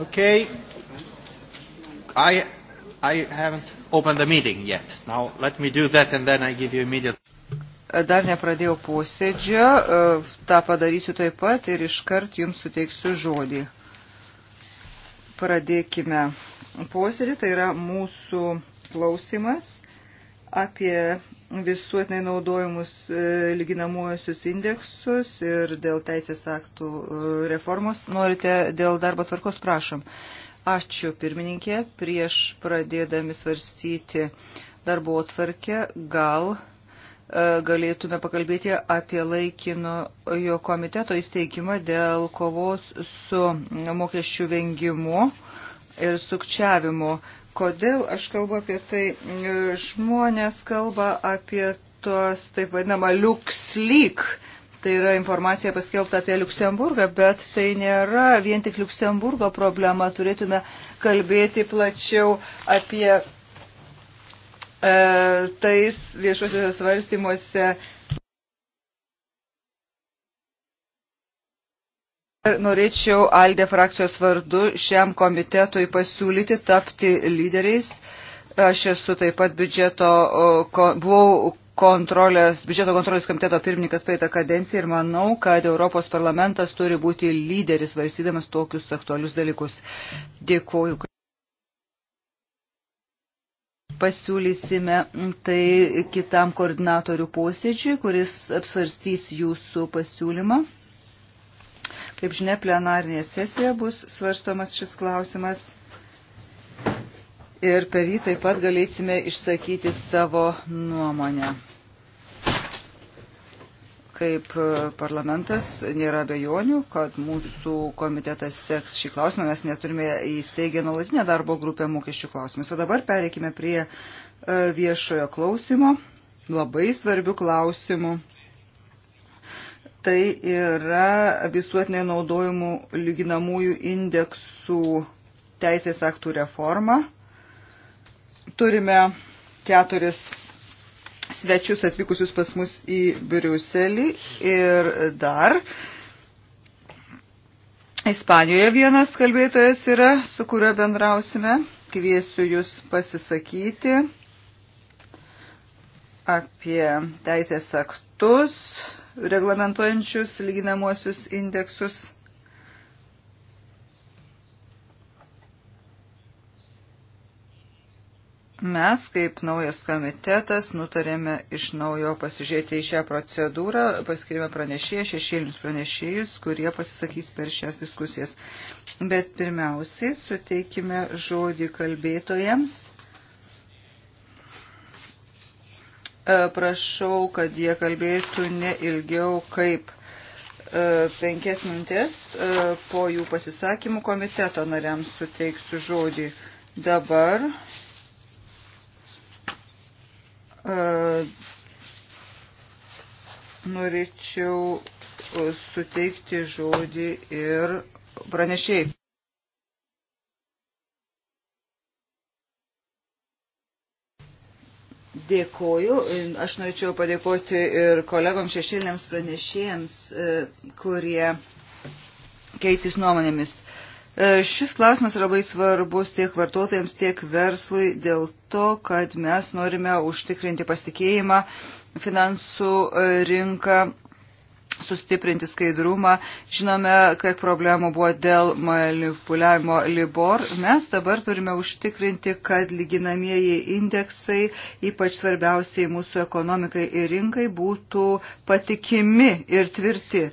Okay. I, I haven't opened the meeting yet. Now let me do that and then I give you immediate. Dar nepradėjau posėdžio, e, tą padarysiu taip pat ir iškart jums suteiksiu žodį. Pradėkime posėdį, tai yra mūsų klausimas apie visuotinai naudojimus e, lyginamuosius indeksus ir dėl teisės aktų e, reformos. Norite dėl darbo tvarkos, prašom. Ačiū pirmininkė. Prieš pradėdami svarstyti darbo tvarkę, gal e, galėtume pakalbėti apie laikinojo komiteto įsteigimą dėl kovos su mokesčių vengimu ir sukčiavimu. Kodėl aš kalbu apie tai? E, žmonės kalba apie tuos taip vadinamą liukslyk. Tai yra informacija paskelbta apie Luksemburgą, bet tai nėra vien tik Luksemburgo problema. Turėtume kalbėti plačiau apie e, tais viešuosiuose svarstymuose Norėčiau Aldė frakcijos vardu šiam komitetui pasiūlyti tapti lyderiais. Aš esu taip pat biudžeto, buvau kontrolės, biudžeto kontrolės komiteto pirmininkas praeitą kadenciją ir manau, kad Europos parlamentas turi būti lyderis varsydamas tokius aktualius dalykus. Dėkuoju. Pasiūlysime tai kitam koordinatorių posėdžiui, kuris apsvarstys jūsų pasiūlymą. Kaip žinia, plenarinėje sesijoje bus svarstomas šis klausimas ir per jį taip pat galėsime išsakyti savo nuomonę. Kaip parlamentas nėra bejonių, kad mūsų komitetas seks šį klausimą, mes neturime įsteigę nuolatinę darbo grupę mokesčių klausimus. O dabar pereikime prie e, viešojo klausimo, labai svarbių klausimų tai yra visuotinai naudojimų lyginamųjų indeksų teisės aktų reforma. Turime keturis svečius atvykusius pas mus į Briuselį ir dar Ispanijoje vienas kalbėtojas yra, su kuriuo bendrausime. Kviesiu jūs pasisakyti apie teisės aktus reglamentuojančius lyginamuosius indeksus. Mes, kaip naujas komitetas, nutarėme iš naujo pasižiūrėti į šią procedūrą, paskirime pranešėjus, šešėlinius pranešėjus, kurie pasisakys per šias diskusijas. Bet pirmiausiai suteikime žodį kalbėtojams E, prašau, kad jie kalbėtų ne ilgiau kaip e, penkias minutės e, po jų pasisakymų komiteto nariams suteiksiu žodį. Dabar norėčiau suteikti žodį ir pranešėjai. Dėkoju. Aš norėčiau padėkoti ir kolegom šešėlėms pranešėjams, e, kurie keisys nuomonėmis. E, šis klausimas yra labai svarbus tiek vartotojams, tiek verslui dėl to, kad mes norime užtikrinti pasitikėjimą finansų e, rinką sustiprinti skaidrumą. Žinome, kiek problemų buvo dėl manipuliavimo Libor. Mes dabar turime užtikrinti, kad lyginamieji indeksai, ypač svarbiausiai mūsų ekonomikai ir rinkai, būtų patikimi ir tvirti.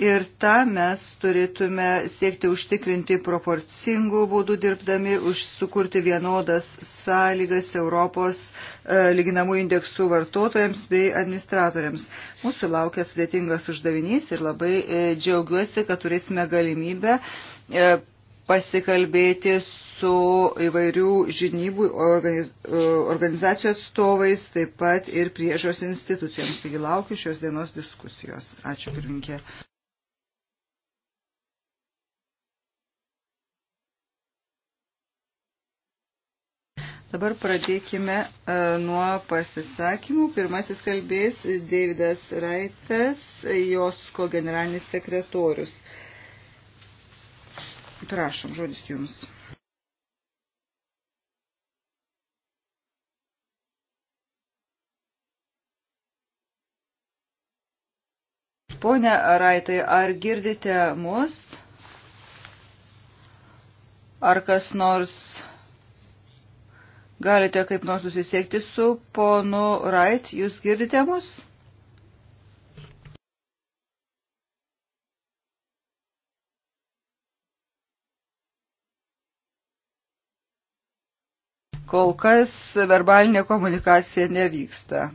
Ir tą mes turėtume siekti užtikrinti proporcingų būdų dirbdami, sukurti vienodas sąlygas Europos e, lyginamų indeksų vartotojams bei administratoriams. Mūsų laukia sudėtingas uždavinys ir labai e, džiaugiuosi, kad turėsime galimybę e, pasikalbėti su įvairių žinybų organiz, e, organizacijų atstovais, taip pat ir priežos institucijoms. Taigi laukiu šios dienos diskusijos. Ačiū pirminkė. Dabar pradėkime e, nuo pasisakymų. Pirmasis kalbės Davidas Raitas, Josko generalinis sekretorius. Prašom, žodis jums. Pone Raitai, ar girdite mus? Ar kas nors Galite kaip nors susisiekti su ponu Wright. Jūs girdite mus? Kol kas verbalinė komunikacija nevyksta.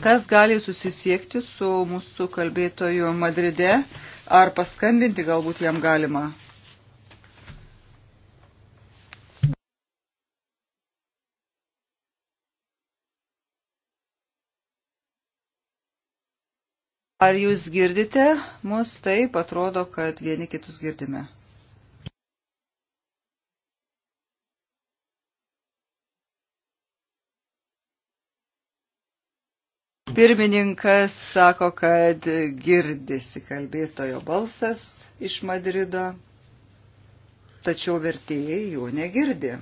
Kas gali susisiekti su mūsų kalbėtoju Madride ar paskambinti galbūt jam galima? Ar jūs girdite mus? Taip, atrodo, kad vieni kitus girdime. Pirmininkas sako, kad girdisi kalbėtojo balsas iš Madrido, tačiau vertėjai jų negirdi.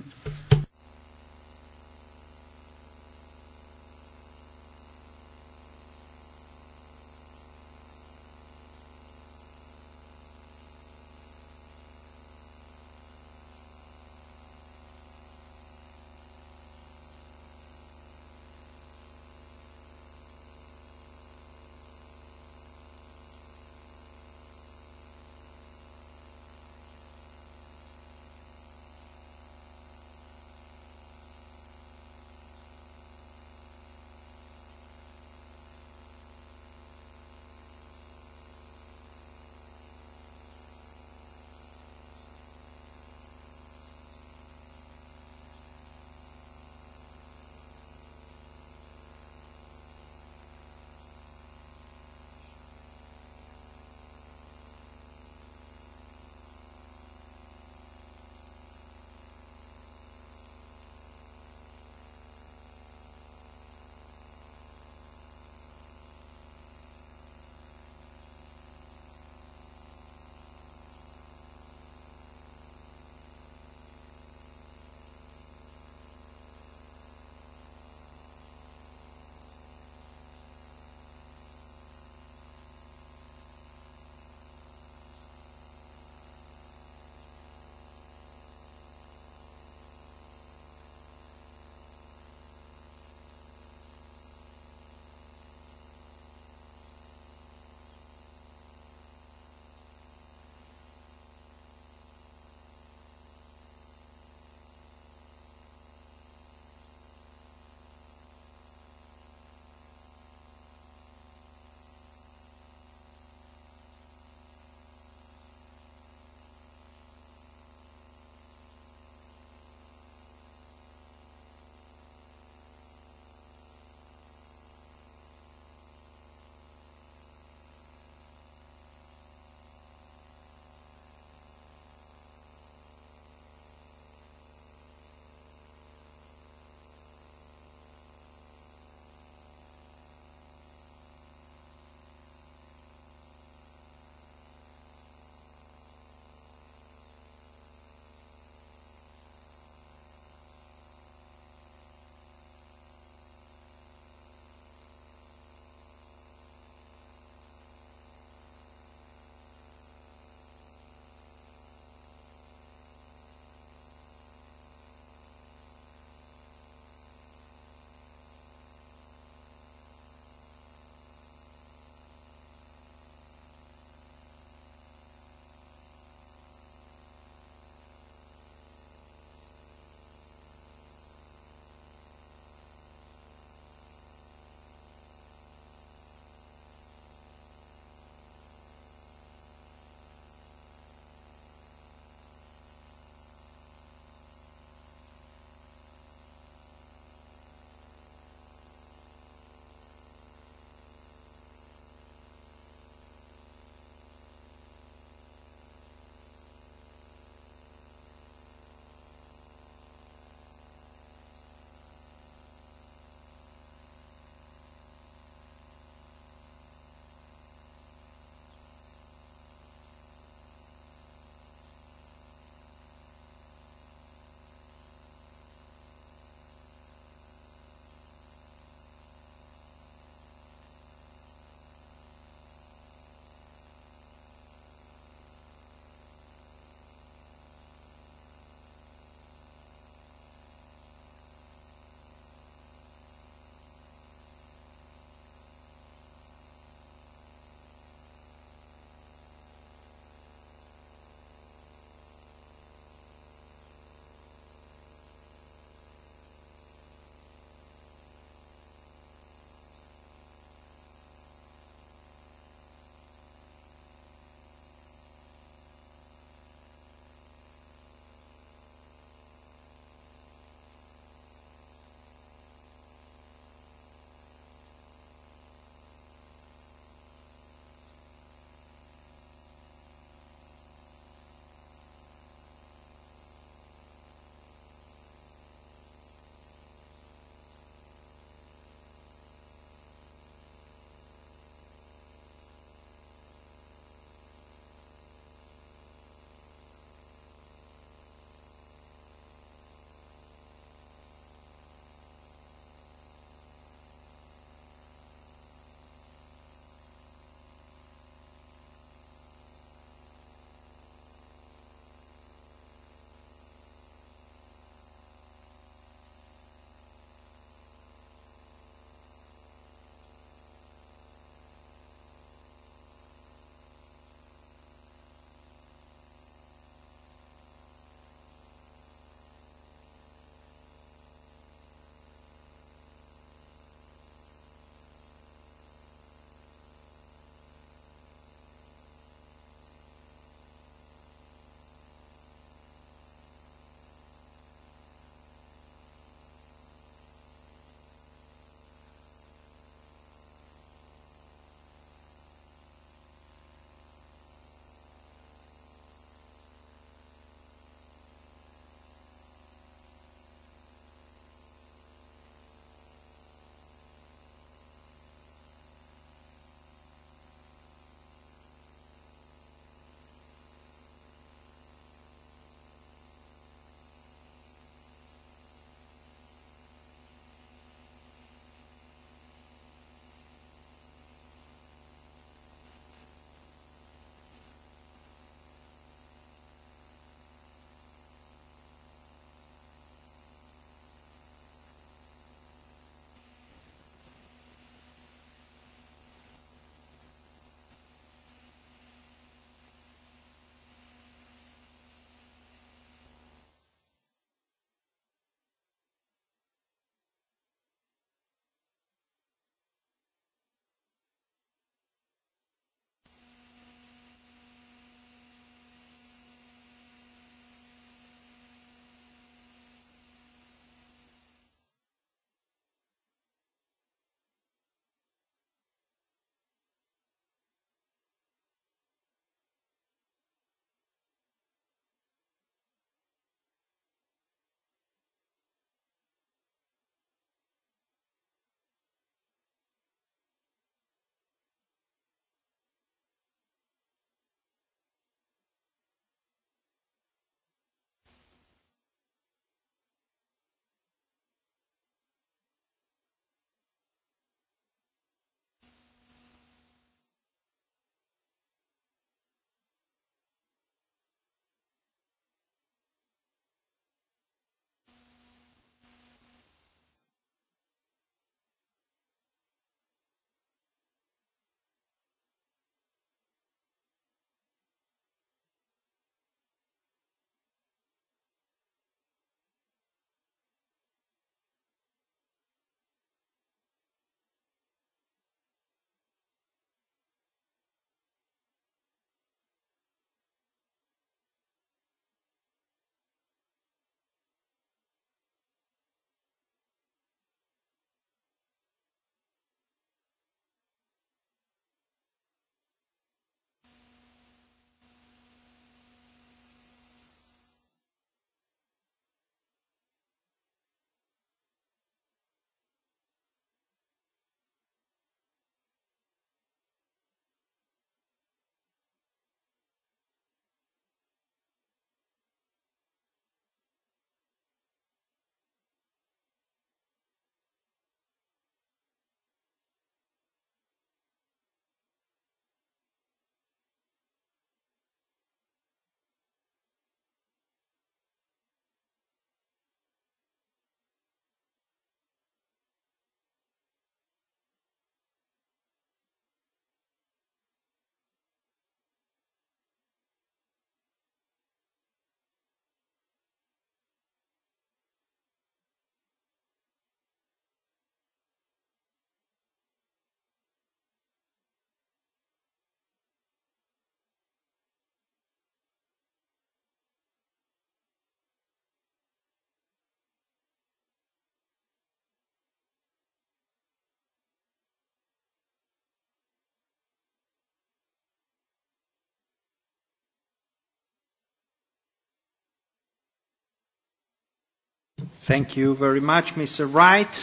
Thank you very much, Mr. Wright.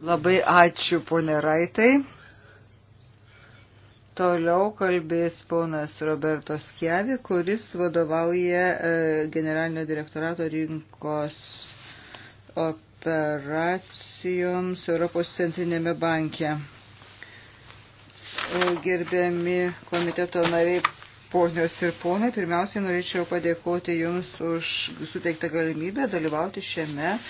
Labai ačiū, ponė Raitai. Toliau kalbės ponas Roberto Skievi, kuris vadovauja e, generalinio direktorato rinkos operacijoms Europos centrinėme banke. E, gerbiami komiteto nariai, ponios ir ponai, pirmiausiai norėčiau padėkoti Jums už suteiktą galimybę dalyvauti šiame uh,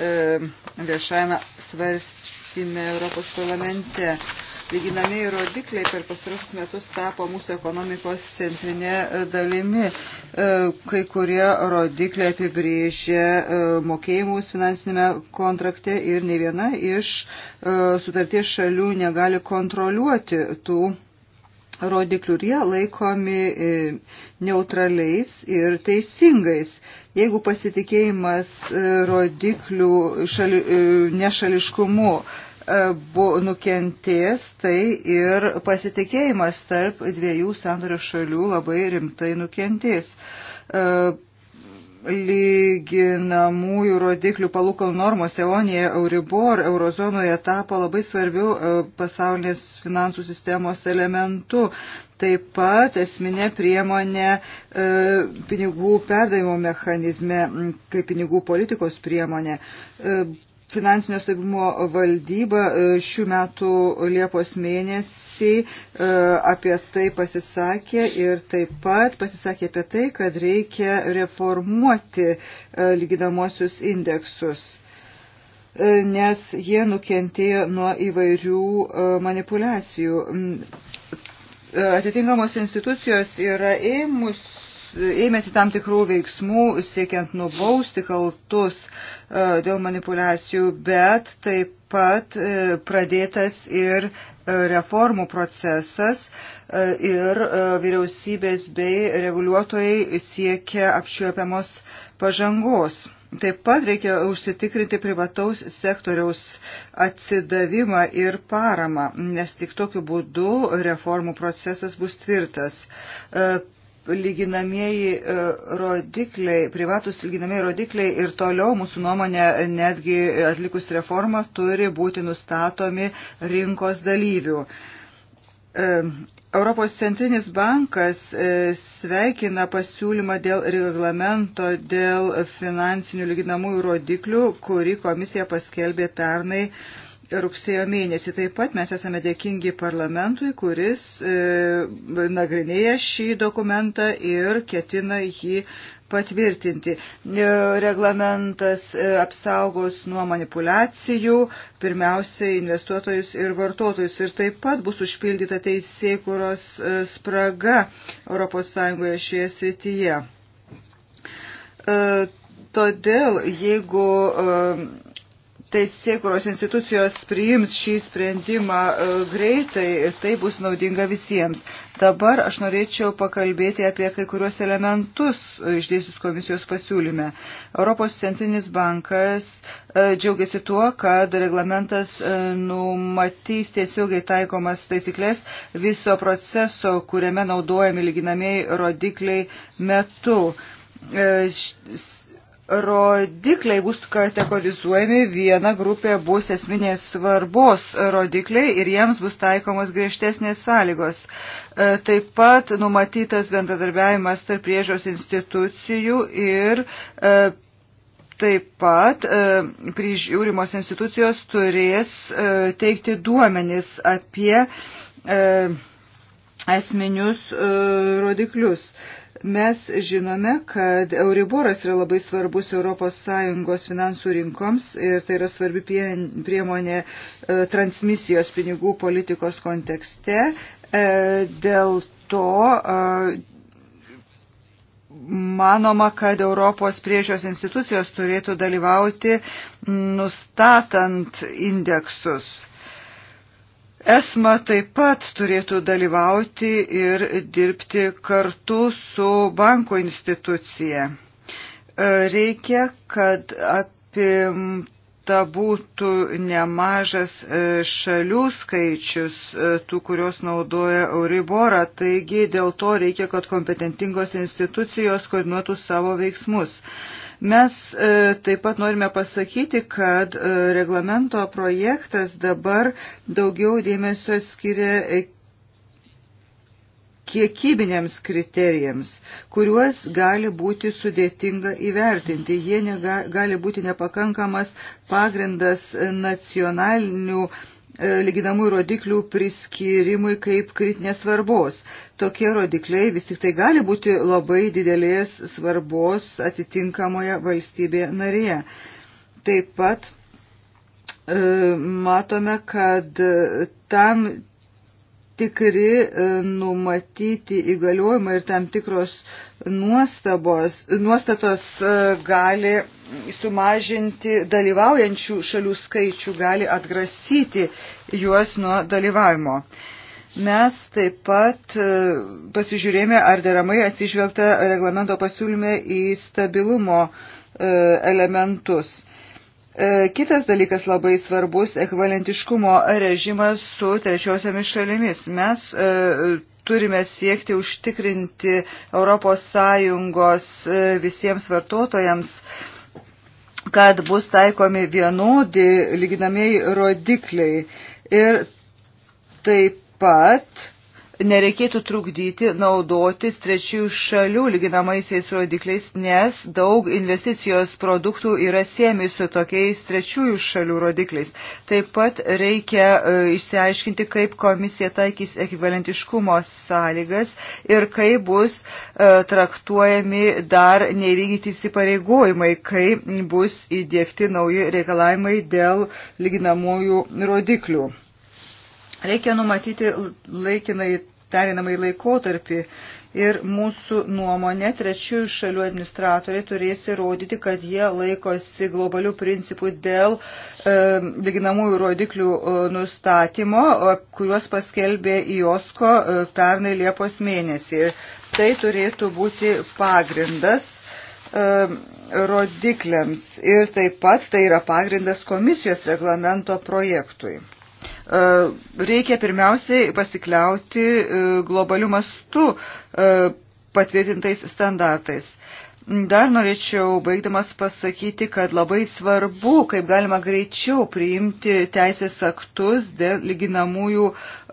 E, viešajame svarstyme Europos parlamente. Lyginamieji rodikliai per pastarus metus tapo mūsų ekonomikos centrinė e, dalimi. E, kai kurie rodikliai apibrėžia mokėjimus finansinėme kontrakte ir ne viena iš sutarties šalių negali kontroliuoti tų rodiklių ir jie laikomi e, neutraliais ir teisingais. Jeigu pasitikėjimas e, rodiklių šali, e, nešališkumu nukentės, tai ir pasitikėjimas tarp dviejų sandorio šalių labai rimtai nukentės lyginamųjų rodiklių palūkanų normos EONIje Euribor eurozonoje tapo labai svarbių e, pasaulinės finansų sistemos elementų. Taip pat esminė priemonė e, pinigų perdavimo mechanizme, kaip pinigų politikos priemonė. E, Finansinio stabilumo valdyba e, šių metų Liepos mėnesį e, apie tai pasisakė ir taip pat pasisakė apie tai, kad reikia reformuoti e, lyginamosius indeksus, nes jie nukentėjo nuo įvairių manipulacijų. Atitinkamos institucijos yra ėmus ėmėsi tam tikrų veiksmų, siekiant nubausti kaltus e, dėl manipulacijų, bet taip pat e, pradėtas ir e, reformų procesas ir vyriausybės bei reguliuotojai siekia apčiuopiamos pažangos. Taip pat reikia užsitikrinti privataus sektoriaus atsidavimą ir paramą, nes tik tokiu būdu reformų procesas bus tvirtas lyginamieji e, rodikliai, privatus lyginamieji rodikliai ir toliau mūsų nuomonė netgi atlikus reformą turi būti nustatomi rinkos dalyvių. E, Europos centrinis bankas e, sveikina pasiūlymą dėl reglamento dėl finansinių lyginamųjų rodiklių, kurį komisija paskelbė pernai rugsėjo mėnesį. Taip pat mes esame dėkingi parlamentui, kuris e, nagrinėja šį dokumentą ir ketina jį patvirtinti. E, reglamentas e, apsaugos nuo manipulacijų, pirmiausiai investuotojus ir vartotojus. Ir taip pat bus užpildyta teisėkuros e, spraga ES šioje srityje. E, todėl, jeigu e, teisėkuros institucijos priims šį sprendimą e, greitai ir tai bus naudinga visiems. Dabar aš norėčiau pakalbėti apie kai kuriuos elementus išdėsius komisijos pasiūlyme. Europos centrinis bankas e, džiaugiasi tuo, kad reglamentas e, numatys tiesiogiai taikomas taisyklės viso proceso, kuriame naudojami lyginamiai rodikliai metu rodikliai bus kategorizuojami, viena grupė bus esminės svarbos rodikliai ir jiems bus taikomos griežtesnės sąlygos. E, taip pat numatytas bendradarbiavimas tarp priežos institucijų ir e, taip pat e, prižiūrimos institucijos turės teikti duomenis apie esminius rodiklius. Mes žinome, kad Euriboras yra labai svarbus ES finansų rinkoms ir tai yra svarbi priemonė e, transmisijos pinigų politikos kontekste. E, dėl to e, manoma, kad Europos priežios institucijos turėtų dalyvauti nustatant indeksus ESMA taip pat turėtų dalyvauti ir dirbti kartu su banko institucija. E, reikia, kad apimta būtų nemažas e, šalių skaičius, e, tų, kurios naudoja Euriborą, taigi dėl to reikia, kad kompetentingos institucijos koordinuotų savo veiksmus. Mes e, taip pat norime pasakyti, kad e, reglamento projektas dabar daugiau dėmesio skiria e, kiekybiniams kriterijams, kuriuos gali būti sudėtinga įvertinti. Jie nega, gali būti nepakankamas pagrindas nacionalinių E, lyginamųjų rodiklių priskirimui kaip kritinės svarbos. Tokie rodikliai vis tik tai gali būti labai didelės svarbos atitinkamoje valstybėje narėje. Taip pat e, matome, kad e, tam tikri numatyti įgaliojimai ir tam tikros nuostabos, nuostatos gali sumažinti dalyvaujančių šalių skaičių, gali atgrasyti juos nuo dalyvavimo. Mes taip pat e, pasižiūrėjome, ar deramai atsižvelgta reglamento pasiūlyme į stabilumo e, elementus. E, kitas dalykas labai svarbus - ekvalentiškumo režimas su trečiosiamis šalimis. Mes turime siekti užtikrinti ES visiems vartotojams kad bus taikomi vienodi lyginamieji rodikliai. Ir taip pat nereikėtų trukdyti naudotis trečiųjų šalių lyginamaisiais rodikliais, nes daug investicijos produktų yra siemi su tokiais trečiųjų šalių rodikliais. Taip pat reikia e, išsiaiškinti, kaip komisija taikys ekvivalentiškumo sąlygas ir kaip bus e, traktuojami dar nevykdyti įsipareigojimai, kai bus įdėkti nauji reikalavimai dėl lyginamųjų rodiklių. Reikia numatyti laikinai perinamai laikotarpį ir mūsų nuomonė trečiųjų šalių administratoriai turės įrodyti, kad jie laikosi globalių principų dėl e, lyginamųjų rodiklių e, nustatymo, e, kuriuos paskelbė IOSKO e, pernai Liepos mėnesį. Ir tai turėtų būti pagrindas e, rodikliams ir taip pat tai yra pagrindas komisijos reglamento projektui. E, reikia pirmiausiai pasikliauti e, globalių mastų e, patvirtintais standartais. Dar norėčiau baigdamas pasakyti, kad labai svarbu, kaip galima greičiau priimti teisės aktus dėl lyginamųjų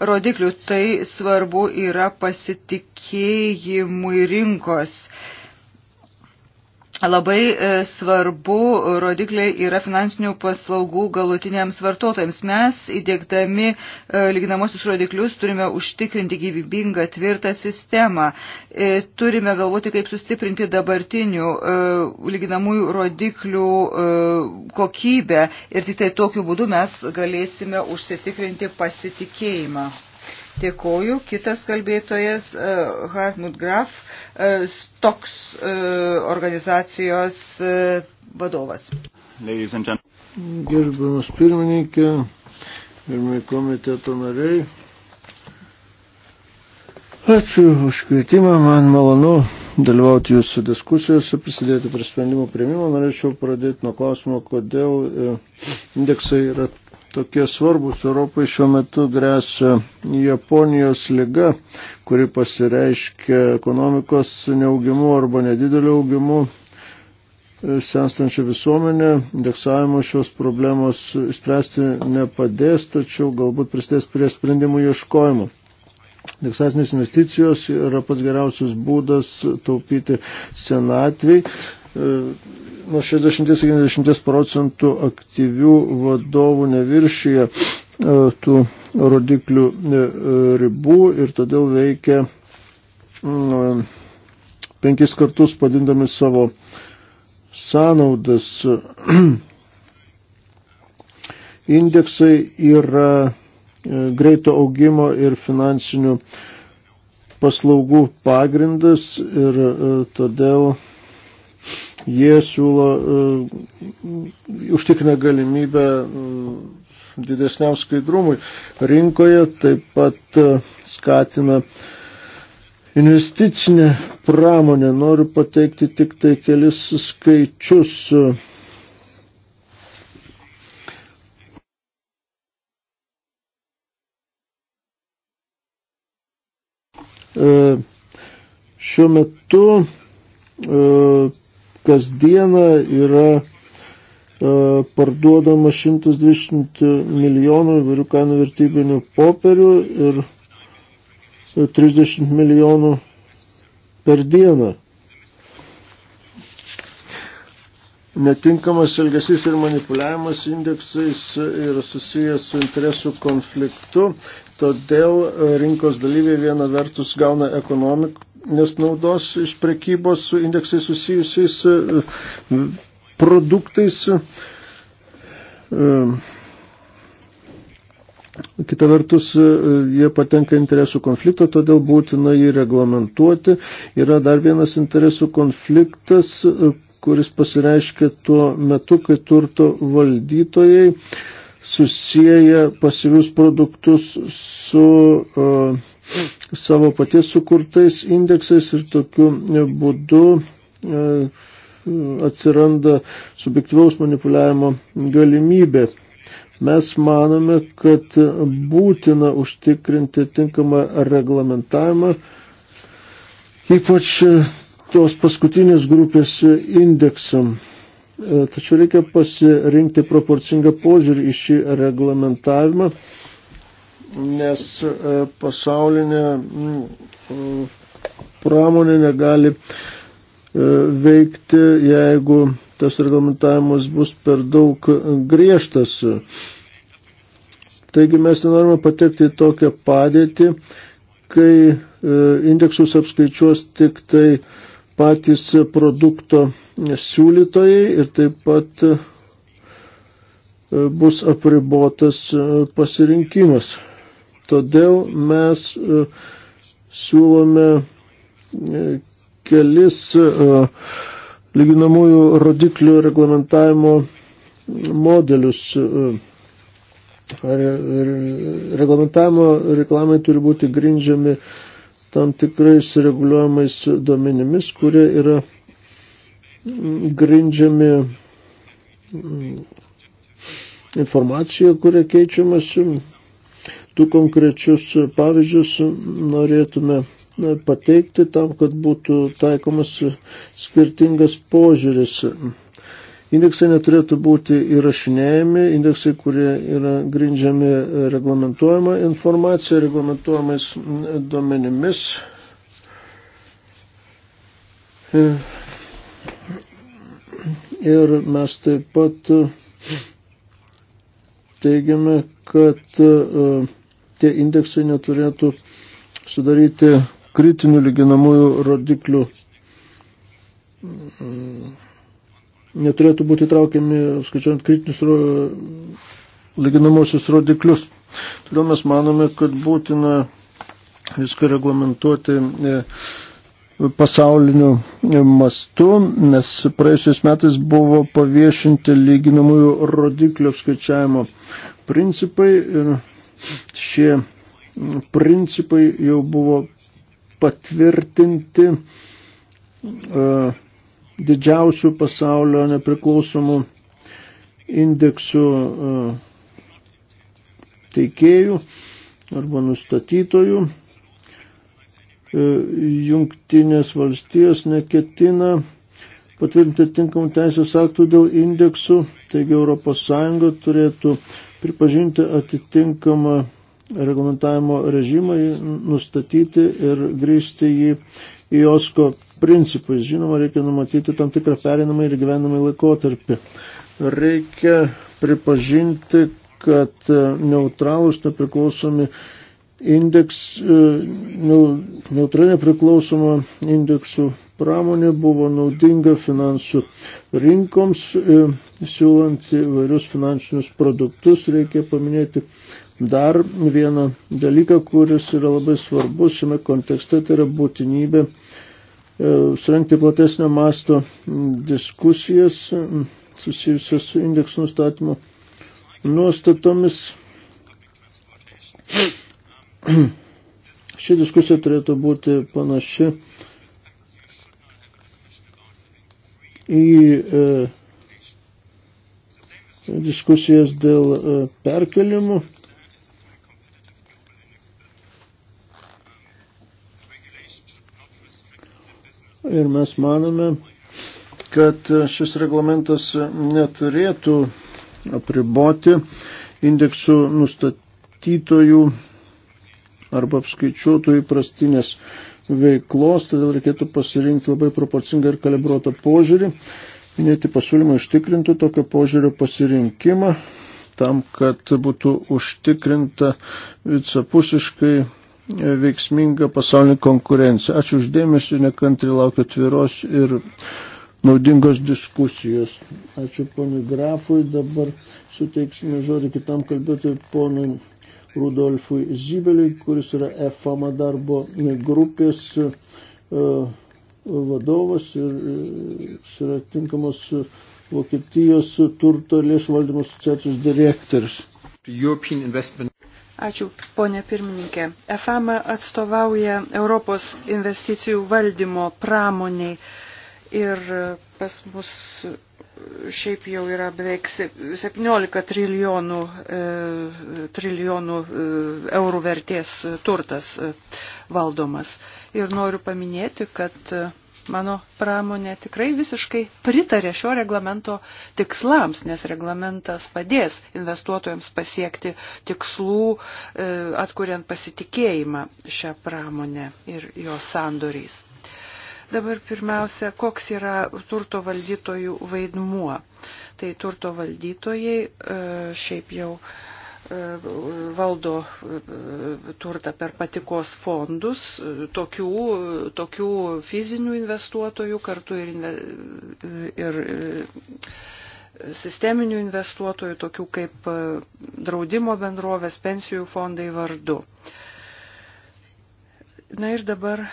rodiklių. Tai svarbu yra pasitikėjimui rinkos. Uh, Labai e, svarbu rodikliai yra finansinių paslaugų galutiniams vartotojams. Mes įdėkdami e, lyginamosius rodiklius turime užtikrinti gyvybingą tvirtą sistemą. E, turime galvoti, kaip sustiprinti dabartinių lyginamųjų rodiklių kokybę ir tik tai tokiu būdu mes galėsime užsitikrinti pasitikėjimą. Dėkoju. Kitas kalbėtojas e, Hartmut Graf, e, Stoks e, organizacijos vadovas. Gerbiamas pirmininkė, gerbiami komiteto nariai. Ačiū už kvietimą, man malonu dalyvauti jūsų diskusijose, prisidėti prie sprendimų prieimimo. Norėčiau pradėti nuo klausimo, kodėl indeksai yra tokie svarbus Europai šiuo metu grėsia Japonijos lyga, kuri pasireiškia ekonomikos neaugimu arba nedideliu augimu, e, senstančią visuomenę, indeksavimo šios problemos spręsti nepadės, tačiau galbūt prisidės prie sprendimų ieškojimų. Indeksacinės investicijos yra pats geriausias būdas taupyti senatviai E, nuo 60-70 procentų aktyvių vadovų neviršyje e, tų rodiklių e, ribų ir todėl veikia mm, penkis kartus padindami savo sąnaudas. Indeksai yra greito augimo ir finansinių paslaugų pagrindas ir todėl Jie siūlo, uh, užtikrina galimybę uh, didesniam skaidrumui rinkoje, taip pat uh, skatina investicinę pramonę. Noriu pateikti tik tai kelis skaičius. Uh, šiuo metu kasdieną yra e, parduodama 120 milijonų įvairių kainų vertybinių popierių ir 30 milijonų per dieną. Netinkamas elgesys ir manipuliavimas indeksais yra susijęs su interesų konfliktu, todėl rinkos dalyviai viena vertus gauna ekonomik, nes naudos iš prekybos su indeksai susijusiais e, produktais. E, kita vertus, e, jie patenka interesų konfliktą, todėl būtina jį reglamentuoti. Yra dar vienas interesų konfliktas, kuris pasireiškia tuo metu, kai turto valdytojai susiję pasyvius produktus su uh, savo paties sukurtais indeksais ir tokiu būdu e, atsiranda subjektivaus manipuliavimo galimybė. Mes manome, kad būtina užtikrinti tinkamą reglamentavimą, ypač tos paskutinės grupės indeksam. E, tačiau reikia pasirinkti proporcingą požiūrį į šį reglamentavimą nes e, pasaulinė mm, e, pramonė negali e, veikti, jeigu tas reglamentavimas bus per daug griežtas. Taigi mes nenorime patekti į tokią padėtį, kai indeksus apskaičiuos tik tai patys produkto siūlytojai ir taip pat bus apribotas pasirinkimas. Todėl mes e, siūlome e, kelis e, lyginamųjų rodiklių reglamentavimo modelius. Reglamentavimo reklamai turi būti grindžiami tam tikrais reguliuojamais duomenimis, kurie yra mm, grindžiami mm, informacija, kuria keičiamasi du konkrečius pavyzdžius norėtume pateikti tam, kad būtų taikomas skirtingas požiūris. Indeksai neturėtų būti įrašinėjami, indeksai, kurie yra grindžiami reglamentuojama informacija, reglamentuojamais duomenimis. Ir mes taip pat teigiame, kad uh, tie indeksai neturėtų sudaryti kritinių lyginamųjų rodiklių. Neturėtų būti traukiami, skaičiuojant kritinius ro... lyginamosius rodiklius. Todėl mes manome, kad būtina viską reglamentuoti e, pasauliniu mastu, nes praėjusiais metais buvo paviešinti lyginamųjų rodiklių apskaičiavimo principai ir Šie principai jau buvo patvirtinti e, didžiausių pasaulio nepriklausomų indeksų e, teikėjų arba nustatytojų. E, jungtinės valstijos neketina patvirtinti tinkamų teisės aktų dėl indeksų, taigi ES turėtų pripažinti atitinkamą reglamentavimo režimą, nustatyti ir grįžti jį į OSKO principus. Žinoma, reikia numatyti tam tikrą perinamą ir gyvenamą laikotarpį. Reikia pripažinti, kad neutralūs, nepriklausomi indeks, e, neutralinė priklausoma indeksų pramonė buvo naudinga finansų rinkoms, e, siūlant įvairius finansinius produktus. Reikia paminėti dar vieną dalyką, kuris yra labai svarbus šiame kontekste, tai yra būtinybė e, surenkti platesnio masto diskusijas susijusias su indeksų nustatymo nuostatomis Ši diskusija turėtų būti panaši į e, diskusijas dėl e, perkelimų. Ir mes manome, kad šis reglamentas neturėtų apriboti indeksų nustatytojų arba apskaičiuotų įprastinės veiklos, todėl reikėtų pasirinkti labai proporcingą ir kalibruotą požiūrį. Minėti pasiūlymą ištikrintų tokio požiūrio pasirinkimą tam, kad būtų užtikrinta visapusiškai veiksminga pasaulinė konkurencija. Ačiū uždėmesi, nekantri laukiu tviros ir naudingos diskusijos. Ačiū ponui Grafui, dabar suteiksime žodį kitam kalbėtojui ponui Rudolfui Zybeliui, kuris yra EFAMA darbo grupės e, vadovas ir e, jis yra tinkamos Vokietijos turto lėšų valdymo asociacijos direktorius. Ačiū, ponė pirmininkė. EFAMA atstovauja Europos investicijų valdymo pramoniai ir pas mus šiaip jau yra beveik 17 trilijonų, e, trilijonų e, eurų vertės turtas e, valdomas. Ir noriu paminėti, kad mano pramonė tikrai visiškai pritarė šio reglamento tikslams, nes reglamentas padės investuotojams pasiekti tikslų, atkuriant pasitikėjimą šią pramonę ir jos sandoriais. Dabar pirmiausia, koks yra turto valdytojų vaidmuo. Tai turto valdytojai e, šiaip jau e, valdo e, turtą per patikos fondus, tokių, tokių fizinių investuotojų kartu ir, ir sisteminių investuotojų, tokių kaip draudimo bendrovės, pensijų fondai vardu. Na ir dabar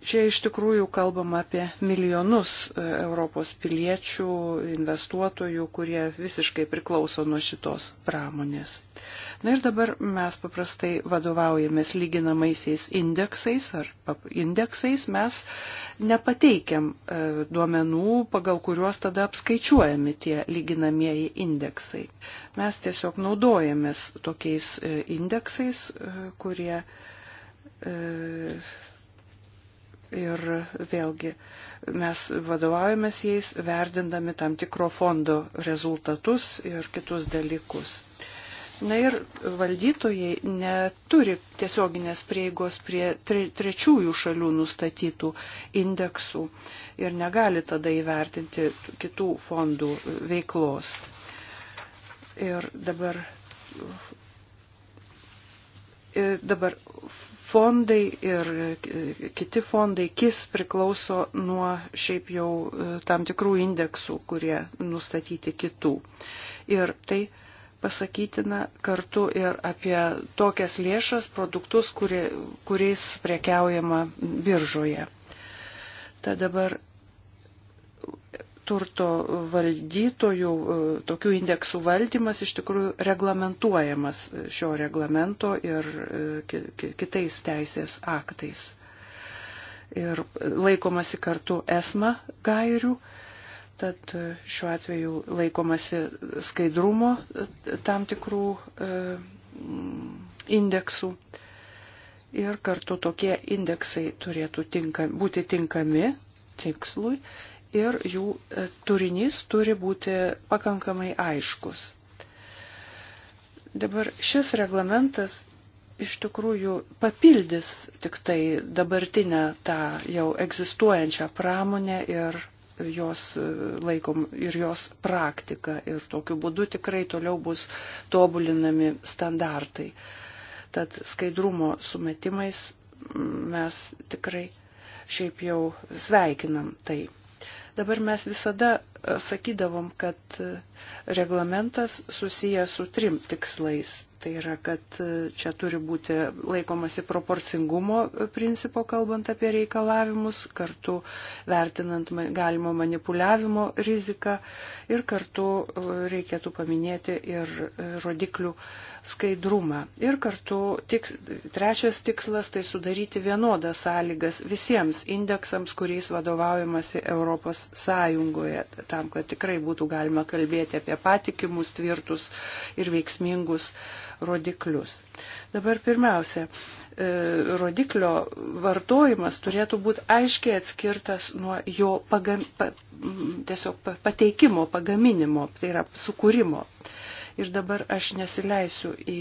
Čia iš tikrųjų kalbam apie milijonus e, Europos piliečių, investuotojų, kurie visiškai priklauso nuo šitos pramonės. Na ir dabar mes paprastai vadovaujamės lyginamaisiais indeksais ar indeksais, mes nepateikiam e, duomenų, pagal kuriuos tada apskaičiuojami tie lyginamieji indeksai. Mes tiesiog naudojamės tokiais e, indeksais, kurie Ir vėlgi mes vadovaujamės jais, verdindami tam tikro fondo rezultatus ir kitus dalykus. Na ir valdytojai neturi tiesioginės prieigos prie trečiųjų šalių nustatytų indeksų ir negali tada įvertinti kitų fondų veiklos. Ir dabar, ir dabar fondai ir kiti fondai KIS priklauso nuo šiaip jau e, tam tikrų indeksų, kurie nustatyti kitų. Ir tai pasakytina kartu ir apie tokias lėšas, produktus, kurie, kuriais prekiaujama biržoje. Tad dabar turto valdytojų, e, tokių indeksų valdymas iš tikrųjų reglamentuojamas šio reglamento ir e, kitais teisės aktais. Ir laikomasi kartu esma gairių, tad e, šiuo atveju laikomasi skaidrumo tam tikrų indeksų ir kartu tokie indeksai turėtų tinka, būti tinkami tikslui ir jų e, turinys turi būti pakankamai aiškus. Dabar šis reglamentas iš tikrųjų papildys tik tai dabartinę tą jau egzistuojančią pramonę ir jos e, laikom ir jos praktiką ir tokiu būdu tikrai toliau bus tobulinami standartai. Tad skaidrumo sumetimais mes tikrai šiaip jau sveikinam tai. Dabar mes visada e, sakydavom, kad e, reglamentas susijęs su trim tikslais Tai yra, kad čia turi būti laikomasi proporcingumo principo, kalbant apie reikalavimus, kartu vertinant galimo manipuliavimo riziką ir kartu e, reikėtų paminėti ir e, rodiklių skaidrumą. Ir kartu tiks, trečias tikslas tai sudaryti vienodas sąlygas visiems indeksams, kuriais vadovaujamasi Europos Sąjungoje, tam, kad tikrai būtų galima kalbėti apie patikimus, tvirtus ir veiksmingus uh, rodiklius. Dabar pirmiausia, e, rodiklio vartojimas turėtų būti aiškiai atskirtas nuo jo pagam, pa, tiesiog pateikimo, pagaminimo, tai yra sukūrimo. Ir dabar aš nesileisiu į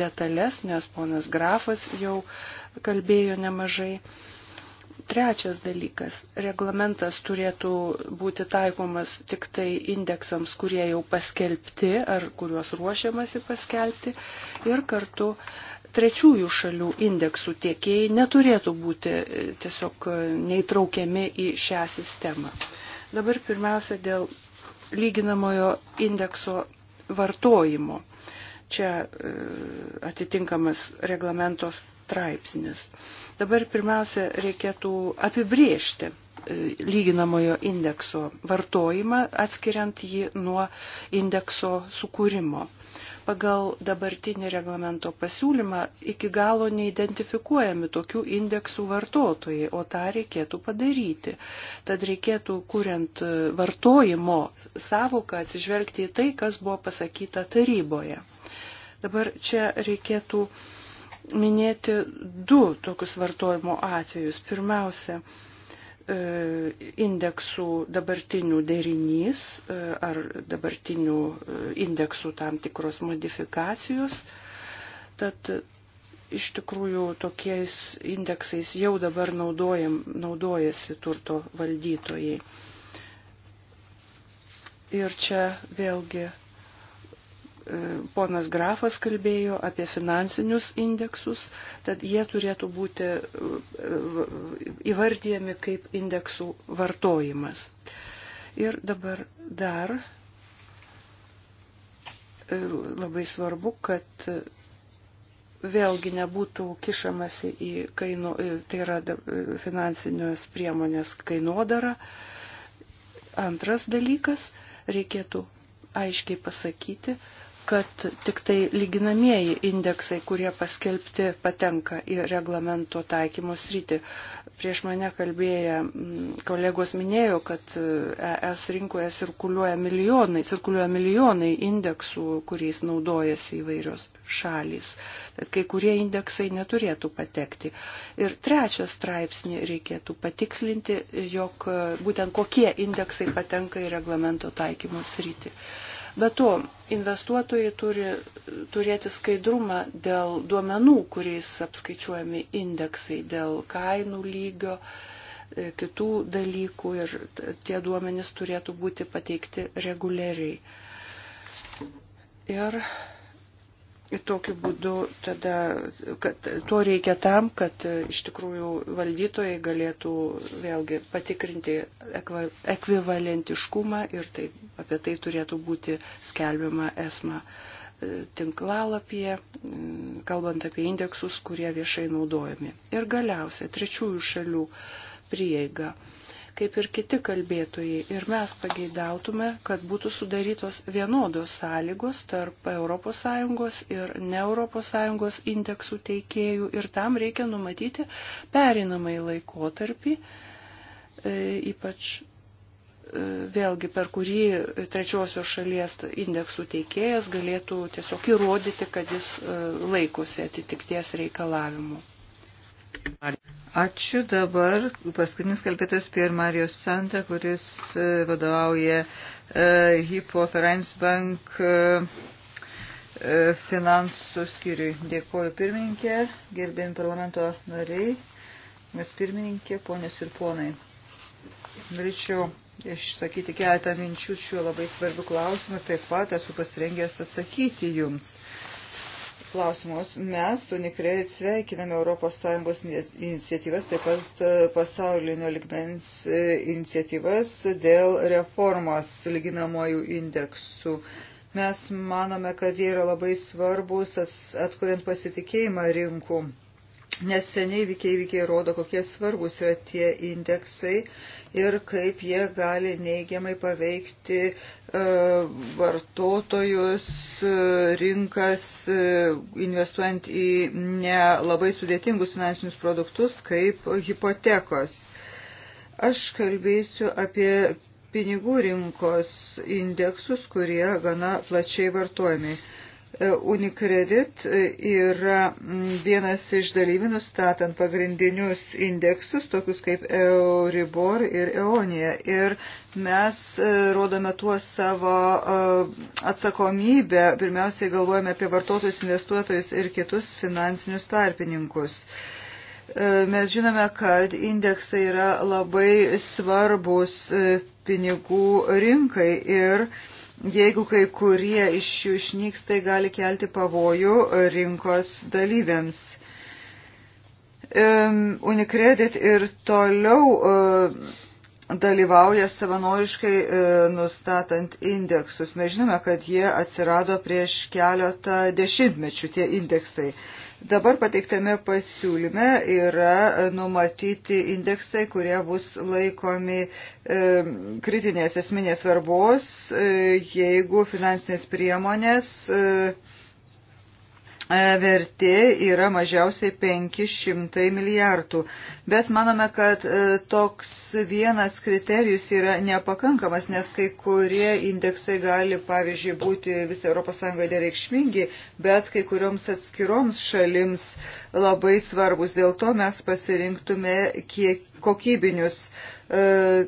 detalės, nes ponas Grafas jau kalbėjo nemažai. E, Trečias dalykas - reglamentas turėtų būti taikomas tik tai indeksams, kurie jau paskelbti ar kuriuos ruošiamasi paskelbti. Ir kartu trečiųjų šalių indeksų tiekėjai neturėtų būti e, tiesiog e, neįtraukiami į šią sistemą. Dabar pirmiausia dėl lyginamojo indekso vartojimo. Čia e, atitinkamas reglamentos straipsnis. Dabar pirmiausia reikėtų apibriežti e, lyginamojo indekso vartojimą, atskiriant jį nuo indekso sukūrimo. Pagal dabartinį reglamento pasiūlymą iki galo neidentifikuojami tokių indeksų vartotojai, o tą reikėtų padaryti. Tad reikėtų, kuriant e, vartojimo savoką, atsižvelgti į tai, kas buvo pasakyta taryboje. Dabar čia reikėtų uh, minėti du tokius vartojimo atvejus. Pirmiausia, e, indeksų dabartinių derinys e, ar dabartinių e, indeksų tam tikros modifikacijos. Tad iš tikrųjų tokiais indeksais jau dabar naudojam, naudojasi turto valdytojai. Ir čia vėlgi E, ponas Grafas kalbėjo apie finansinius indeksus, tad jie turėtų būti e, įvardyjami kaip indeksų vartojimas. Ir dabar dar e, labai svarbu, kad vėlgi nebūtų kišamasi į kaino, tai yra finansinės priemonės kainodarą. Antras dalykas, reikėtų aiškiai pasakyti, kad tik tai lyginamieji indeksai, kurie paskelbti, patenka į reglamento taikymo sritį. Prieš mane kalbėję mm, kolegos minėjo, kad e, ES rinkoje cirkuliuoja milijonai, cirkuliuoja milijonai indeksų, kuriais naudojasi įvairios šalys. Tad kai kurie indeksai neturėtų patekti. Ir trečią straipsnį reikėtų patikslinti, jog e, būtent kokie indeksai patenka į reglamento taikymo sritį. Be to, investuotojai turi turėti skaidrumą dėl duomenų, kuriais apskaičiuojami indeksai, dėl kainų lygio, e, kitų dalykų ir tie duomenys turėtų būti pateikti reguliariai. Ir Ir tokiu būdu tada, kad to reikia tam, kad e, iš tikrųjų valdytojai galėtų vėlgi patikrinti ekvivalentiškumą ir tai, apie tai turėtų būti skelbiama esma e, tinklalapyje, e, kalbant apie indeksus, kurie viešai naudojami. Ir galiausia, trečiųjų šalių prieiga. Uh, kaip ir kiti kalbėtojai. Ir mes pageidautume, kad būtų sudarytos vienodos sąlygos tarp ES ir ne ES indeksų teikėjų ir tam reikia numatyti perinamai laikotarpį, e, ypač e, vėlgi per kurį trečiosios šalies indeksų teikėjas galėtų tiesiog įrodyti, kad jis e, laikosi atitikties reikalavimų. Ačiū dabar. Paskutinis kalbėtojas Pierre Marijos Santa, kuris e, vadovauja uh, Hypo Ferens Bank uh, finansų skyriui. Dėkoju pirmininkė, gerbėjim parlamento nariai, mes pirmininkė, ponės ir ponai. Norėčiau išsakyti keletą minčių šiuo labai svarbiu klausimu ir taip pat esu pasirengęs atsakyti jums. Uh, klausimus. Mes su Nikredit sveikiname ES iniciatyvas, taip pat e, pasaulinio ligmens e, iniciatyvas dėl reformos lyginamojų indeksų. Mes manome, kad jie yra labai svarbus atkuriant pasitikėjimą rinkų. Neseniai vykiai vykiai rodo, kokie svarbus yra tie indeksai ir kaip jie gali neigiamai paveikti e, vartotojus, e, rinkas, e, investuojant į nelabai sudėtingus finansinius produktus kaip hipotekos. Aš kalbėsiu apie pinigų rinkos indeksus, kurie gana plačiai vartojami. E, Unicredit e, yra vienas iš dalyvių nustatant pagrindinius indeksus, tokius kaip Euribor ir Eonija. Ir mes e, rodome tuo savo atsakomybę, pirmiausiai galvojame apie vartotojus, investuotojus ir kitus finansinius tarpininkus. Mes žinome, kad indeksai yra labai svarbus pinigų rinkai ir uh, Jeigu kai kurie iš jų išnyks, tai gali kelti pavojų rinkos dalyviams. Unicredit ir toliau e, dalyvauja savanoriškai e, nustatant indeksus. Mes žinome, kad jie atsirado prieš keletą dešimtmečių tie indeksai. Dabar pateiktame pasiūlyme yra e, numatyti indeksai, kurie bus laikomi e, kritinės esminės svarbos, e, jeigu finansinės priemonės e, E, vertė yra mažiausiai 500 milijardų. Bet manome, kad e, toks vienas kriterijus yra nepakankamas, nes kai kurie indeksai gali, pavyzdžiui, būti visai ES nereikšmingi, bet kai kurioms atskiroms šalims labai svarbus. Dėl to mes pasirinktume kiek, kokybinius e,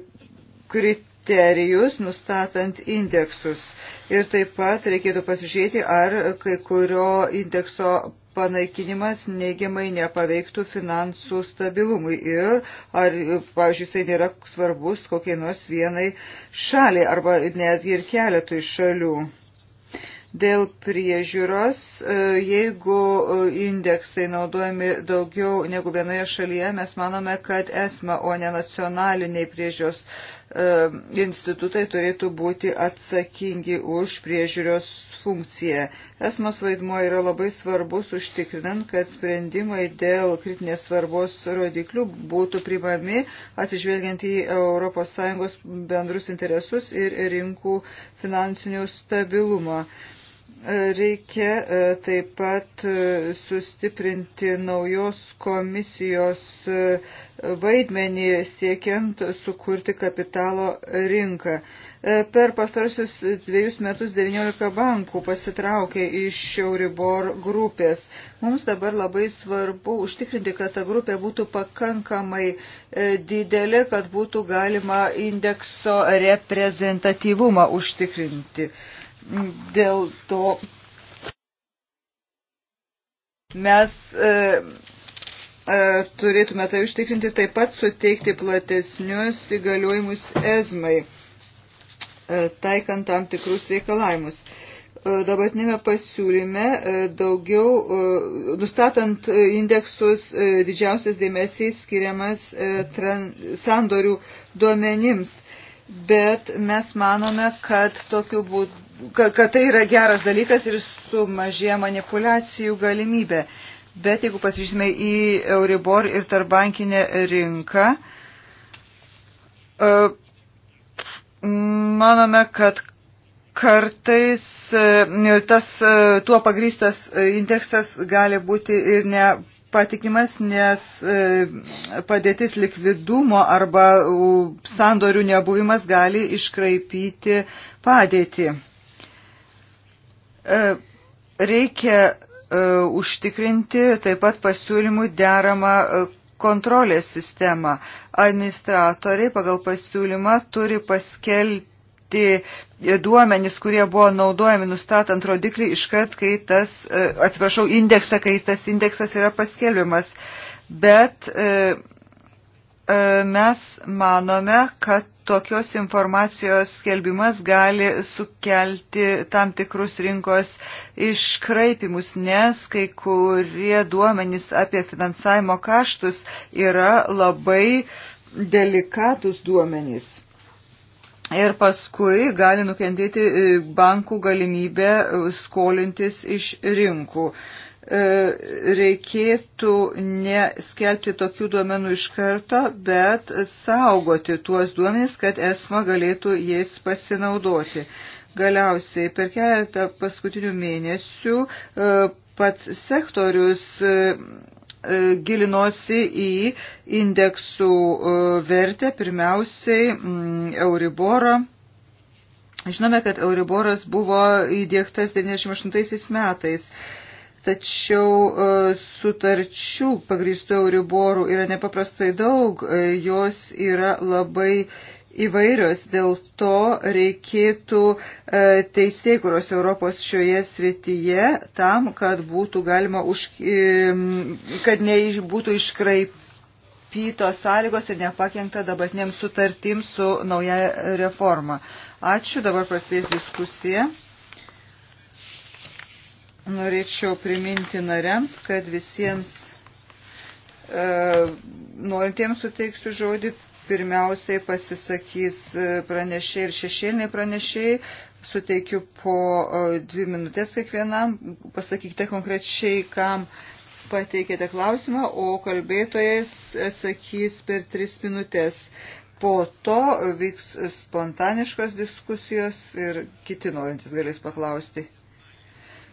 kriterijus kriterijus, nustatant indeksus. Ir taip pat reikėtų pasižiūrėti, ar kai kurio indekso panaikinimas neigiamai nepaveiktų finansų stabilumui ir ar, pavyzdžiui, jisai nėra svarbus kokiai nors vienai šaliai arba netgi ir keletui šalių. Dėl priežiūros, e, jeigu indeksai naudojami daugiau negu vienoje šalyje, mes manome, kad esma, o ne nacionaliniai priežiūros E, institutai turėtų būti atsakingi už priežiūros funkciją. Esmos vaidmuo yra labai svarbus užtikrinant, kad sprendimai dėl kritinės svarbos rodiklių būtų primami atsižvelgiant į ES bendrus interesus ir rinkų finansinių stabilumą. Reikia e, taip pat e, sustiprinti naujos komisijos e, vaidmenį siekiant sukurti kapitalo rinką. Per pastarsius dviejus metus 19 bankų pasitraukė iš Euribor grupės. Mums dabar labai svarbu užtikrinti, kad ta grupė būtų pakankamai didelė, kad būtų galima indekso reprezentatyvumą užtikrinti. Dėl to mes e, e, turėtume tai užtikrinti, taip pat suteikti platesnius įgaliojimus ezmai, e, taikant tam tikrus reikalavimus. E, Dabartinėme pasiūlyme e, daugiau, e, nustatant indeksus, didžiausias dėmesys skiriamas sandorių duomenims, bet mes manome, kad tokiu būdu kad tai yra geras dalykas ir sumažėja manipulacijų galimybė. Bet jeigu pasižiūrime į Euribor ir tarbankinę rinką, e, manome, kad kartais e, tas e, tuo pagrystas indeksas gali būti ir ne patikimas, nes padėtis likvidumo arba sandorių nebuvimas gali iškraipyti padėtį. E, reikia e, užtikrinti taip pat pasiūlymų deramą e, kontrolės sistemą. Administratoriai pagal pasiūlymą turi paskelbti duomenys, kurie buvo naudojami nustatant rodiklį iškart, kai tas, atsiprašau, indeksą, kai tas indeksas yra paskelbiamas. Bet mes manome, kad tokios informacijos skelbimas gali sukelti tam tikrus rinkos iškraipimus, nes kai kurie duomenys apie finansavimo kaštus yra labai delikatus duomenys. Ir paskui gali nukentėti e, bankų galimybė e, skolintis iš rinkų. E, reikėtų neskelbti tokių duomenų iš karto, bet saugoti tuos duomenys, kad esma galėtų jais pasinaudoti. Galiausiai per keletą paskutinių mėnesių e, pats sektorius e, gilinosi į indeksų vertę, pirmiausiai mm, Euriboro. Žinome, kad Euriboras buvo įdėktas 98 metais. Tačiau e, sutarčių pagrįstų euriborų yra nepaprastai daug, e, jos yra labai įvairios, dėl to reikėtų e, teisėkuros Europos šioje srityje tam, kad būtų galima, už, kad nebūtų iškraipytos sąlygos ir nepakengta dabartiniams sutartims su nauja reforma. Ačiū, dabar prasidės diskusija. Norėčiau priminti nariams, kad visiems e, norintiems suteiksiu žodį, pirmiausiai pasisakys e, pranešėjai ir šešėliniai pranešėjai, suteikiu po e, dvi minutės kiekvienam, pasakykite konkrečiai, kam pateikėte klausimą, o kalbėtojas atsakys per tris minutės. Po to vyks spontaniškos diskusijos ir kiti norintys galės paklausti.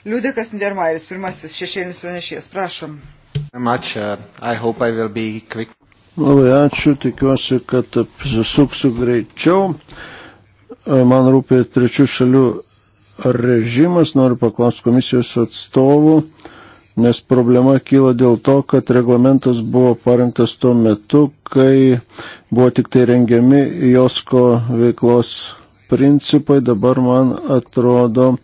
Liudikas Nidermajeris, pirmasis šešėlinis pranešėjas. Prašom. Much, uh, Labai ačiū, tikiuosi, kad apsisuksiu greičiau. E, man rūpė trečių šalių režimas, noriu paklausti komisijos atstovų, nes problema kyla dėl to, kad reglamentas buvo parengtas tuo metu, kai buvo tik tai rengiami JOSKO veiklos principai, dabar man atrodo,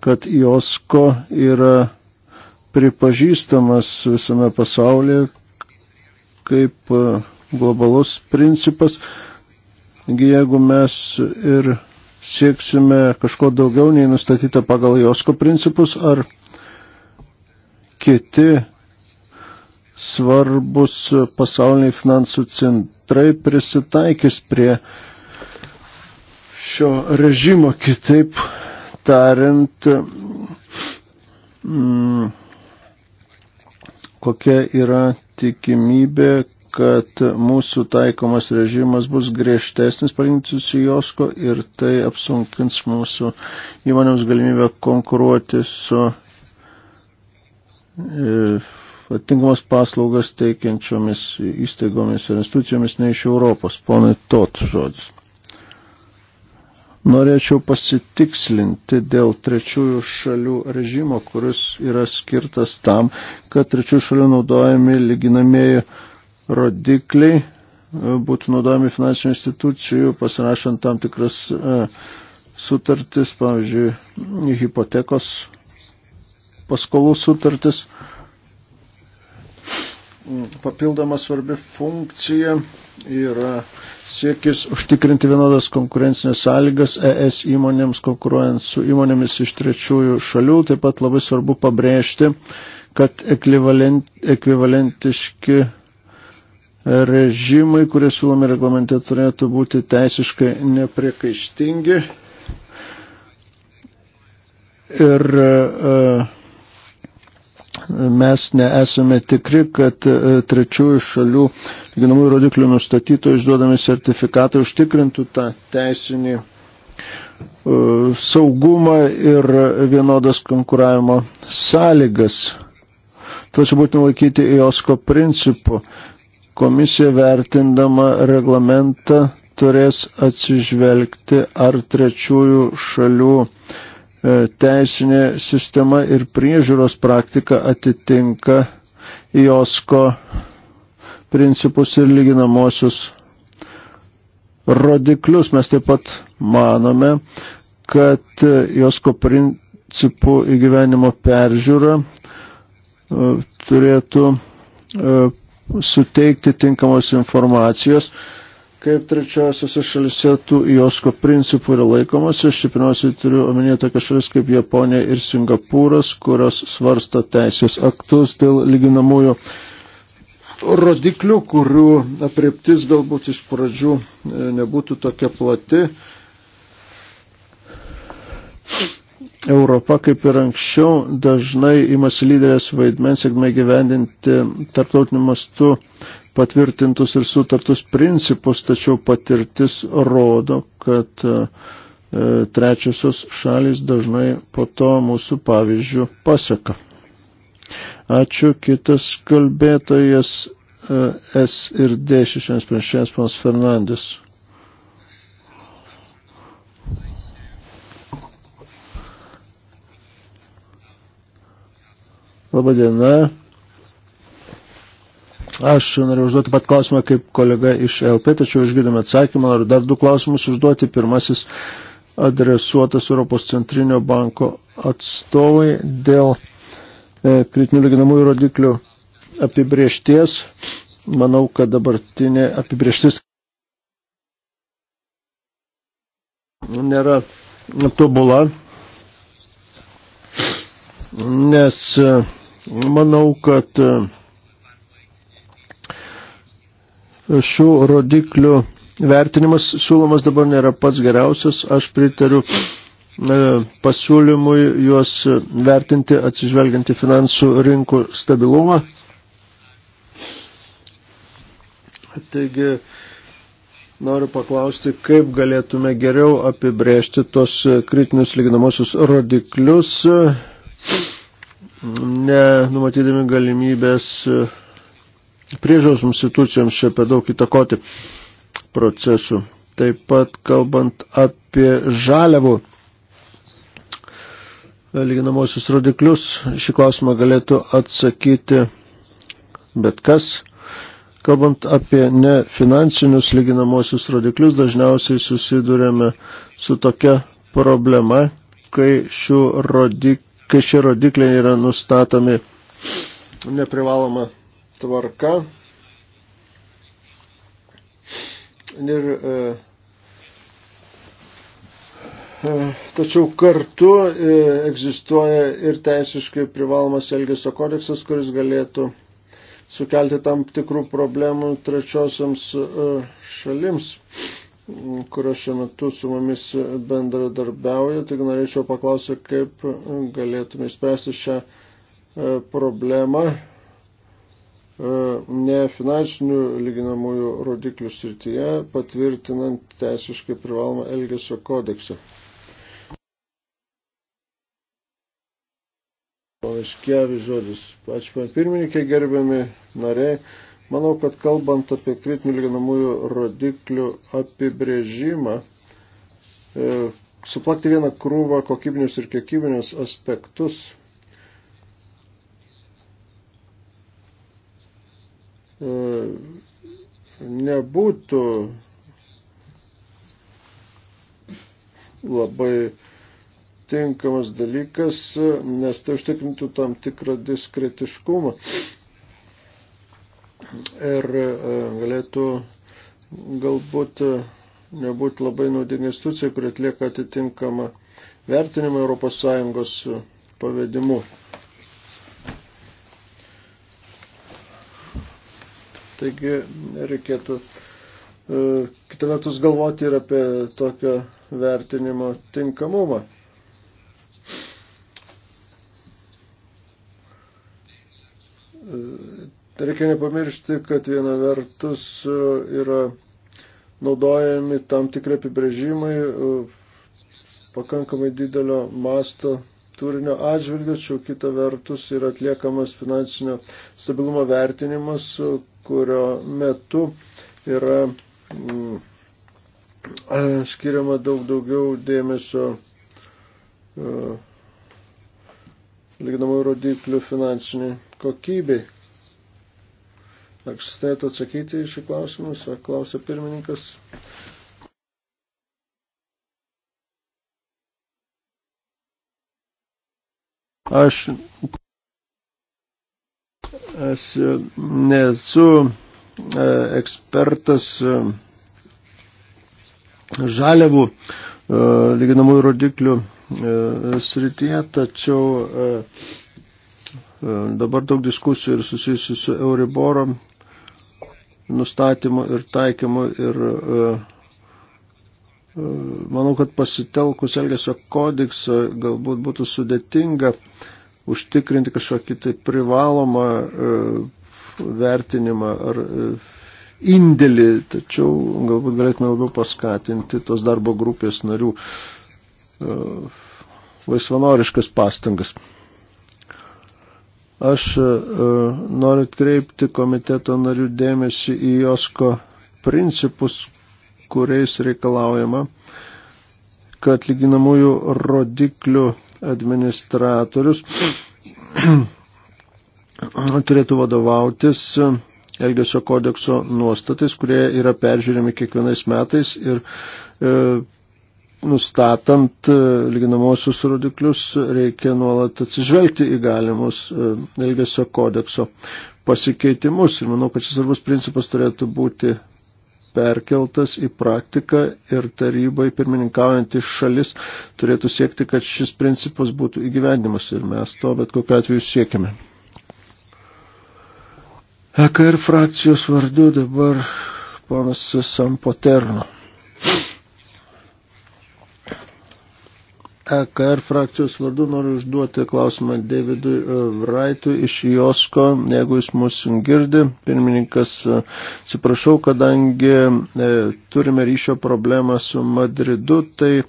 kad Josko yra pripažįstamas visame pasaulyje kaip e, globalus principas. Jeigu mes ir sieksime kažko daugiau nei nustatyta pagal Josko principus ar kiti svarbus pasauliniai finansų centrai prisitaikys prie šio režimo, kitaip tariant, mm, kokia yra tikimybė, kad mūsų taikomas režimas bus griežtesnis palyginti su Josko ir tai apsunkins mūsų įmonėms galimybę konkuruoti su e, atinkamos paslaugas teikiančiomis įstaigomis ir institucijomis ne iš Europos. Ponai Tot žodis. Norėčiau pasitikslinti dėl trečiųjų šalių režimo, kuris yra skirtas tam, kad trečiųjų šalių naudojami lyginamieji rodikliai būtų naudojami finansinių institucijų, pasirašant tam tikras e, sutartis, pavyzdžiui, hipotekos paskolų sutartis papildoma svarbi funkcija yra siekis užtikrinti vienodas konkurencinės sąlygas ES įmonėms konkuruojant su įmonėmis iš trečiųjų šalių. Taip pat labai svarbu pabrėžti, kad ekvivalent, ekvivalentiški režimai, kurie siūlomi reglamente, turėtų būti teisiškai nepriekaištingi. Ir uh, mes nesame tikri, kad e, trečiųjų šalių lyginamųjų rodiklių nustatytojų išduodami sertifikatai užtikrintų tą teisinį e, saugumą ir vienodas konkuravimo sąlygas. Tačiau būtent laikyti EOSCO principų. Komisija vertindama reglamentą turės atsižvelgti, ar trečiųjų šalių uh, E, teisinė sistema ir priežiūros praktika atitinka josko principus ir lyginamosius rodiklius. Mes taip pat manome, kad josko principų įgyvenimo peržiūra e, turėtų e, suteikti tinkamos informacijos kaip trečiosiuose šalise tų josko principų yra laikomasi. Aš pirmiausiai turiu omenyje tokias šalis kaip Japonija ir Singapūras, kurios svarsto teisės aktus dėl lyginamųjų rodiklių, kurių apriptis galbūt iš pradžių e, nebūtų tokia plati. Europa, kaip ir anksčiau, dažnai imasi lyderės vaidmens, sėkmė gyvendinti tarptautiniu mastu patvirtintus ir sutartus principus, tačiau patirtis rodo, kad e, e, trečiosios šalis dažnai po to mūsų pavyzdžių paseka. Ačiū kitas kalbėtojas e, S ir D šešiems prieš šešiems panas Fernandes. Labadiena. Aš noriu užduoti pat klausimą kaip kolega iš ELP, tačiau išgirdome atsakymą. Noriu dar du klausimus užduoti. Pirmasis adresuotas Europos centrinio banko atstovai dėl e, kritinių lyginamųjų rodiklių apibriešties. Manau, kad dabartinė apibrieštis nėra tobula, nes e, manau, kad e, šių rodiklių vertinimas siūlomas dabar nėra pats geriausias. Aš pritariu e, pasiūlymui juos vertinti atsižvelgiant į finansų rinkų stabilumą. Taigi, noriu paklausti, kaip galėtume geriau apibrėžti tos kritinius lyginamosius rodiklius, nenumatydami galimybės priežiūros institucijoms čia per daug įtakoti procesų. Taip pat kalbant apie žaliavų lyginamosius rodiklius, šį klausimą galėtų atsakyti bet kas. Kalbant apie nefinansinius lyginamosius rodiklius, dažniausiai susidurėme su tokia problema, kai, rodik, kai šie rodikliai yra nustatomi neprivaloma tvarka. Ir, e, e, tačiau kartu e, egzistuoja ir teisiškai privalomas Elgesio kodeksas, kuris galėtų sukelti tam tikrų problemų trečiosiams e, šalims, kurios šiuo metu su mumis bendradarbiauja. Tik norėčiau paklausyti, kaip galėtume spręsti šią e, problemą E, ne finansinių lyginamųjų rodiklių srityje, patvirtinant teisiškai privalomą Elgesio kodeksą. Paaiškėvi žodis. Ačiū, man pirmininkai, gerbiami nariai. Manau, kad kalbant apie kritinių lyginamųjų rodiklių apibrėžimą, e, suplakti vieną krūvą kokybinius ir kiekybinius aspektus E, nebūtų labai tinkamas dalykas, nes tai užtikrintų tam tikrą diskretiškumą ir e, galėtų galbūt nebūti labai naudinga institucija, kuri atlieka atitinkamą vertinimą ES pavedimu. Taigi reikėtų e, kitą metus galvoti ir apie tokio vertinimo tinkamumą. E, reikia nepamiršti, kad viena vertus e, yra naudojami tam tikri apibrėžimai pakankamai didelio masto turinio atžvilgiu, tačiau kita vertus yra atliekamas finansinio stabilumo vertinimas, kurio metu yra mm, skiriama daug daugiau dėmesio e, lyginamų rodiklių finansiniai kokybei. Ar susitarėt atsakyti į šį klausimą, klausė pirmininkas. Aš Aš nesu e, ekspertas e, žaliavų e, lyginamųjų rodiklių srityje, tačiau dabar daug diskusijų ir susijusių su Euriboro nustatymu ir taikymu ir manau, kad pasitelkus Elgesio kodeksą galbūt būtų sudėtinga užtikrinti kažkokį tai privalomą e, vertinimą ar e, indėlį, tačiau galbūt galėtume labiau paskatinti tos darbo grupės narių e, laisvanoriškas pastangas. Aš noriu kreipti komiteto narių dėmesį į josko principus, kuriais reikalaujama, kad lyginamųjų rodiklių administratorius turėtų vadovautis Elgesio kodekso nuostatais, kurie yra peržiūrimi kiekvienais metais ir e, nustatant e, lyginamosius rodiklius reikia nuolat atsižvelgti į galimus e, Elgesio kodekso pasikeitimus. Ir manau, kad šis svarbus principas turėtų būti perkeltas į praktiką ir tarybai pirmininkaujantis šalis turėtų siekti, kad šis principas būtų įgyvendimas ir mes to bet kokiu atveju siekime. EKR frakcijos vardu dabar ponas Sampoterno. EKR frakcijos vardu noriu užduoti klausimą Davidui Vraitui e, iš Josko, jeigu jis mūsų girdi. Pirmininkas, e, atsiprašau, kadangi e, turime ryšio problemą su Madridu, tai e,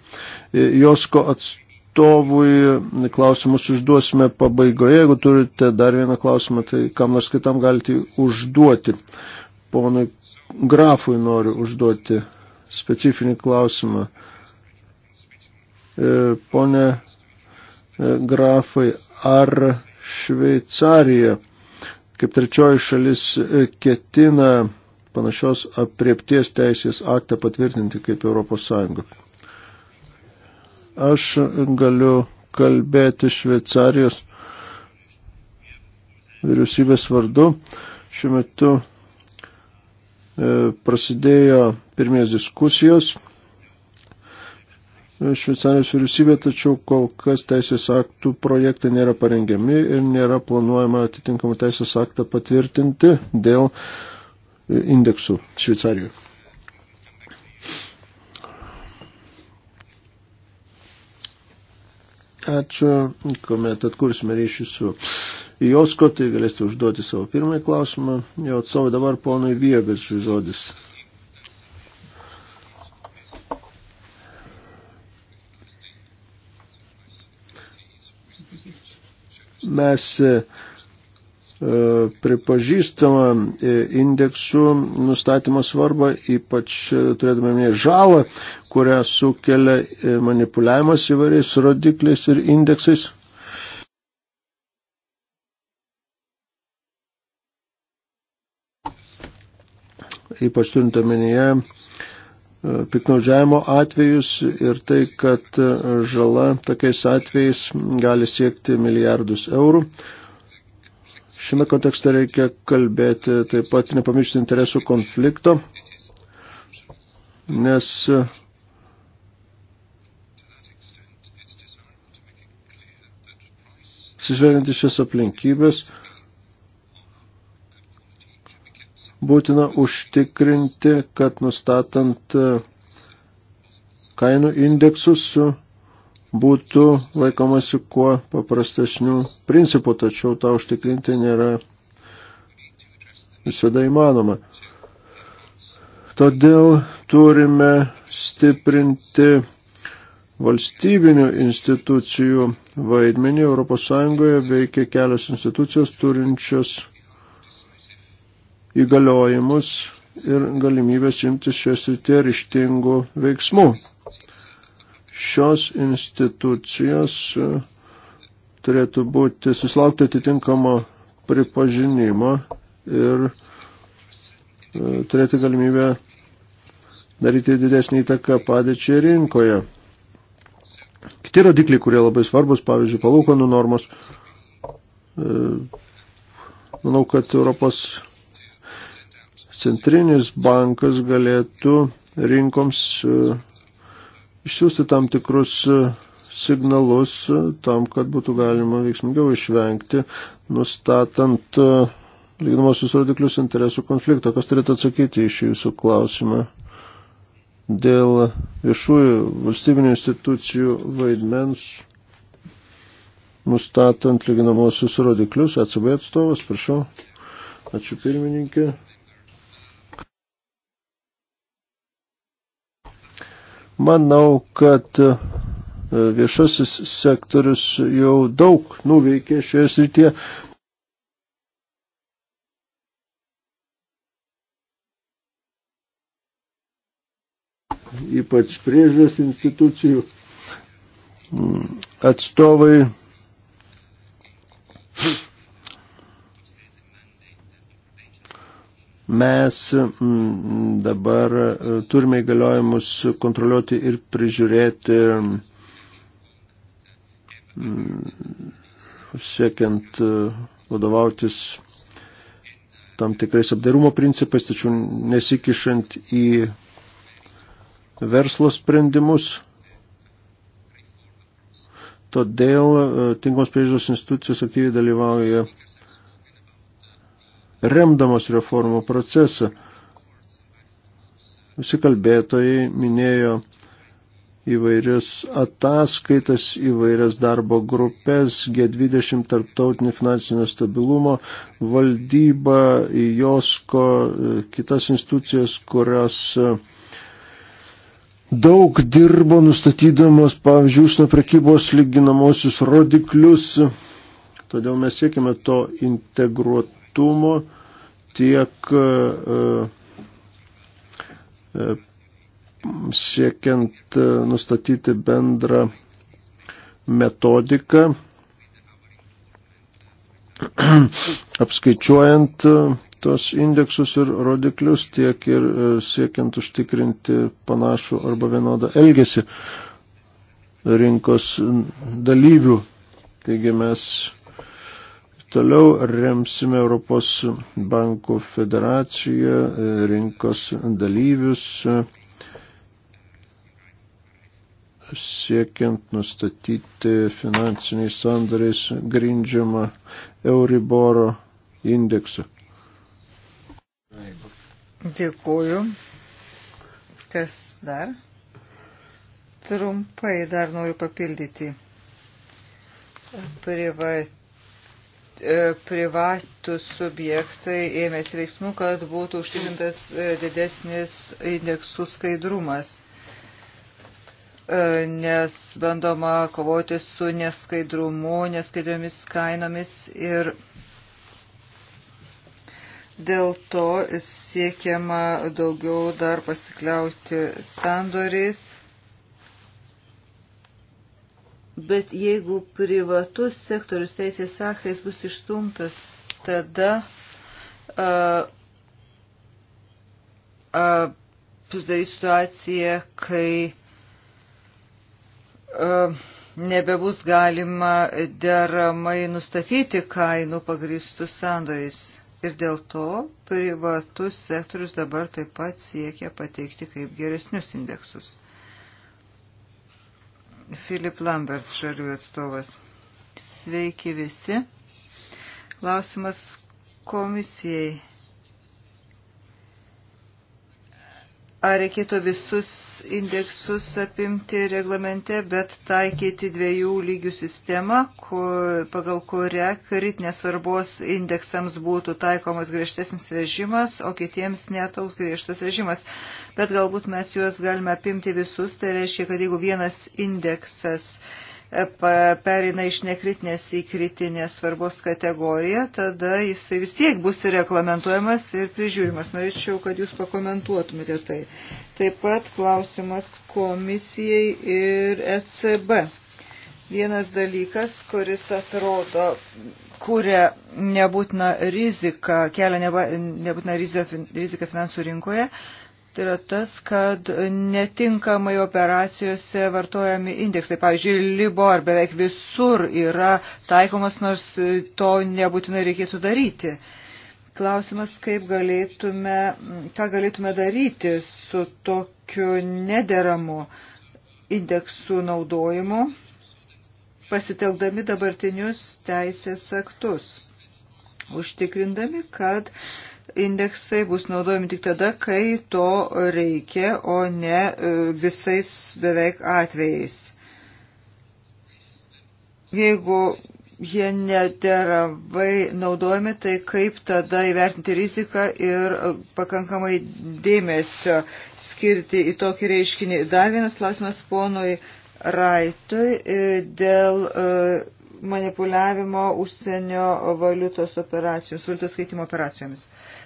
Josko atstovui klausimus užduosime pabaigoje. Jeigu turite dar vieną klausimą, tai kam nors kitam galite užduoti. Ponui Grafui noriu užduoti specifinį klausimą. E, pone e, grafai, ar Šveicarija kaip trečioji šalis e, ketina panašios apriepties teisės aktą patvirtinti kaip Europos Sąjunga. Aš galiu kalbėti Šveicarijos vyriausybės vardu. Šiuo metu prasidėjo pirmės diskusijos Šveicarijos vyriausybė, tačiau kol kas teisės aktų projektai nėra parengiami ir nėra planuojama atitinkamą teisės aktą patvirtinti dėl indeksų Šveicarijoje. Ačiū, kuomet atkursime ryšį su Josko, tai galėsite užduoti savo pirmąjį klausimą. Jo atsovai dabar ponui Viegas žodis. mes e, e, pripažįstama e, indeksų nustatymo svarbą, ypač turėdami minė žalą, kurią sukelia manipuliavimas įvairiais rodikliais ir indeksais. Ypač turint omenyje piknaudžiavimo atvejus ir tai, kad žala tokiais atvejais gali siekti milijardus eurų. Šiame kontekste reikia kalbėti taip pat nepamiršti interesų konflikto, nes atsižvelgiant į šias aplinkybės, būtina užtikrinti, kad nustatant e, kainų indeksus būtų laikomasi kuo paprastesnių principų, tačiau tą užtikrinti nėra visada įmanoma. Todėl turime stiprinti valstybinių institucijų vaidmenį. ES veikia kelios institucijos turinčios įgaliojimus ir galimybės imtis šios rytie ryštingų veiksmų. Šios institucijos e, turėtų būti susilaukti atitinkamo pripažinimo ir e, turėti galimybę daryti didesnį įtaką padėčiai rinkoje. Kiti rodikliai, kurie labai svarbus, pavyzdžiui, palūkanų normos, e, manau, kad Europos centrinis bankas galėtų rinkoms e, išsiųsti tam tikrus e, signalus e, tam, kad būtų galima veiksmingiau išvengti, nustatant lyginamosius rodiklius interesų konflikto. Kas turėtų atsakyti iš jūsų klausimą dėl viešųjų valstybinių institucijų vaidmens, nustatant lyginamosius rodiklius? ECB atstovas, prašau. Ačiū pirmininkė. Manau, kad e, viešasis sektorius jau daug nuveikė šioje srityje. Ypač priežiūros institucijų mm, atstovai Mes mm, dabar e, turime įgaliojimus kontroliuoti ir prižiūrėti mm, siekiant e, vadovautis tam tikrais apdarumo principais, tačiau nesikišant į verslo sprendimus. Todėl e, tinkamos priežiūros institucijos aktyviai dalyvauja remdamos reformų procesą. Visi kalbėtojai minėjo įvairius ataskaitas, įvairias darbo grupės, G20 tarptautinį finansinio stabilumo valdybą, JOSKO, e, kitas institucijas, kurios e, daug dirbo nustatydamos, pavyzdžiui, užsienio prekybos lyginamosius rodiklius. Todėl mes siekime to integruoto privatumo, tiek e, e, siekiant e, nustatyti bendrą metodiką, apskaičiuojant tos indeksus ir rodiklius, tiek ir siekiant užtikrinti panašų arba vienodą elgesį rinkos dalyvių. Taigi mes Toliau remsime Europos bankų federaciją, e, rinkos dalyvius, siekiant nustatyti finansiniais sandariais grindžiamą Euriboro indeksą. Dėkuoju. Kas dar? Trumpai dar noriu papildyti. Privat E, privatus subjektai ėmėsi veiksmų, kad būtų užtikrintas e, didesnis indeksų skaidrumas, e, nes bandoma kovoti su neskaidrumu, neskaidriomis kainomis ir dėl to siekiama daugiau dar pasikliauti sandoriais Bet jeigu privatus sektorius teisės aktais bus išstumtas, tada a, a, susidarys situacija, kai a, nebebus galima deramai nustatyti kainų pagristus sandoriais. Ir dėl to privatus sektorius dabar taip pat siekia pateikti kaip geresnius indeksus. Filip Lamberts, šalių atstovas. Sveiki visi. Klausimas komisijai ar reikėtų visus indeksus apimti reglamente, bet taikyti dviejų lygių sistemą, kur, pagal kurią kritinės svarbos indeksams būtų taikomas griežtesnis režimas, o kitiems netauks griežtas režimas. Bet galbūt mes juos galime apimti visus, tai reiškia, kad jeigu vienas indeksas uh, perina iš nekritinės į kritinės svarbos kategoriją, tada jisai vis tiek bus ir reglamentuojamas ir prižiūrimas. Norėčiau, kad jūs pakomentuotumėte tai. Taip pat klausimas komisijai ir ECB. Vienas dalykas, kuris atrodo, kuria nebūtina rizika, kelia nebūtina rizika finansų rinkoje, tai yra tas, kad netinkamai operacijose vartojami indeksai. Pavyzdžiui, Libor beveik visur yra taikomas, nors to nebūtinai reikėtų daryti. Klausimas, kaip galėtume, ką galėtume daryti su tokiu nederamu indeksų naudojimu, pasitelkdami dabartinius teisės aktus, užtikrindami, kad uh, indeksai bus naudojami tik tada, kai to reikia, o ne e, visais beveik atvejais. Jeigu jie nederamai naudojami, tai kaip tada įvertinti riziką ir e, pakankamai dėmesio skirti į tokį reiškinį. Dar vienas klausimas ponui Raitui e, dėl manipuliavimo užsienio valiutos operacijomis, valiutos skaitimo operacijomis.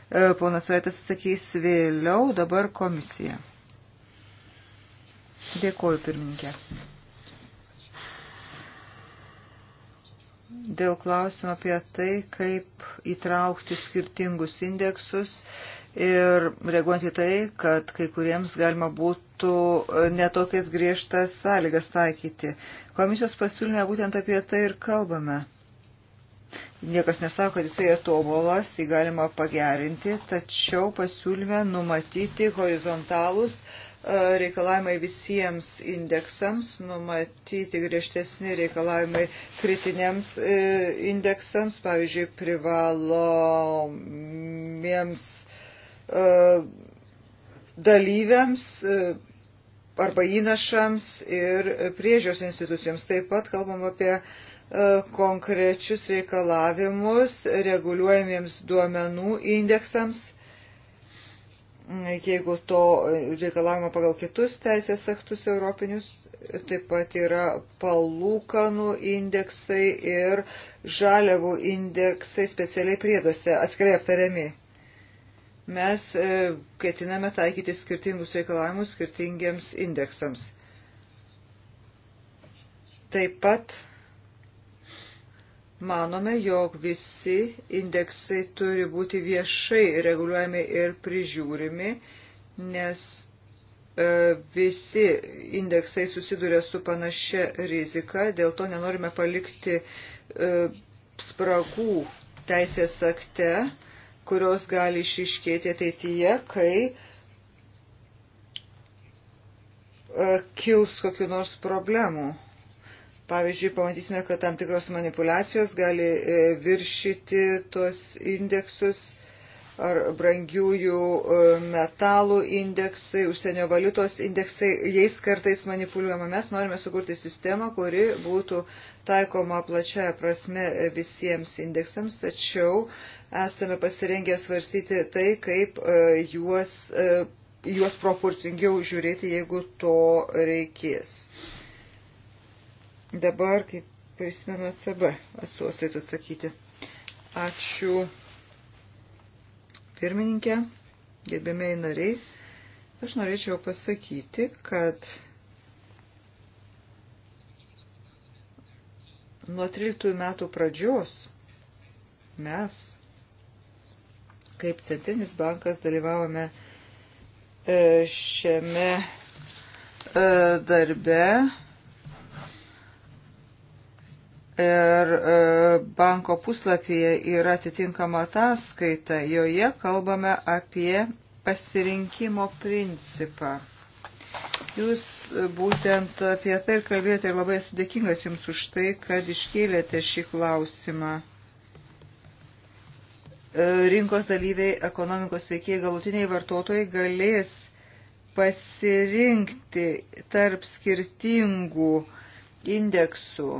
E, ponas Raitas atsakys vėliau, dabar komisija. Dėkoju, pirmininkė. Dėl klausimo apie tai, kaip įtraukti skirtingus indeksus ir reaguojant į tai, kad kai kuriems galima būtų netokias griežtas sąlygas taikyti. Komisijos pasiūlyme būtent apie tai ir kalbame. Niekas nesako, kad jisai atomolas, jį galima pagerinti, tačiau pasiūlyme numatyti horizontalus e, reikalavimai visiems indeksams, numatyti griežtesni reikalavimai kritiniams e, indeksams, pavyzdžiui, privalomiems e, dalyviams arba įnašams ir priežios institucijoms. Taip pat kalbam apie uh, E, konkrečius reikalavimus reguliuojamiems duomenų indeksams, jeigu to reikalavimo pagal kitus teisės aktus europinius, taip pat yra palūkanų indeksai ir žaliavų indeksai specialiai prieduose atskirai aptariami. Mes e, ketiname taikyti skirtingus reikalavimus skirtingiems indeksams. Taip pat Manome, jog visi indeksai turi būti viešai reguliuojami ir prižiūrimi, nes e, visi indeksai susiduria su panašia rizika, dėl to nenorime palikti e, spragų teisės akte, kurios gali išiškėti ateityje, kai e, kils kokiu nors problemu. Pavyzdžiui, pamatysime, kad tam tikros manipulacijos gali e, viršyti tuos indeksus ar brangiųjų e, metalų indeksai, užsienio valiutos indeksai, jais kartais manipuliuojama. Mes norime sukurti sistemą, kuri būtų taikoma plačiaja prasme e, visiems indeksams, tačiau esame pasirengę svarstyti tai, kaip juos, juos proporcingiau žiūrėti, jeigu to reikės. Dabar, kaip prisimenu, CB atsuos turėtų atsakyti. Ačiū pirmininkė, gerbėmiai nariai. Aš norėčiau pasakyti, kad nuo 13 metų pradžios mes, kaip Centrinis bankas, dalyvavome e, šiame e, darbe ir e, banko puslapyje yra atitinkama ataskaita, joje kalbame apie pasirinkimo principą. Jūs būtent apie tai ir kalbėjote ir labai esu dėkingas Jums už tai, kad iškėlėte šį klausimą. E, rinkos dalyviai, ekonomikos veikiai, galutiniai vartotojai galės pasirinkti tarp skirtingų indeksų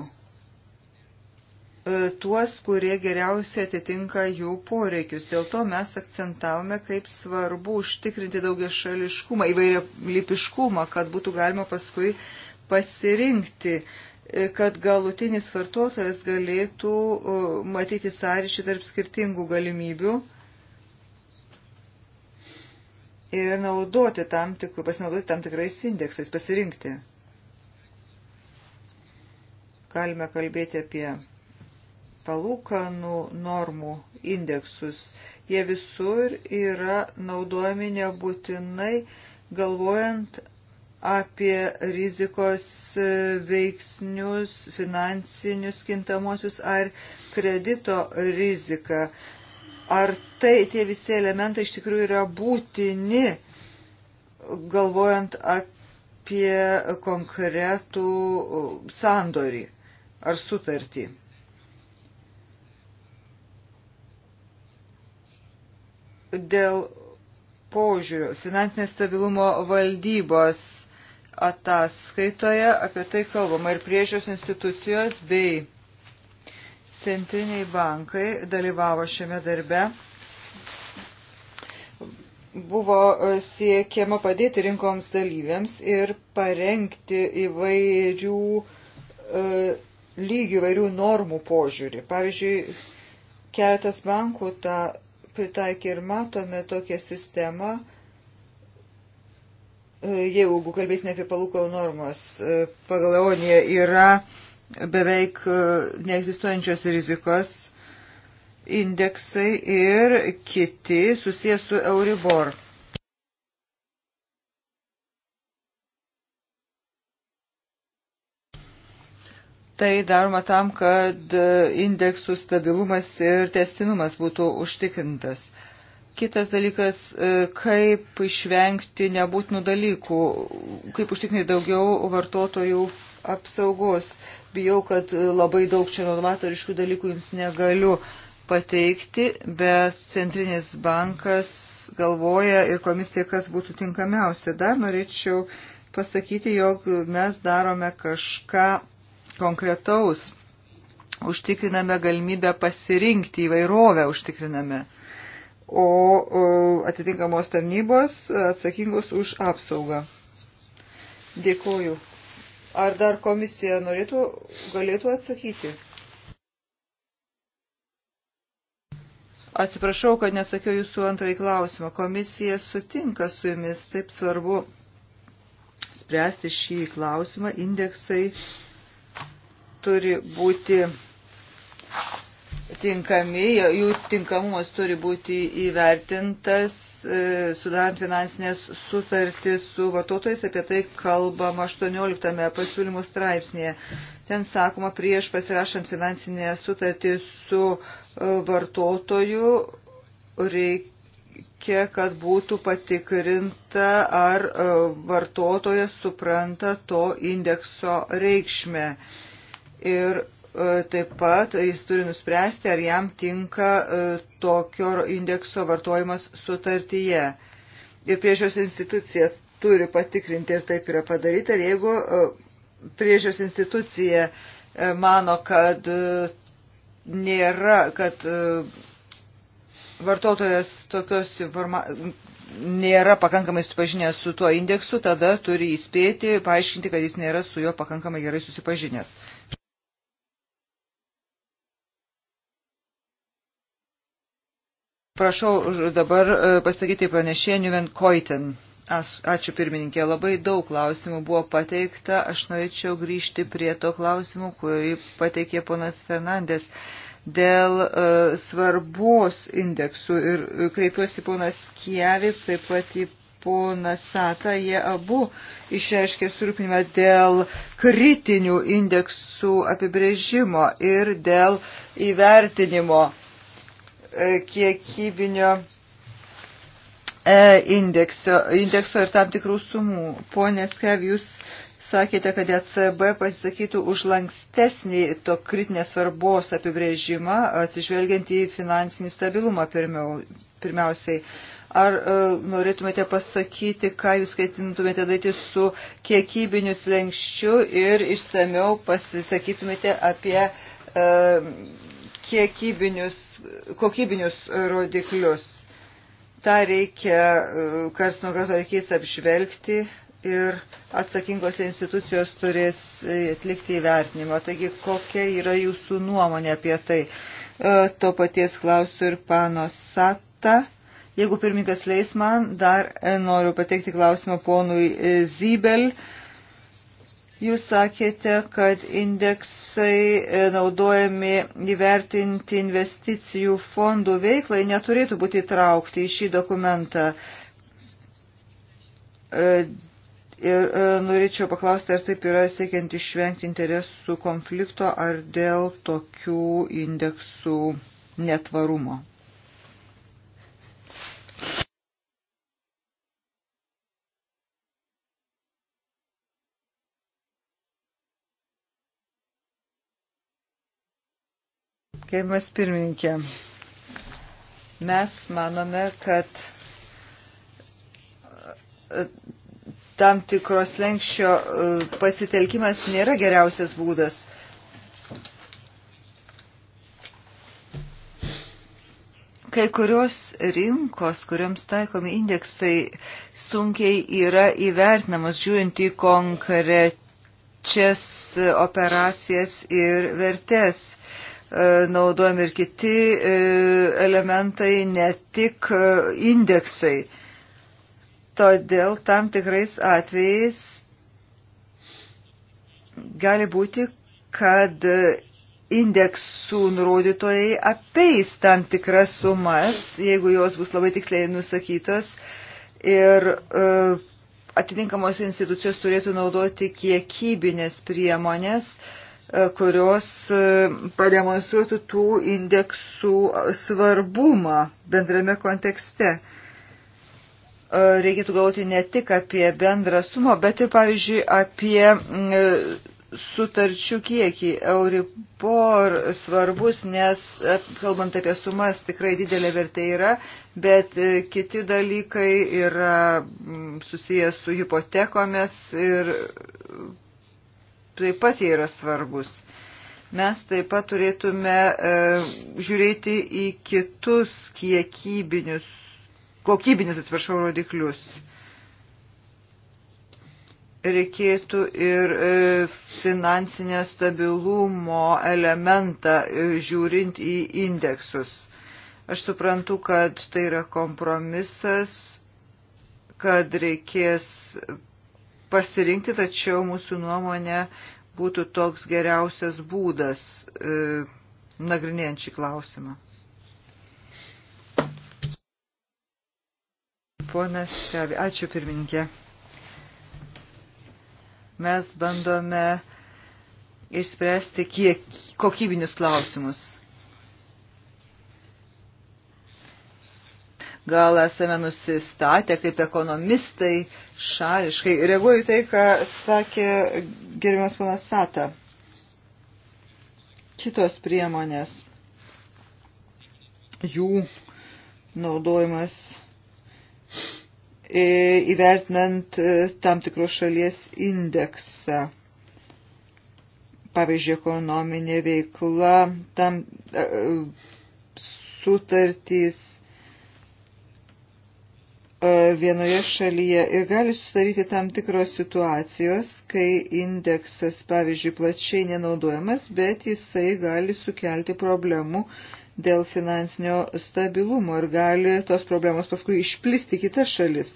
E, tuos, kurie geriausiai atitinka jų poreikius. Dėl to mes akcentavome, kaip svarbu užtikrinti daugia šališkumą, įvairia lipiškumą, kad būtų galima paskui pasirinkti, e, kad galutinis vartotojas galėtų e, matyti sąryšį tarp skirtingų galimybių ir naudoti tam tikrų, pasinaudoti tam tikrais indeksais, pasirinkti. Galime kalbėti apie palūkanų normų indeksus. Jie visur yra naudojami nebūtinai galvojant apie rizikos veiksnius, finansinius kintamosius ar kredito riziką. Ar tai tie visi elementai iš tikrųjų yra būtini, galvojant apie konkretų sandorį ar sutartį? dėl požiūrių. Finansinės stabilumo valdybos ataskaitoje apie tai kalbama ir priežios institucijos bei centriniai bankai dalyvavo šiame darbe. Buvo siekiama padėti rinkoms dalyviams ir parengti įvairių e, lygių, įvairių normų požiūrį. Pavyzdžiui, keletas bankų tą pritaikė ir matome tokią sistemą, e, jeigu kalbėsime apie palūkanų normos, e, pagal EONIją yra beveik e, neegzistuojančios rizikos indeksai ir kiti susijęs su Euribor. tai daroma tam, kad e, indeksų stabilumas ir testinumas būtų užtikrintas. Kitas dalykas, e, kaip išvengti nebūtinų dalykų, kaip užtikrinti daugiau vartotojų apsaugos. Bijau, kad e, labai daug čia novatoriškų dalykų jums negaliu pateikti, bet Centrinis bankas galvoja ir komisija, kas būtų tinkamiausia. Dar norėčiau pasakyti, jog mes darome kažką konkretaus. Užtikriname galimybę pasirinkti įvairovę, užtikriname. O atitinkamos tarnybos atsakingos už apsaugą. Dėkuoju. Ar dar komisija norėtų, galėtų atsakyti? Atsiprašau, kad nesakiau jūsų antrąjį klausimą. Komisija sutinka su jumis, taip svarbu spręsti šį klausimą. Indeksai turi būti tinkami, jų tinkamumas turi būti įvertintas, e, sudant finansinės sutartys su vartotojais, apie tai kalbama 18 pasiūlymų straipsnėje. Ten sakoma, prieš pasirašant finansinę sutartį su e, vartotoju reikia, kad būtų patikrinta, ar e, vartotojas supranta to indekso reikšmę ir e, taip pat jis turi nuspręsti, ar jam tinka e, tokio indekso vartojimas sutartyje. Ir priežios institucija turi patikrinti, ir taip yra padaryta. Ir jeigu e, priežios institucija mano, kad nėra, kad vartotojas tokios informacijos nėra pakankamai susipažinęs su tuo indeksu, tada turi įspėti, paaiškinti, kad jis nėra su juo pakankamai gerai susipažinęs. Prašau dabar e, pasakyti pranešėją Newman Koiten. Ačiū pirmininkė, labai daug klausimų buvo pateikta. Aš norėčiau grįžti prie to klausimų, kurį pateikė ponas Fernandės dėl uh, svarbos indeksų. Ir kreipiuosi ponas Kievi, taip pat į poną Satą. Jie abu išreiškė surūpinimą dėl kritinių indeksų apibrėžimo ir dėl įvertinimo. Uh, E, kiekybinio e, indekso, indekso ir tam tikrų sumų. Pone Skev, jūs sakėte, kad ECB pasisakytų už lankstesnį to kritinės svarbos apibrėžimą, atsižvelgiant į finansinį stabilumą pirmiau, pirmiausiai. Ar e, norėtumėte pasakyti, ką jūs ketintumėte daryti su kiekybiniu slengščiu ir išsameu pasisakytumėte apie e, kiekybinius, kokybinius rodiklius. Ta reikia, e, kas nuo kas reikės apžvelgti ir atsakingos institucijos turės e, atlikti įvertinimą. Taigi, kokia yra jūsų nuomonė apie tai? E, to paties klausiu ir pano Sata. Jeigu pirmininkas leis man, dar noriu pateikti klausimą ponui Zybel. E, Jūs sakėte, kad indeksai e, naudojami įvertinti investicijų fondų veiklai neturėtų būti įtraukti į šį dokumentą. E, ir e, norėčiau paklausti, ar taip yra siekiant išvengti interesų konflikto ar dėl tokių indeksų netvarumo. Keimas pirmininkė, mes manome, kad e, tam tikros lenkščio e, pasitelkimas nėra geriausias būdas. Kai kurios rinkos, kuriams taikomi indeksai, sunkiai yra įvertinamas žiūrint į konkrečias operacijas ir vertes. E, naudojami ir kiti e, elementai, ne tik e, indeksai. Todėl tam tikrais atvejais gali būti, kad indeksų nurodytojai apeis tam tikras sumas, jeigu jos bus labai tiksliai nusakytos. Ir atitinkamos institucijos turėtų naudoti kiekybinės priemonės, uh, E, kurios e, pademonstruotų tų indeksų svarbumą bendrame kontekste. E, reikėtų galvoti ne tik apie bendrą sumą, bet ir, pavyzdžiui, apie sutarčių kiekį. Euribor svarbus, nes, kalbant apie sumas, tikrai didelė vertė yra, bet kiti dalykai yra susijęs su hipotekomis ir taip pat jie yra svarbus. Mes taip pat turėtume e, žiūrėti į kitus kiekybinius, kokybinius, atsiprašau, rodiklius. Reikėtų ir e, finansinio stabilumo elementą e, žiūrint į indeksus. Aš suprantu, kad tai yra kompromisas, kad reikės pasirinkti, tačiau mūsų nuomonė būtų toks geriausias būdas e, nagrinėjant šį klausimą. Ponas Kavi, ačiū pirmininkė. Mes bandome išspręsti kiek, kokybinius klausimus gal esame nusistatę kaip ekonomistai šališkai. Reaguoju tai, ką sakė gerbiamas panas Sata. Kitos priemonės, jų naudojimas e, įvertinant e, tam tikros šalies indeksą pavyzdžiui, ekonominė veikla, tam e, sutartys, E, vienoje šalyje ir gali susidaryti tam tikros situacijos, kai indeksas, pavyzdžiui, plačiai nenaudojamas, bet jisai gali sukelti problemų dėl finansinio stabilumo ir gali tos problemos paskui išplisti kitas šalis.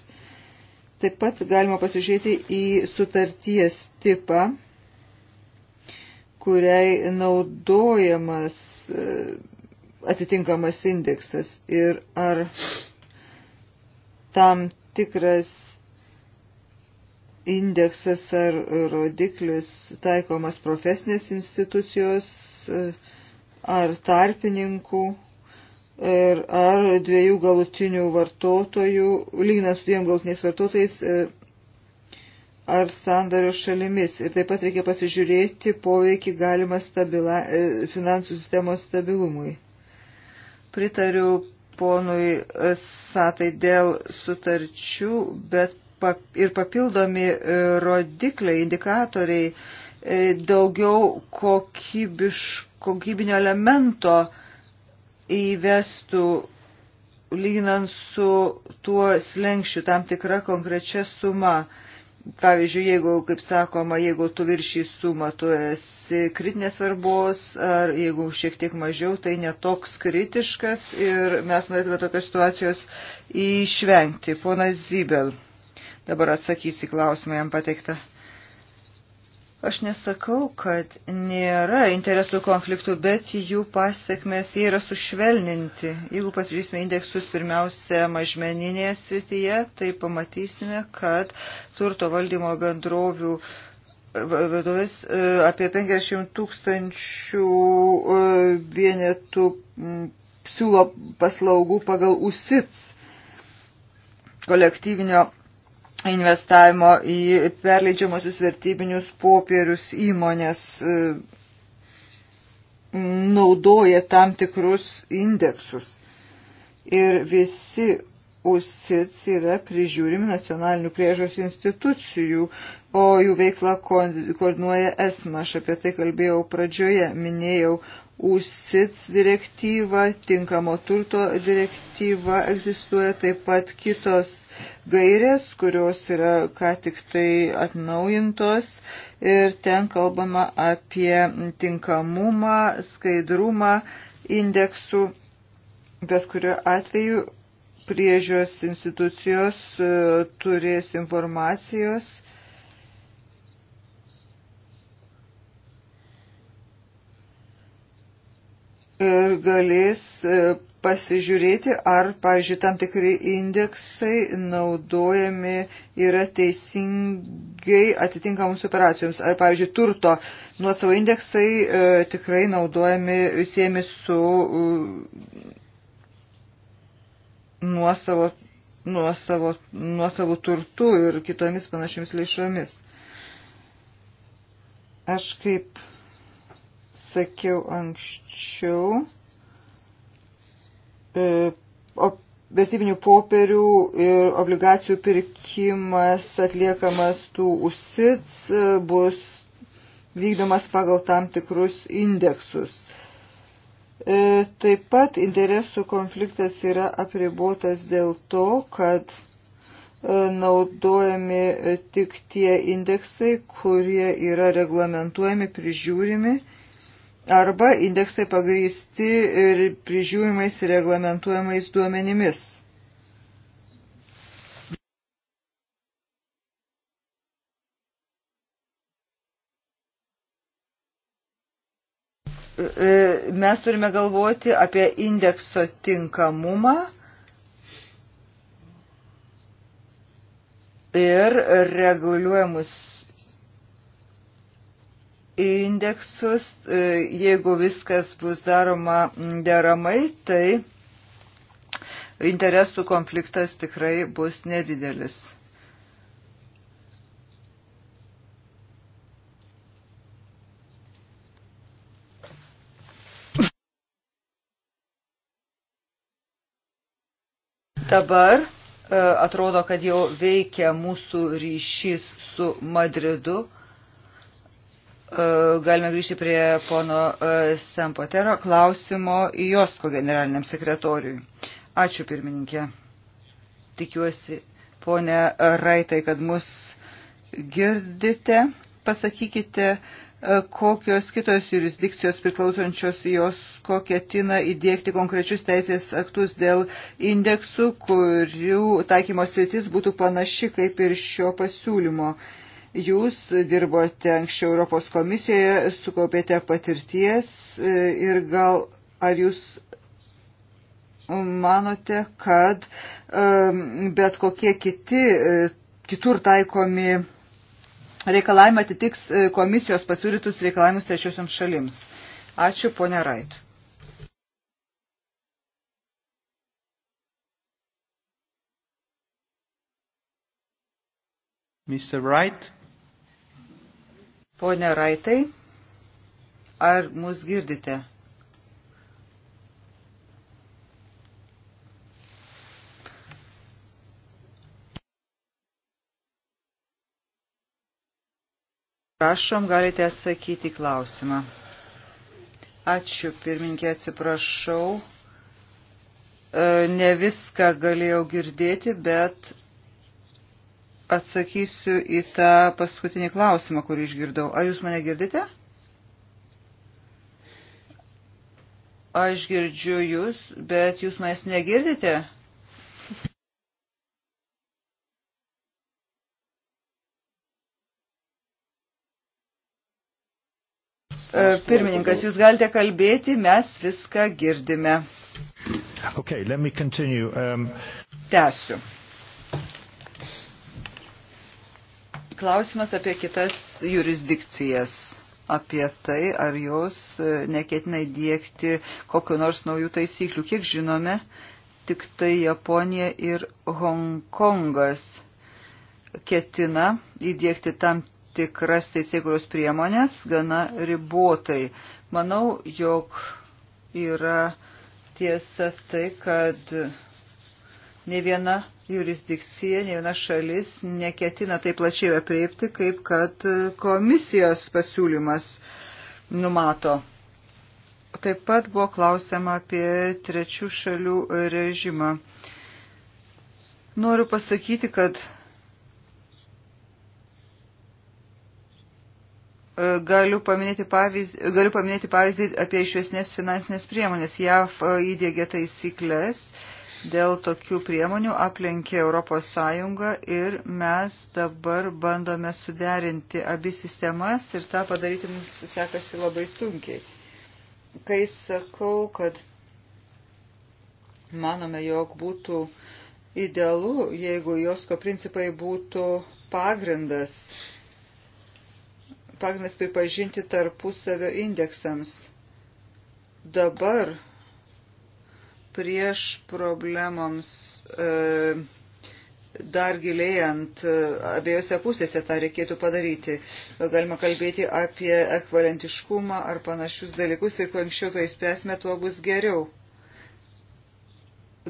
Taip pat galima pasižiūrėti į sutarties tipą, kuriai naudojamas e, atitinkamas indeksas ir ar tam tikras indeksas ar rodiklis taikomas profesinės institucijos ar tarpininkų ir ar dviejų galutinių vartotojų, lyginant su dviem galutiniais vartotojais, ar sandario šalimis. Ir taip pat reikia pasižiūrėti poveikį galimą stabila, e, finansų sistemos stabilumui. Pritariu ponui Satai dėl sutarčių, bet ir papildomi e, rodikliai, indikatoriai, e, daugiau kokybiš, kokybinio elemento įvestų lyginant su tuo slengščiu tam tikra konkrečia suma. Pavyzdžiui, jeigu, kaip sakoma, jeigu tu viršį sumą, tu esi kritinės svarbos, ar jeigu šiek tiek mažiau, tai netoks kritiškas ir mes norėtume tokios situacijos išvengti. Ponas Zybel dabar atsakys į klausimą jam pateiktą. Aš nesakau, kad nėra interesų konfliktų, bet jų pasiekmes jie yra sušvelninti. Jeigu pasižiūrėsime indeksus pirmiausia mažmeninėje srityje, tai pamatysime, kad turto valdymo bendrovių vadovės e, apie 50 tūkstančių e, vienetų siūlo paslaugų pagal USITS kolektyvinio investavimo į perleidžiamosius vertybinius popierius įmonės e, naudoja tam tikrus indeksus. Ir visi USITS yra prižiūrimi nacionalinių priežos institucijų, o jų veikla koordinuoja ESMA. Aš apie tai kalbėjau pradžioje, minėjau USITS direktyva, tinkamo turto direktyva egzistuoja taip pat kitos gairės, kurios yra ką tik tai atnaujintos ir ten kalbama apie tinkamumą, skaidrumą indeksų, bet kuriuo atveju priežios institucijos e, turės informacijos galės e, pasižiūrėti, ar, pavyzdžiui, tam tikri indeksai naudojami yra teisingai atitinkamus operacijoms, ar, pavyzdžiui, turto nuosavo indeksai e, tikrai naudojami siemi su e, nuosavo, nuosavo, nuosavo turtu ir kitomis panašiamis lėšomis. Aš kaip sakiau anksčiau, e, vertybinių popierių ir obligacijų pirkimas atliekamas tų usits e, bus vykdomas pagal tam tikrus indeksus. E, taip pat interesų konfliktas yra apribotas dėl to, kad naudojami tik tie indeksai, kurie yra reglamentuojami, prižiūrimi arba indeksai pagrįsti ir prižiūrimais ir reglamentuojamais duomenimis. E, mes turime galvoti apie indekso tinkamumą ir reguliuojamus indeksus. E, jeigu viskas bus daroma deramai, tai interesų konfliktas tikrai bus nedidelis. Dabar e, atrodo, kad jau veikia mūsų ryšys su Madridu. E, galime grįžti prie pono e, Sempotero klausimo į Josko generaliniam sekretoriui. Ačiū pirmininkė. Tikiuosi, ponė Raitai, kad mus girdite. Pasakykite, e, kokios kitos jurisdikcijos priklausančios jos, kokie tina įdėkti konkrečius teisės aktus dėl indeksų, kurių taikymos sritis būtų panaši kaip ir šio pasiūlymo. Uh, Jūs dirbote anksčiau Europos komisijoje, sukaupėte patirties e, ir gal ar jūs manote, kad e, bet kokie kiti, e, kitur taikomi reikalavimai atitiks komisijos pasiūlytus reikalavimus trečiosiams šalims? Ačiū, ponia Rait. Mr. Wright, Pone Raitai, ar mus girdite? Prašom, galite atsakyti klausimą. Ačiū, pirminkė, atsiprašau. E, ne viską galėjau girdėti, bet atsakysiu į tą paskutinį klausimą, kurį išgirdau. Ar jūs mane girdite? Aš girdžiu jūs, bet jūs manęs negirdite. E, pirmininkas, jūs galite kalbėti, mes viską girdime. Okay, let me continue. Um... Tęsiu. Klausimas apie kitas jurisdikcijas, apie tai, ar jos e, neketina įdėkti kokiu nors naujų taisyklių. Kiek žinome, tik tai Japonija ir Hongkongas ketina įdėkti tam tikras teisėkuros priemonės gana ribotai. Manau, jog yra tiesa tai, kad ne viena jurisdikcija, ne viena šalis neketina taip plačiai apreipti, kaip kad komisijos pasiūlymas numato. Taip pat buvo klausima apie trečių šalių režimą. Noriu pasakyti, kad e, galiu paminėti, pavyzdį, galiu paminėti pavyzdį apie išvesnės finansinės priemonės. JAV e, įdėgė taisyklės, dėl tokių priemonių aplenkė Europos Sąjungą ir mes dabar bandome suderinti abi sistemas ir tą padaryti mums sekasi labai sunkiai. Kai sakau, kad manome, jog būtų idealu, jeigu josko principai būtų pagrindas, pagrindas pripažinti tarpusavio indeksams. Dabar prieš problemoms e, dar gilėjant e, abiejose pusėse tą reikėtų padaryti. Galima kalbėti apie ekvalentiškumą ar panašius dalykus ir kuo anksčiau to tai įspręsime, tuo bus geriau.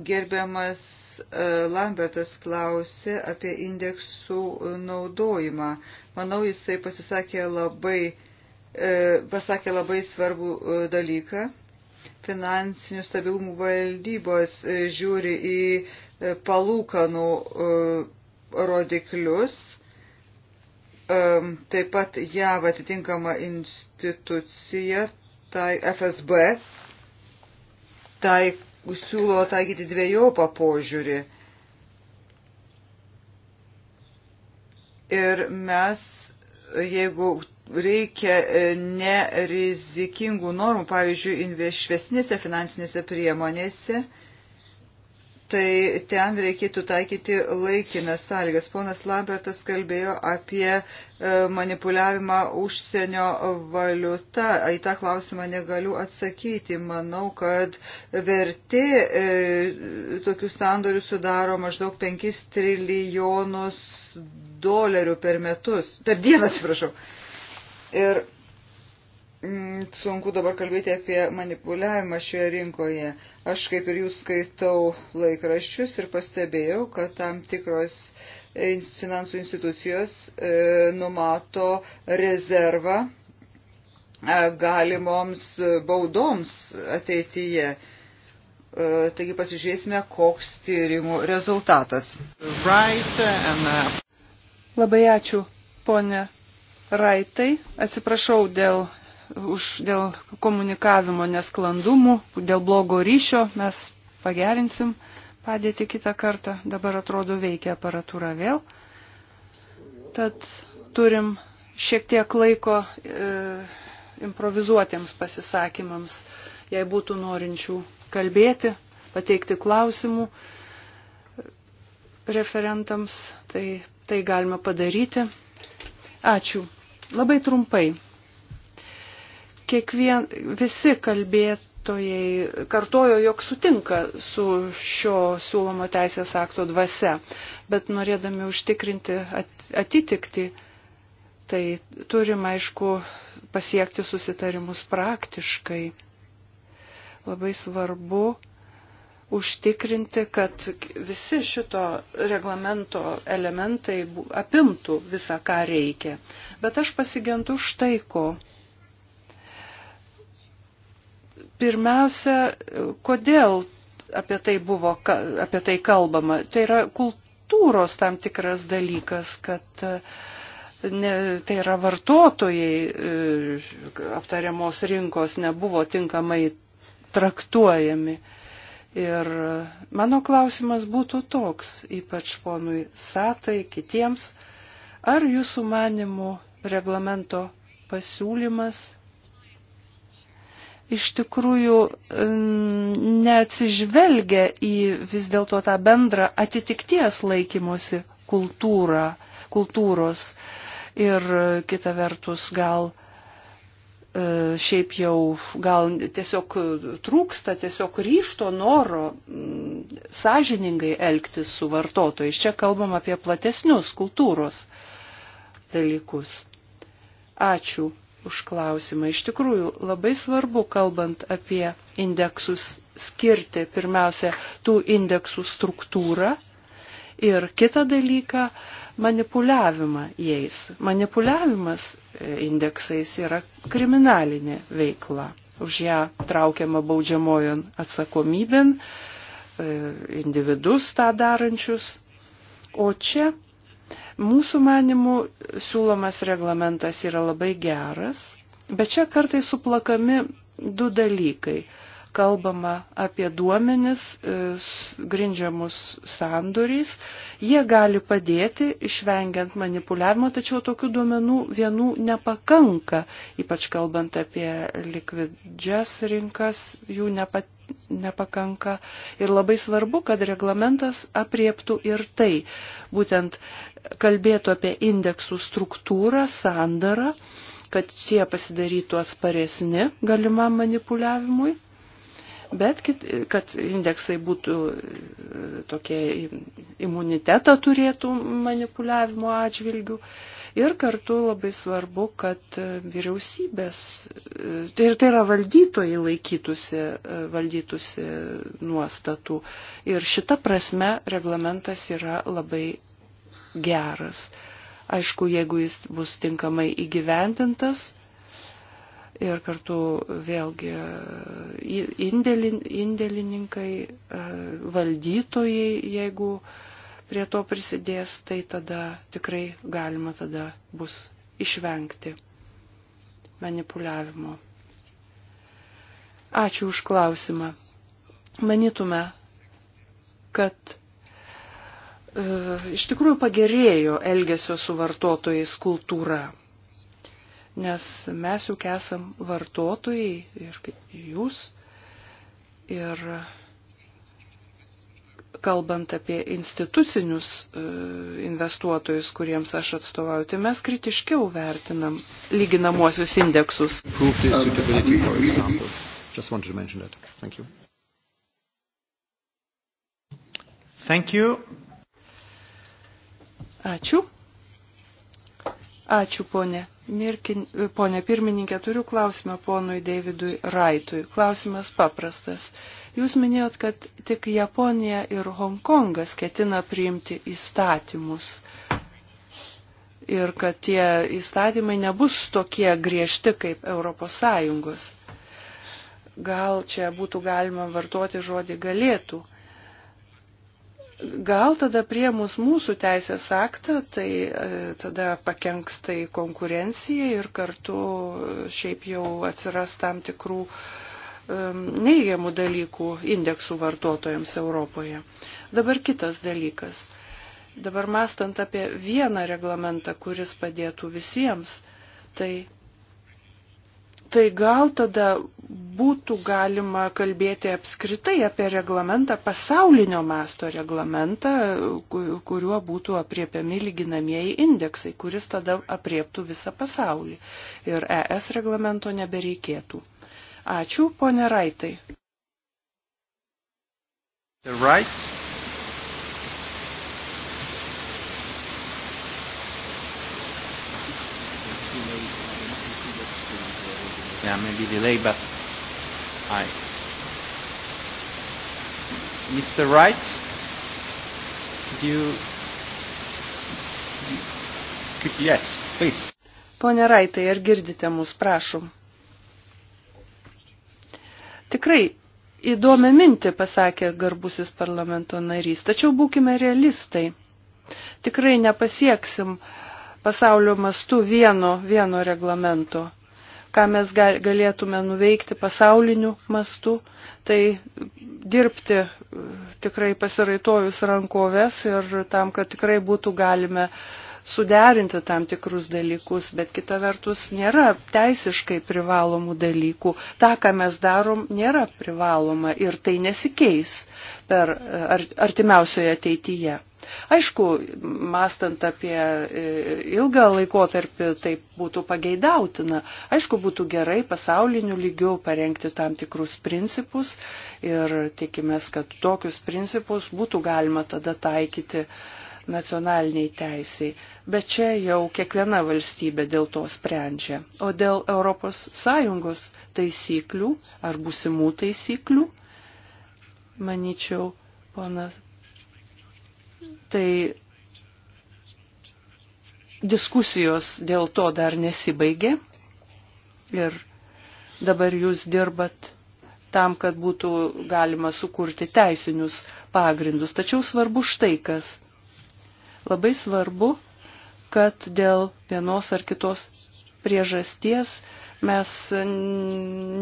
Gerbiamas e, Lambertas klausė apie indeksų naudojimą. Manau, jisai pasisakė labai, e, pasakė labai svarbų dalyką finansinių stabilumų valdybos e, žiūri į e, palūkanų e, rodiklius. Taip pat JAV atitinkama institucija, tai FSB, tai siūlo taikyti dviejopą požiūrį. Ir mes, jeigu reikia e, nerizikingų normų, pavyzdžiui, švesnėse finansinėse priemonėse, tai ten reikėtų taikyti laikinas sąlygas. Ponas Lambertas kalbėjo apie e, manipuliavimą užsienio valiuta. Į tą klausimą negaliu atsakyti. Manau, kad verti e, tokių sandorių sudaro maždaug 5 trilijonus dolerių per metus. Per dieną, atsiprašau. Ir mm, sunku dabar kalbėti apie manipuliavimą šioje rinkoje. Aš kaip ir jūs skaitau laikraščius ir pastebėjau, kad tam tikros e, finansų institucijos e, numato rezervą e, galimoms baudoms ateityje. E, taigi pasižiūrėsime, koks tyrimų rezultatas. Right and, uh... Labai ačiū, ponė Raitai, atsiprašau dėl, už, dėl komunikavimo nesklandumų, dėl blogo ryšio, mes pagerinsim padėti kitą kartą, dabar atrodo veikia aparatūra vėl. Tad turim šiek tiek laiko e, improvizuotiems pasisakymams, jei būtų norinčių kalbėti, pateikti klausimų referentams, tai, tai galima padaryti. Ačiū Labai trumpai. Kiekvien, visi kalbėtojai kartojo, jog sutinka su šio siūlomo teisės akto dvasia, bet norėdami užtikrinti atitikti, tai turim, aišku, pasiekti susitarimus praktiškai. Labai svarbu užtikrinti, kad visi šito reglamento elementai apimtų visą, ką reikia. Bet aš pasigentu štai ko. Pirmiausia, kodėl apie tai buvo, apie tai kalbama. Tai yra kultūros tam tikras dalykas, kad e, ne, tai yra vartotojai e, aptariamos rinkos nebuvo tinkamai traktuojami. Ir mano klausimas būtų toks, ypač ponui Satai, kitiems, ar jūsų manimų reglamento pasiūlymas iš tikrųjų neatsižvelgia į vis dėlto tą bendrą atitikties laikymosi kultūrą, kultūros ir kita vertus gal E, šiaip jau gal tiesiog trūksta tiesiog ryšto noro mm, sąžiningai elgtis su vartotojais. Čia kalbam apie platesnius kultūros dalykus. Ačiū už klausimą. Iš tikrųjų, labai svarbu, kalbant apie indeksus, skirti pirmiausia tų indeksų struktūrą ir kitą dalyką manipuliavimą jais. Manipuliavimas e, indeksais yra kriminalinė veikla. Už ją traukiama baudžiamojon atsakomybėn e, individus tą darančius. O čia mūsų manimų siūlomas reglamentas yra labai geras, bet čia kartai suplakami du dalykai kalbama apie duomenis e, grindžiamus sandoriais. Jie gali padėti išvengiant manipuliavimo, tačiau tokių duomenų vienų nepakanka, ypač kalbant apie likvidžias rinkas, jų nepat nepakanka. Ir labai svarbu, kad reglamentas apriektų ir tai. Būtent kalbėtų apie indeksų struktūrą, sandarą, kad tie pasidarytų atsparesni galimam manipuliavimui bet kit, kad indeksai būtų e, tokie imunitetą turėtų manipuliavimo atžvilgių. Ir kartu labai svarbu, kad e, vyriausybės, e, tai, tai yra valdytojai laikytųsi, valdytųsi nuostatų. Ir šita prasme reglamentas yra labai geras. Aišku, jeigu jis bus tinkamai įgyvendintas, ir kartu vėlgi indėlin, indėlininkai, e, valdytojai, jeigu prie to prisidės, tai tada tikrai galima tada bus išvengti manipuliavimo. Ačiū už klausimą. Manytume, kad e, iš tikrųjų pagerėjo elgesio su vartotojais kultūra nes mes juk esam vartotojai ir kaip jūs. Ir kalbant apie institucinius e, investuotojus, kuriems aš atstovauju, tai mes kritiškiau vertinam lyginamuosius indeksus. Thank you. Thank you. Ačiū. Ačiū, ponė. Mirkin, ponė pirmininkė, turiu klausimą ponui Davidui Raitui. Klausimas paprastas. Jūs minėjot, kad tik Japonija ir Hongkongas ketina priimti įstatymus ir kad tie įstatymai nebus tokie griežti kaip ES. Gal čia būtų galima vartoti žodį galėtų Gal tada prie mus mūsų teisės aktą, tai e, tada pakenks tai konkurencijai ir kartu šiaip jau atsiras tam tikrų neįgiamų dalykų indeksų vartotojams Europoje. Dabar kitas dalykas. Dabar mastant apie vieną reglamentą, kuris padėtų visiems, tai tai gal tada būtų galima kalbėti apskritai apie reglamentą, pasaulinio masto reglamentą, kuriuo būtų apriepiami lyginamieji indeksai, kuris tada apriektų visą pasaulį. Ir ES reglamento nebereikėtų. Ačiū, ponė Raitai. The right. there may be delay, but I. Mr. Wright, do you, do you, yes, please. Pone Raitai, ar girdite mus, prašom. Tikrai įdomią mintį pasakė garbusis parlamento narys, tačiau būkime realistai. Tikrai nepasieksim pasaulio mastu vieno, vieno reglamento ką mes galėtume nuveikti pasauliniu mastu, tai dirbti e, tikrai pasiraitojus rankoves ir tam, kad tikrai būtų galime suderinti tam tikrus dalykus, bet kita vertus nėra teisiškai privalomų dalykų. Ta, ką mes darom, nėra privaloma ir tai nesikeis per e, artimiausioje ateityje. Aišku, mastant apie e, ilgą laikotarpį, tai būtų pageidautina. Aišku, būtų gerai pasauliniu lygiu parengti tam tikrus principus ir tikimės, kad tokius principus būtų galima tada taikyti nacionaliniai teisiai. Bet čia jau kiekviena valstybė dėl to sprendžia. O dėl ES taisyklių ar būsimų taisyklių, manyčiau, ponas tai diskusijos dėl to dar nesibaigė ir dabar jūs dirbat tam, kad būtų galima sukurti teisinius pagrindus. Tačiau svarbu štai kas. Labai svarbu, kad dėl vienos ar kitos priežasties mes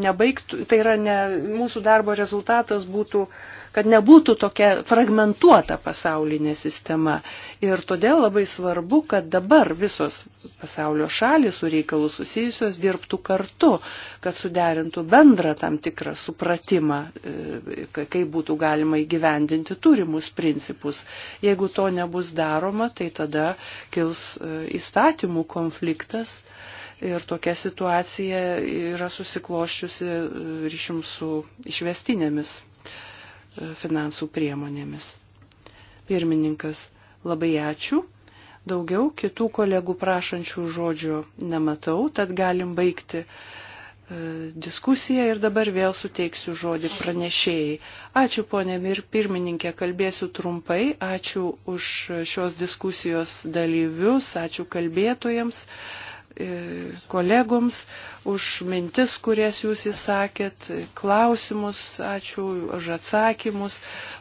nebaigtų, tai yra ne, mūsų darbo rezultatas būtų, kad nebūtų tokia fragmentuota pasaulinė sistema. Ir todėl labai svarbu, kad dabar visos pasaulio šalis su reikalu susijusios dirbtų kartu, kad suderintų bendrą tam tikrą supratimą, e, kaip būtų galima įgyvendinti turimus principus. Jeigu to nebus daroma, tai tada kils e, įstatymų konfliktas. Uh, Ir tokia situacija yra susikloščiusi e, ryšim su išvestinėmis e, finansų priemonėmis. Pirmininkas, labai ačiū. Daugiau kitų kolegų prašančių žodžio nematau, tad galim baigti e, diskusiją ir dabar vėl suteiksiu žodį pranešėjai. Ačiū ponė ir pirmininkė, kalbėsiu trumpai, ačiū už šios diskusijos dalyvius, ačiū kalbėtojams. E, kolegoms už mintis, kurias jūs įsakėt, klausimus, ačiū už atsakymus.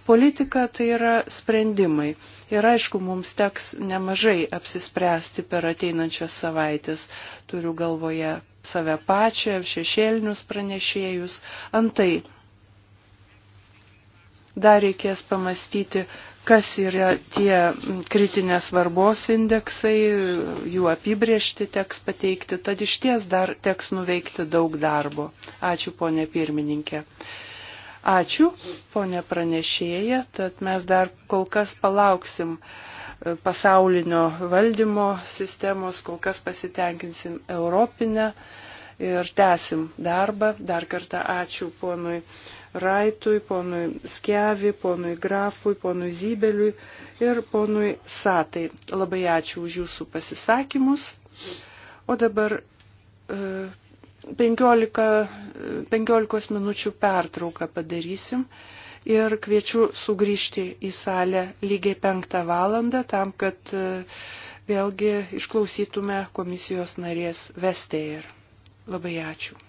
Politika tai yra sprendimai. Ir aišku, mums teks nemažai apsispręsti per ateinančias savaitės. Turiu galvoje save pačią, šešėlinius pranešėjus. Antai Dar reikės pamastyti, kas yra tie kritinės svarbos indeksai, jų apibriežti teks pateikti, tad iš ties dar teks nuveikti daug darbo. Ačiū, ponė pirmininkė. Ačiū, ponė pranešėja, tad mes dar kol kas palauksim e, pasaulinio valdymo sistemos, kol kas pasitenkinsim Europinę ir tęsim darbą. Dar kartą ačiū ponui Raitui, ponui Skevi, ponui Grafui, ponui Zybeliui ir ponui Satai. Labai ačiū už jūsų pasisakymus. O dabar 15, e, 15 minučių pertrauką padarysim ir kviečiu sugrįžti į salę lygiai 5 valandą tam, kad e, vėlgi išklausytume komisijos narės Vesteir. Labai ačiū.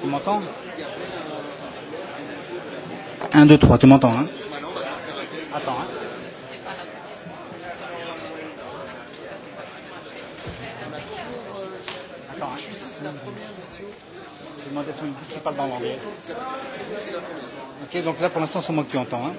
Tu m'entends 1, 2, 3, tu m'entends hein Attends. Hein Attends, hein. je suis ici, c'est la première, monsieur. Je vais demander à son éditrice qui parle dans l'anglais. Ok, donc là pour l'instant, c'est moi que tu entends. Hein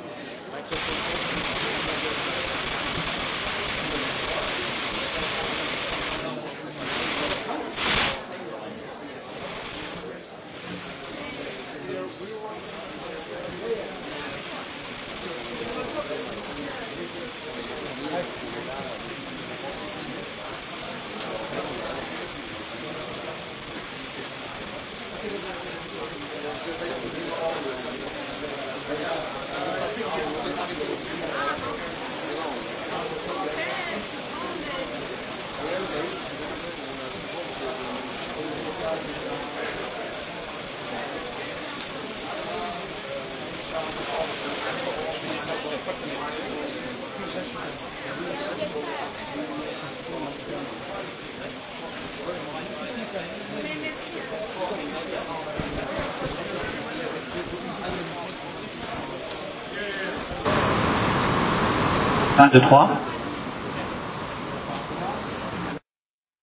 2, 3.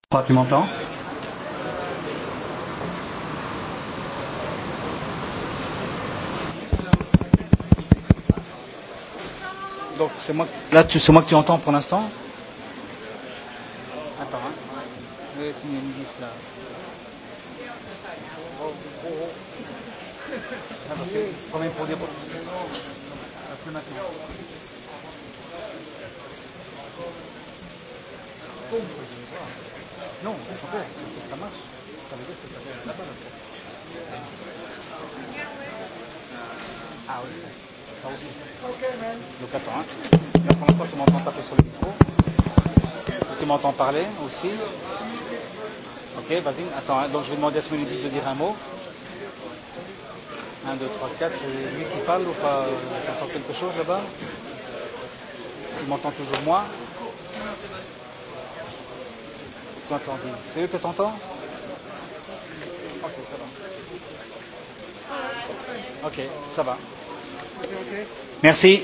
3, tu m'entends Donc c'est moi. Là, tu, c'est moi que tu entends pour l'instant. Attends. Hein. Oui, c'est une 10 là. Ah, parce que je promets pour dire. Parce que maintenant. pompe, je vais voir. Non, au contraire, il faut que ça marche. Ça veut dire que ça vient de là-bas, la pompe. Ah oui, ça aussi. Donc attends, hein. la première fois tu m'entends taper sur le micro. Tu m'entends parler aussi. Ok, vas-y, attends, hein. donc je vais demander à ce Smenidis de dire un mot. 1, 2, 3, 4, c'est lui qui parle ou pas euh, Tu entends quelque chose là-bas Tu m'entends toujours moi Tu entends bien. C'est eux que tu entends Ok, ça va. Ok, ça va. Merci.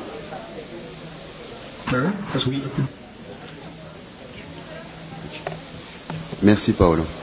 Merci Paolo.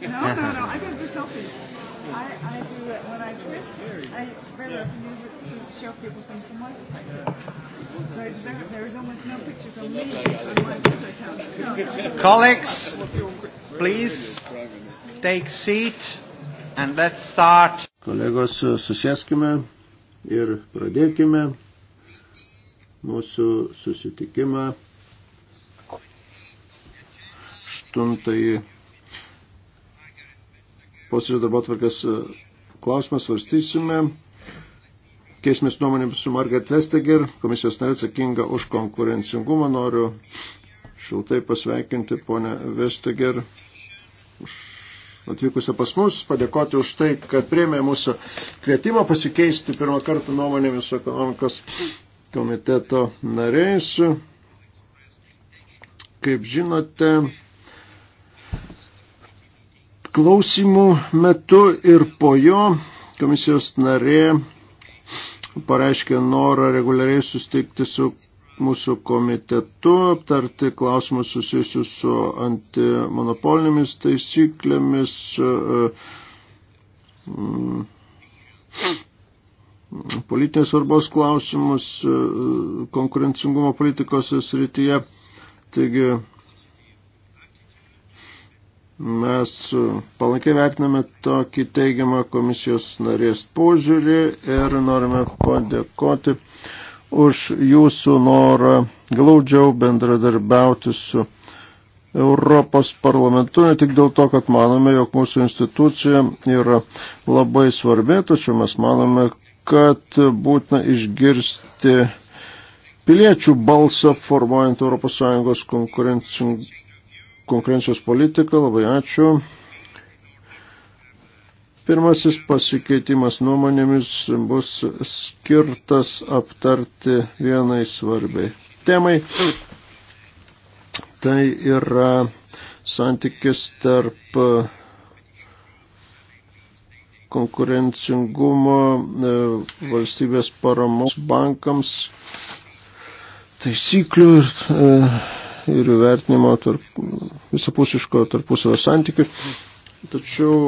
No, no, no. I don't do selfies. I, I do it when I trip. I very often use it to show people things from my perspective. So it's very, there's almost no pictures of me on my Twitter account. No, no, no. Colleagues, please take seat and let's start. Kolegos, susėskime ir pradėkime mūsų susitikimą. Aštuntąjį posėdžio darbo tvarkės e, klausimą svarstysime. Keismės nuomonėms su Margaret Vestager, komisijos narė atsakinga už konkurencingumą. Noriu šiltai pasveikinti ponę Vestager atvykusią pas mus, padėkoti už tai, kad priemė mūsų kvietimą pasikeisti pirmą kartą nuomonėmis su ekonomikos komiteto nariais. Kaip žinote, klausimų metu ir po jo komisijos narė pareiškė norą reguliariai sustikti su mūsų komitetu, aptarti klausimus susijusius su antimonopolinėmis taisyklėmis, mm, politinės svarbos klausimus, mm, konkurencingumo politikos srityje. Taigi Mes e, palankiai vertiname tokį teigiamą komisijos narės požiūrį ir norime padėkoti už jūsų norą glaudžiau bendradarbiauti su Europos parlamentu, ne tik dėl to, kad manome, jog mūsų institucija yra labai svarbi, tačiau mes manome, kad būtina išgirsti piliečių balsą formuojant ES konkurencijos politiką. Labai ačiū. Pirmasis pasikeitimas nuomonėmis bus skirtas aptarti vienai svarbiai temai. Tai yra santykis tarp konkurencingumo e, valstybės paramos bankams taisyklių ir e, ir įvertinimo tarp, visapusiško tarpusavio santykių. Tačiau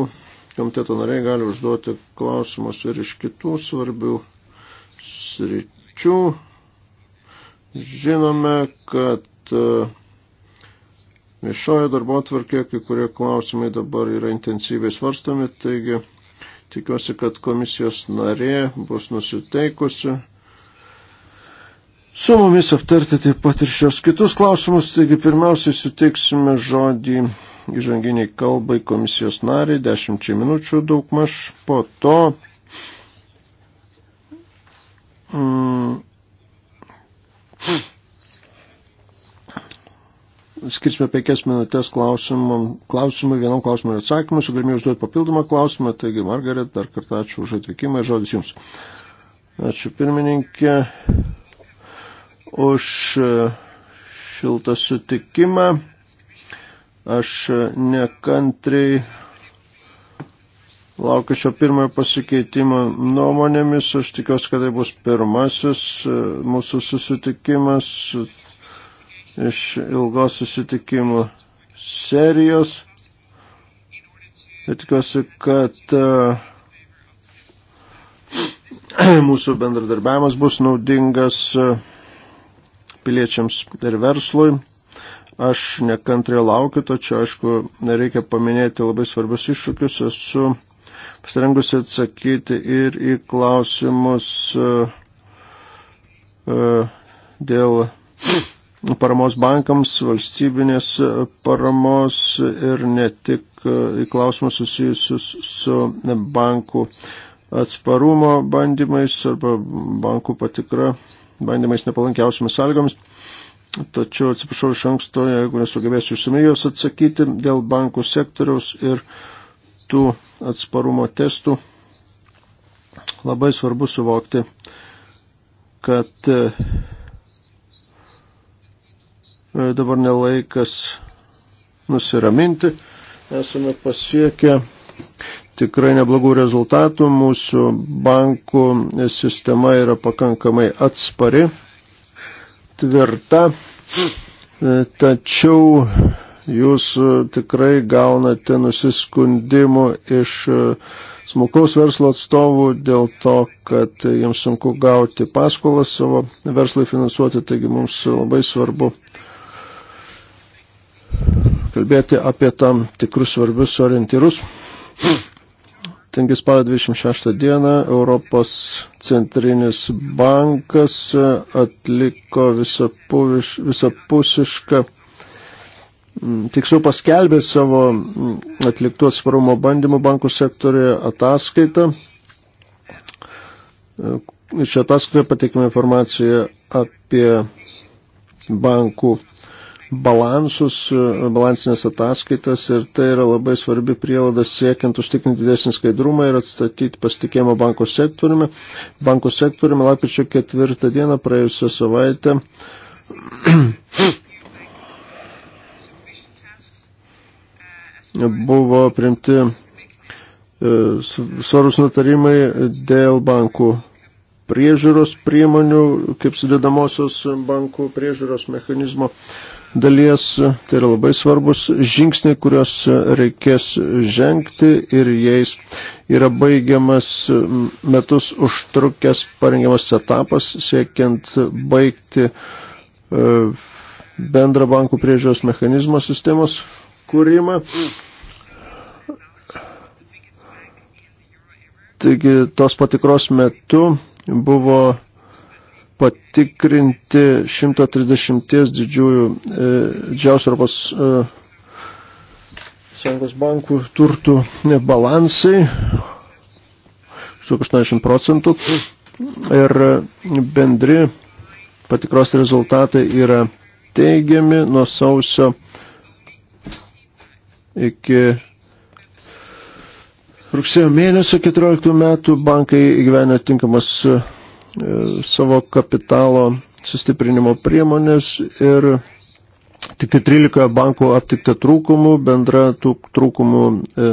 komiteto nariai gali užduoti klausimus ir iš kitų svarbių sričių. Žinome, kad e, viešoje darbo tvarkė kai kurie klausimai dabar yra intensyviai svarstami, taigi tikiuosi, kad komisijos narė bus nusiteikusi su mumis aptarti taip pat ir šios kitus klausimus. Taigi pirmiausiai suteiksime žodį įžanginiai kalbai komisijos nariai, dešimčiai minučių daugmaž. Po to mm, skirsime penkias minutės klausimui, vienam klausimui ir atsakymui, su galimybė užduoti papildomą klausimą. Taigi, Margaret, dar kartą ačiū už atvykimą ir žodis Jums. Ačiū pirmininkė už e, šiltą sutikimą. Aš e, nekantriai laukiu šio pirmojo pasikeitimo nuomonėmis. Aš tikiuosi, kad tai bus pirmasis e, mūsų susitikimas iš ilgos susitikimų serijos. Ir tikiuosi, kad mūsų bendradarbiavimas bus naudingas. Uh, piliečiams ir verslui. Aš nekantriai laukiu, tačiau, aišku, reikia paminėti labai svarbius iššūkius. Esu pasirengusi atsakyti ir į klausimus e, e, dėl paramos bankams, valstybinės paramos ir ne tik e, į klausimus susijusius su bankų atsparumo bandymais arba bankų patikra bandymais nepalankiausiamis sąlygomis. Tačiau atsiprašau iš anksto, jeigu nesugebėsiu išsamei jos atsakyti dėl bankų sektoriaus ir tų atsparumo testų. Labai svarbu suvokti, kad e, dabar nelaikas nusiraminti. Esame pasiekę tikrai neblogų rezultatų. Mūsų bankų sistema yra pakankamai atspari, tvirta, tačiau jūs tikrai gaunate nusiskundimų iš smulkaus verslo atstovų dėl to, kad jiems sunku gauti paskolas savo verslai finansuoti, taigi mums labai svarbu kalbėti apie tam tikrus svarbius orientyrus. Hmm Taigi spalio 26 dieną Europos centrinis bankas atliko visapusišką tiksliau paskelbė savo atliktų atsparumo bandymų bankų sektorėje ataskaitą. Šią ataskaitą pateikime informaciją apie bankų balansus, balansinės ataskaitas ir tai yra labai svarbi prielada siekiant užtikrinti didesnį skaidrumą ir atstatyti pasitikėjimą banko sektoriumi. Banko sektoriumi lapkričio ketvirtą dieną praėjusią savaitę buvo primti e, svarus nutarimai dėl bankų priežiūros priemonių, kaip sudėdamosios bankų priežiūros mechanizmo dalies. Tai yra labai svarbus žingsniai, kuriuos reikės žengti ir jais yra baigiamas metus užtrukęs parengiamas etapas siekiant baigti e, bendrą bankų priežiūros mechanizmo sistemos kūrimą. Taigi tos patikros metu buvo patikrinti 130 didžiųjų e, didžiausių Europos e, Sąjungos bankų turtų balansai, 80 procentų ir bendri patikros rezultatai yra teigiami nuo sausio iki rugsėjo mėnesio 14 metų bankai įgyvenė tinkamas E, savo kapitalo sustiprinimo priemonės ir tik tai 13 bankų aptikta trūkumų, bendra tų trūkumų e,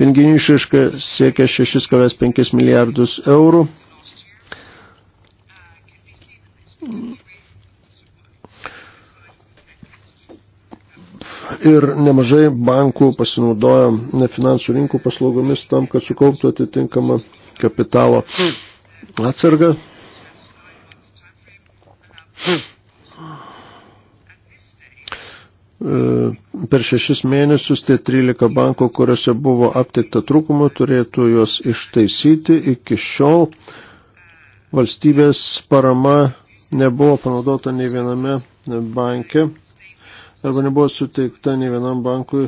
piniginių išaiška siekia 6,5 milijardus eurų. ir nemažai bankų pasinaudojo finansų rinkų paslaugomis tam, kad sukauptų atitinkamą kapitalo atsargą. E, per šešis mėnesius tie 13 bankų, kuriuose buvo aptikta trūkumų, turėtų juos ištaisyti. Iki šiol valstybės parama nebuvo panaudota nei viename banke arba nebuvo suteikta nei vienam bankui,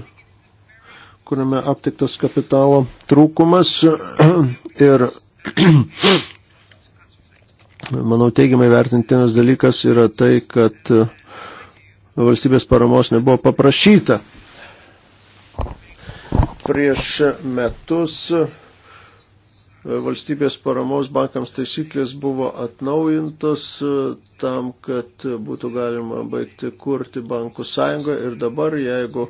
kuriame aptiktas kapitalo trūkumas ir Manau, teigiamai vertintinas dalykas yra tai, kad e, valstybės paramos nebuvo paprašyta. Prieš metus e, valstybės paramos bankams taisyklės buvo atnaujintos e, tam, kad būtų galima baigti kurti bankų sąjungą ir dabar, jeigu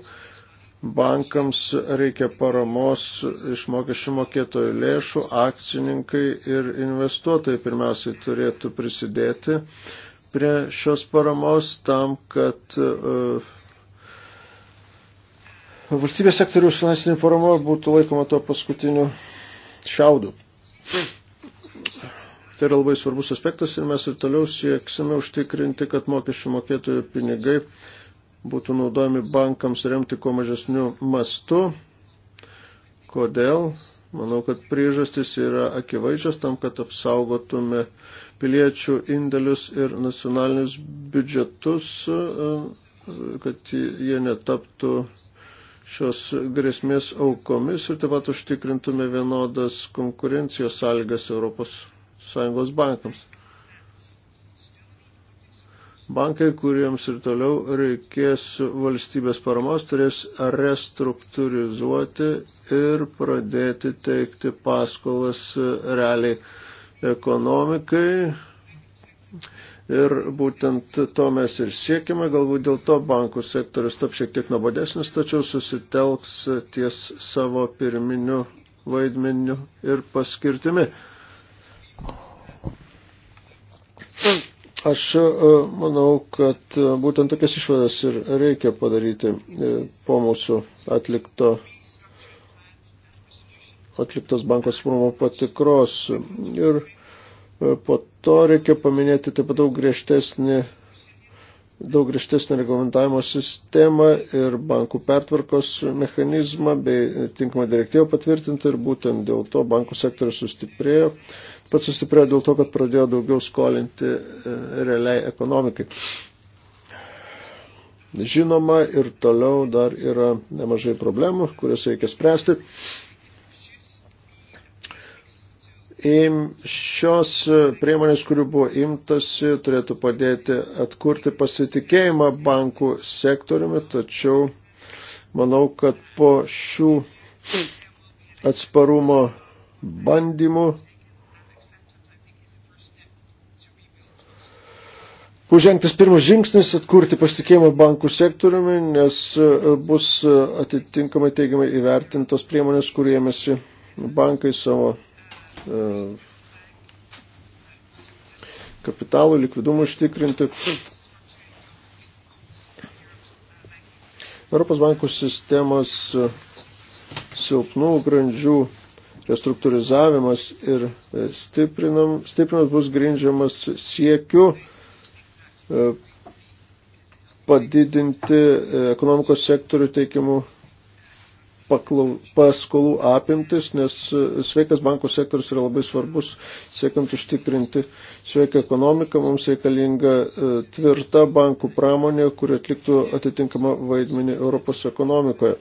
bankams reikia paramos iš mokesčių mokėtojų lėšų, akcininkai ir investuotojai pirmiausiai turėtų prisidėti prie šios paramos tam, kad uh, valstybės sektoriaus finansinė parama būtų laikoma to paskutiniu šiaudu. Tai yra labai svarbus aspektas ir mes ir toliau sieksime užtikrinti, kad mokesčių mokėtojų pinigai uh, būtų naudojami bankams remti kuo mažesniu mastu. Kodėl? Manau, kad priežastis yra akivaizdžios tam, kad apsaugotume piliečių indėlius ir nacionalinius biudžetus, e, kad jie netaptų šios grėsmės aukomis ir taip pat užtikrintume vienodas konkurencijos sąlygas Europos Sąjungos bankams. Bankai, kuriems ir toliau reikės valstybės paramos, turės restruktūrizuoti ir pradėti teikti paskolas realiai ekonomikai. Ir būtent to mes ir siekime, galbūt dėl to bankų sektorius tap šiek tiek nuobodesnis, tačiau susitelks ties savo pirminiu vaidmeniu ir paskirtimi. Aš e, manau, kad e, būtent tokias išvadas ir reikia padaryti e, po mūsų atlikto, atliktos bankos sprūmo patikros. Ir po to reikia paminėti taip pat daug griežtesnį daug griežtesnį reglamentavimo sistemą ir bankų pertvarkos mechanizmą bei tinkamą direktyvą patvirtinti ir būtent dėl to bankų sektorius sustiprėjo pats susiprėjo dėl to, kad pradėjo daugiau skolinti e, realiai ekonomikai. Žinoma, ir toliau dar yra nemažai problemų, kurias reikia spręsti. Į šios priemonės, kurių buvo imtasi, turėtų padėti atkurti pasitikėjimą bankų sektoriumi, tačiau manau, kad po šių atsparumo bandymų užengtas pirmas žingsnis atkurti pasitikėjimą bankų sektoriumi, nes e, bus e, atitinkamai teigiamai įvertintos priemonės, kuriemėsi bankai savo e, kapitalų likvidumų ištikrinti. Europos bankų sistemos silpnų grandžių restruktūrizavimas ir stiprinamas bus grindžiamas siekiu E, padidinti e, ekonomikos sektorių teikimų paklau, paskolų apimtis, nes e, sveikas bankų sektorius yra labai svarbus, siekiant užtikrinti sveiką ekonomiką, mums reikalinga tvirta bankų pramonė, kuri atliktų atitinkamą vaidmenį Europos ekonomikoje.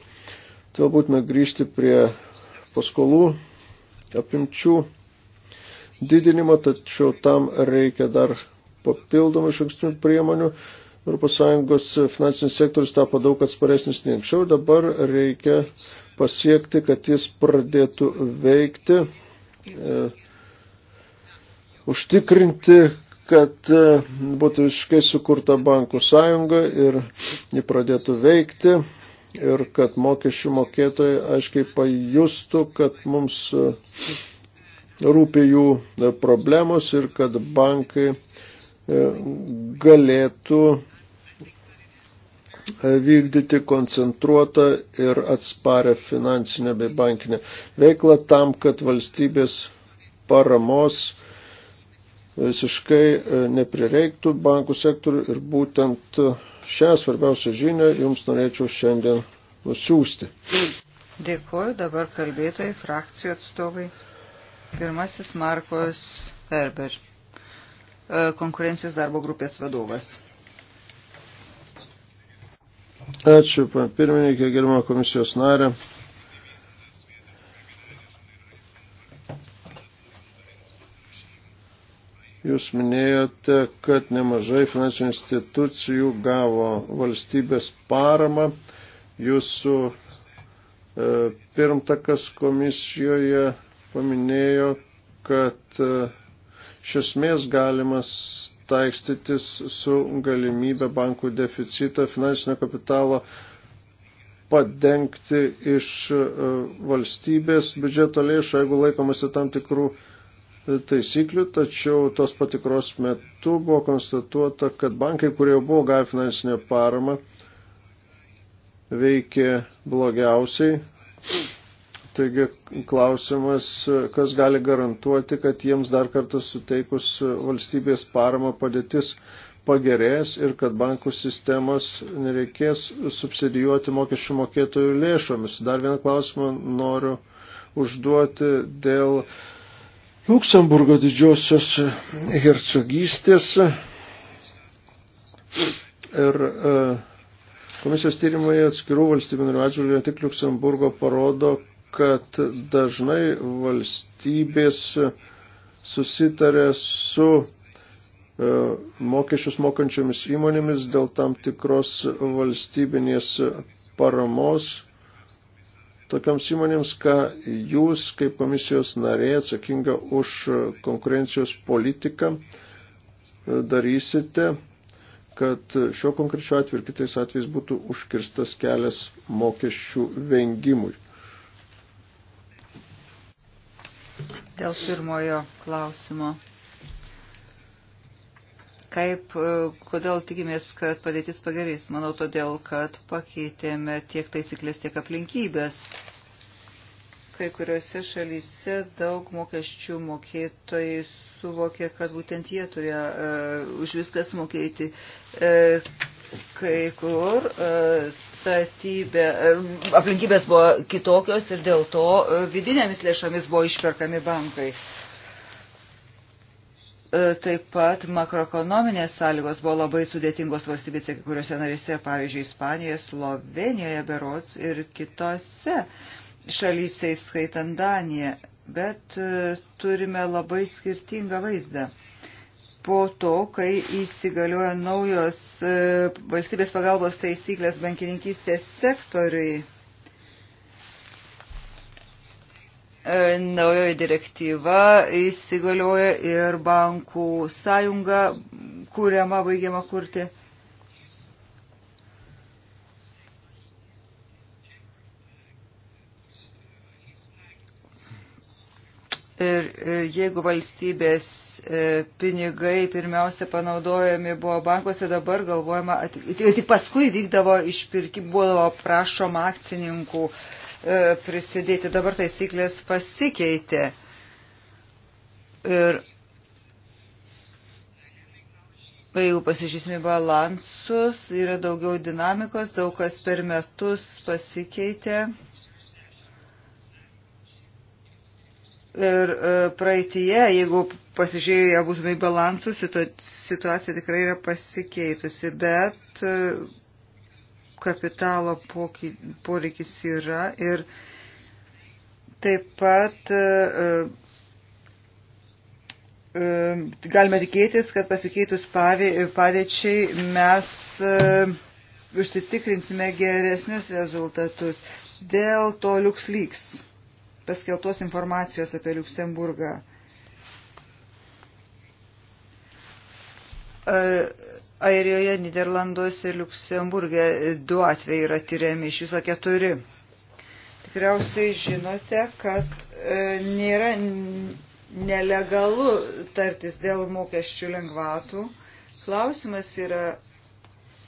Tai būtina grįžti prie paskolų apimčių didinimo, tačiau tam reikia dar papildomų iš ankstinių priemonių. ES finansinis sektorius tapo daug atsparesnis nei anksčiau. Dabar reikia pasiekti, kad jis pradėtų veikti, e, užtikrinti, kad e, būtų visiškai sukurta bankų sąjunga ir ji pradėtų veikti ir kad mokesčių mokėtojai aiškiai pajustų, kad mums e, rūpi jų problemos ir kad bankai E, galėtų e, vykdyti koncentruotą ir atsparę finansinę bei bankinę veiklą tam, kad valstybės paramos visiškai e, neprireiktų bankų sektorių ir būtent šią svarbiausią žinią jums norėčiau šiandien nusiųsti. Dėkuoju dabar kalbėtojai, frakcijų atstovai. Pirmasis Markos Ferber. E, konkurencijos darbo grupės vadovas. Ačiū, pirmininkė, gerimo komisijos narė. Jūs minėjote, kad nemažai finansinių institucijų gavo valstybės paramą. Jūsų e, pirmtakas komisijoje paminėjo, kad e, iš esmės galimas taikstytis su galimybė bankų deficitą finansinio kapitalo padengti iš e, valstybės biudžeto lėšų, jeigu laikomasi tam tikrų e, taisyklių, tačiau tos patikros metu buvo konstatuota, kad bankai, kurie jau buvo gavę finansinę paramą, veikė blogiausiai Taigi klausimas, kas gali garantuoti, kad jiems dar kartą suteikus valstybės paramą padėtis pagerės ir kad bankų sistemas nereikės subsidijuoti mokesčių mokėtojų lėšomis. Dar vieną klausimą noriu užduoti dėl Luksemburgo didžiosios hercogystės. Ir e, komisijos tyrimai atskirų valstybių narių atžvilgių, ne tik Luksemburgo, parodo, kad dažnai valstybės susitarė su e, mokesčius mokančiomis įmonėmis dėl tam tikros valstybinės paramos tokiams įmonėms, ką jūs kaip komisijos narė atsakinga už konkurencijos politiką e, darysite, kad šiuo konkrečiu atveju ir kitais atvejais būtų užkirstas kelias mokesčių vengimui. Dėl pirmojo klausimo. Kaip, e, kodėl tikimės, kad padėtis pagerės? Manau, todėl, kad pakeitėme tiek taisyklės, tiek aplinkybės. Kai kuriuose šalyse daug mokesčių mokėtojai suvokė, kad būtent jie turėjo uh, už viskas mokėti. Uh, e, Kai kur e, statybė, e, aplinkybės buvo kitokios ir dėl to e, vidinėmis lėšomis buvo išperkami bankai. Taip pat makroekonominės sąlygos buvo labai sudėtingos valstybėse, kai kuriuose narėse, pavyzdžiui, Ispanijoje, Slovenijoje, Berots ir kitose šalyse, įskaitant Daniją. Bet turime labai skirtingą vaizdą po to, kai įsigalioja naujos e, valstybės pagalbos taisyklės bankininkystės sektoriui. E, naujoji direktyva įsigalioja ir bankų sąjunga, kuriama baigiama kurti. Ir e, jeigu valstybės e, pinigai pirmiausia panaudojami buvo bankuose, dabar galvojama, tik paskui vykdavo išpirkim, buvo prašoma akcininkų e, prisidėti, dabar taisyklės pasikeitė. Ir jeigu pasižiūrėsime balansus, yra daugiau dinamikos, daug kas per metus pasikeitė. Ir e, praeitie, jeigu pasižiūrėję būtumai balansų, situacija tikrai yra pasikeitusi, bet e, kapitalo poreikis yra ir taip pat e, galime tikėtis, kad pasikeitus padėčiai mes užsitikrinsime geresnius rezultatus. Dėl to liuks lygs paskeltos informacijos apie Luksemburgą. Airijoje, Niderlanduose ir Luksemburgė du atvejai yra tyriami, iš viso keturi. Tikriausiai žinote, kad e, nėra nelegalu tartis dėl mokesčių lengvatų. Klausimas yra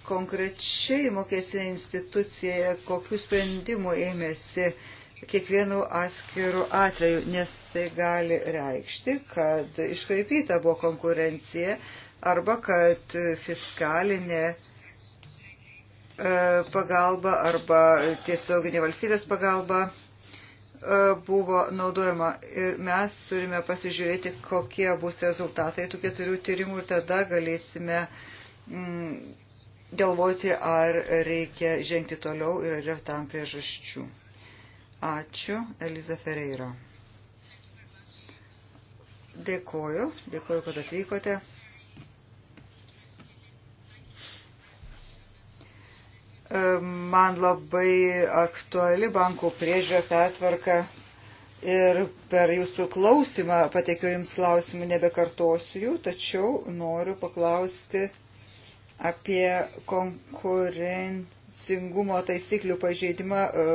konkrečiai mokestinė institucija, kokiu sprendimu ėmėsi uh, kiekvienu atskiru atveju, nes tai gali reikšti, kad iškreipyta buvo konkurencija arba kad fiskalinė e, pagalba arba tiesioginė valstybės pagalba e, buvo naudojama. Ir mes turime pasižiūrėti, kokie bus rezultatai tų keturių tyrimų ir tada galėsime mm, galvoti, ar reikia žengti toliau ir ar yra tam priežasčių. Ačiū, Eliza Ferreira. Dėkoju, dėkoju, kad atvykote. E, man labai aktuali bankų priežiūra petvarka ir per jūsų klausimą pateikiau jums klausimų, nebekartosiu jų, tačiau noriu paklausti apie konkurencingumo taisyklių pažeidimą e,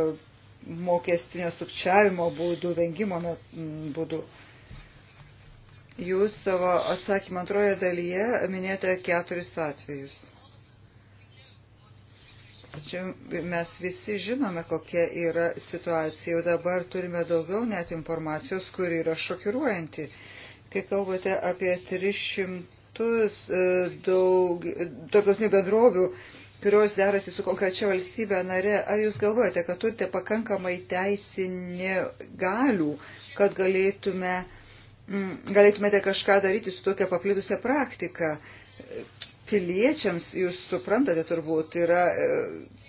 mokestinio sukčiavimo būdų, vengimo būdų. Jūs savo atsakymą antroje dalyje minėjote keturis atvejus. Tačiau mes visi žinome, kokia yra situacija. Jau dabar turime daugiau net informacijos, kuri yra šokiruojanti. Kai kalbate apie 300 e, daug tarptautinių bendrovių, kurios derasi su konkrečia valstybė nare, ar jūs galvojate, kad turite pakankamai teisinį galių, kad galėtume, mm, galėtumėte kažką daryti su tokia paplitusią praktiką? Piliečiams, jūs suprantate turbūt, yra e,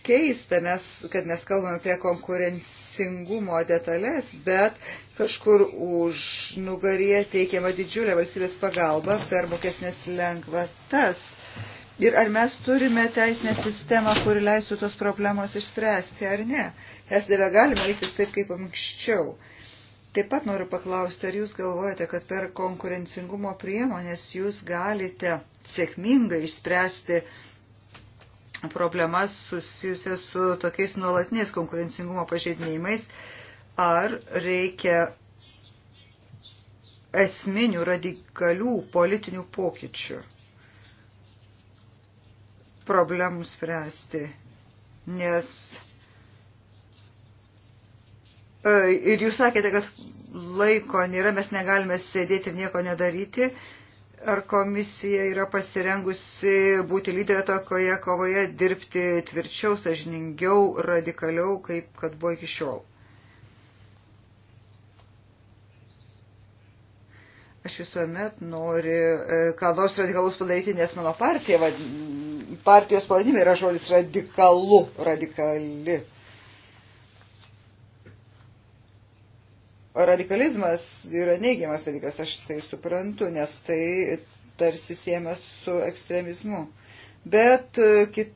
keista, mes, kad mes kalbame apie konkurencingumo detalės, bet kažkur už nugarėje teikiama didžiulė valstybės pagalba per mokesnės lengvatas. Uh, Ir ar mes turime teisinę sistemą, kuri leistų tos problemos išspręsti, ar ne? Esdėvė galima elgtis taip, kaip anksčiau. Taip pat noriu paklausti, ar jūs galvojate, kad per konkurencingumo priemonės jūs galite sėkmingai išspręsti problemas susijusias su tokiais nuolatiniais konkurencingumo pažeidinėjimais, ar reikia esminių radikalių politinių pokyčių? problemų spręsti, nes e, ir jūs sakėte, kad laiko nėra, mes negalime sėdėti ir nieko nedaryti. Ar komisija yra pasirengusi būti lyderė tokoje kovoje, dirbti tvirčiau, sažiningiau, radikaliau, kaip kad buvo iki šiol? Aš visuomet noriu e, ką nors radikalus padaryti, nes mano partija partijos pavadinime yra žodis radikalu, radikali. Radikalizmas yra neigiamas dalykas, aš tai suprantu, nes tai tarsi siemas su ekstremizmu. Bet kit, e,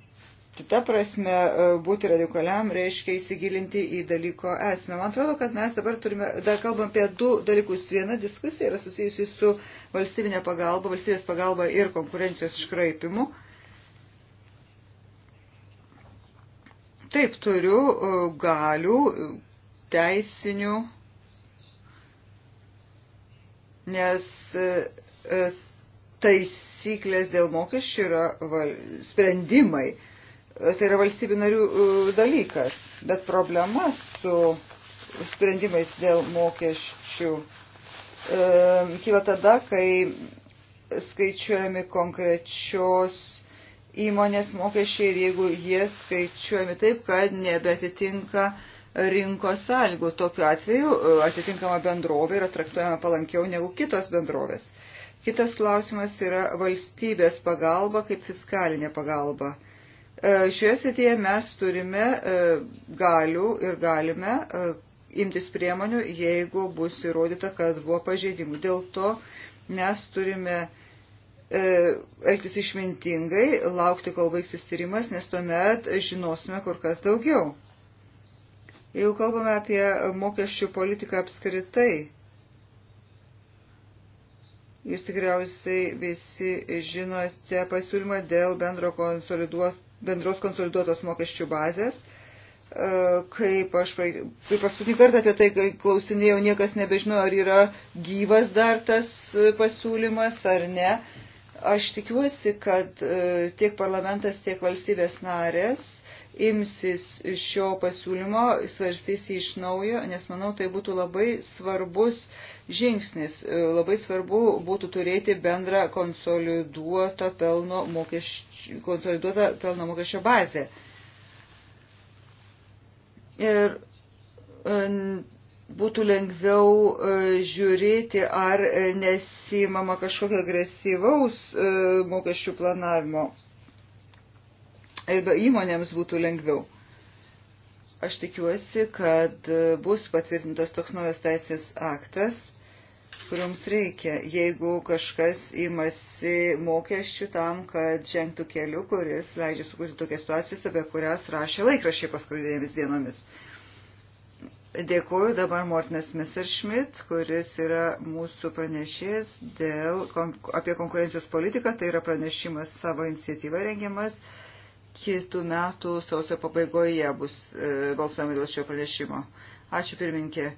kita prasme, e, būti radikaliam reiškia įsigilinti į dalyko esmę. Man atrodo, kad mes dabar turime, dar kalbam apie du dalykus. Viena diskusija yra susijusi su valstybinė pagalba, valstybės pagalba ir konkurencijos iškraipimu. Taip, turiu e, galių teisinių, nes e, e, taisyklės dėl mokesčių yra val, sprendimai. Tai yra valstybių narių dalykas, bet problema su sprendimais dėl mokesčių e, kyla tada, kai skaičiuojami konkrečios įmonės mokesčiai ir jeigu jie skaičiuojami taip, kad nebetitinka rinkos sąlygų. Tokiu atveju e, atitinkama bendrovė yra traktuojama palankiau negu kitos bendrovės. Kitas klausimas yra valstybės pagalba kaip fiskalinė pagalba. E, šioje srityje mes turime e, galių ir galime imtis priemonių, jeigu bus įrodyta, kad buvo pažeidimų. Dėl to mes turime uh, E, elgtis išmintingai, laukti, kol baigsis tyrimas, nes tuomet žinosime kur kas daugiau. Jeigu kalbame apie mokesčių politiką apskritai, jūs tikriausiai visi žinote pasiūlymą dėl konsoliduot, bendros konsoliduotos mokesčių bazės. E, kaip aš kaip paskutinį kartą apie tai klausinėjau, niekas nebežino, ar yra gyvas dar tas pasiūlymas ar ne. Aš tikiuosi, kad e, tiek parlamentas, tiek valstybės narės imsis šio pasiūlymo, svarstys jį iš naujo, nes manau, tai būtų labai svarbus žingsnis. E, labai svarbu būtų turėti bendrą konsoliduotą pelno mokesčio, konsoliduotą pelno mokesčio bazę. Ir e, būtų lengviau e, žiūrėti, ar e, nesimama kažkokio agresyvaus e, mokesčių planavimo. Ir įmonėms būtų lengviau. Aš tikiuosi, kad bus patvirtintas toks naujas teisės aktas, kuriuoms reikia, jeigu kažkas imasi mokesčių tam, kad žengtų keliu, kuris leidžia sukurti tokias situacijas, apie kurias rašė laikrašiai paskutinėmis dienomis. dienomis. Dėkuoju dabar Mortinas Messerschmidt, kuris yra mūsų pranešėjas dėl, apie konkurencijos politiką. Tai yra pranešimas savo iniciatyvą rengiamas. Kitų metų sausio pabaigoje bus e, balsuojama dėl šio pranešimo. Ačiū pirminkė.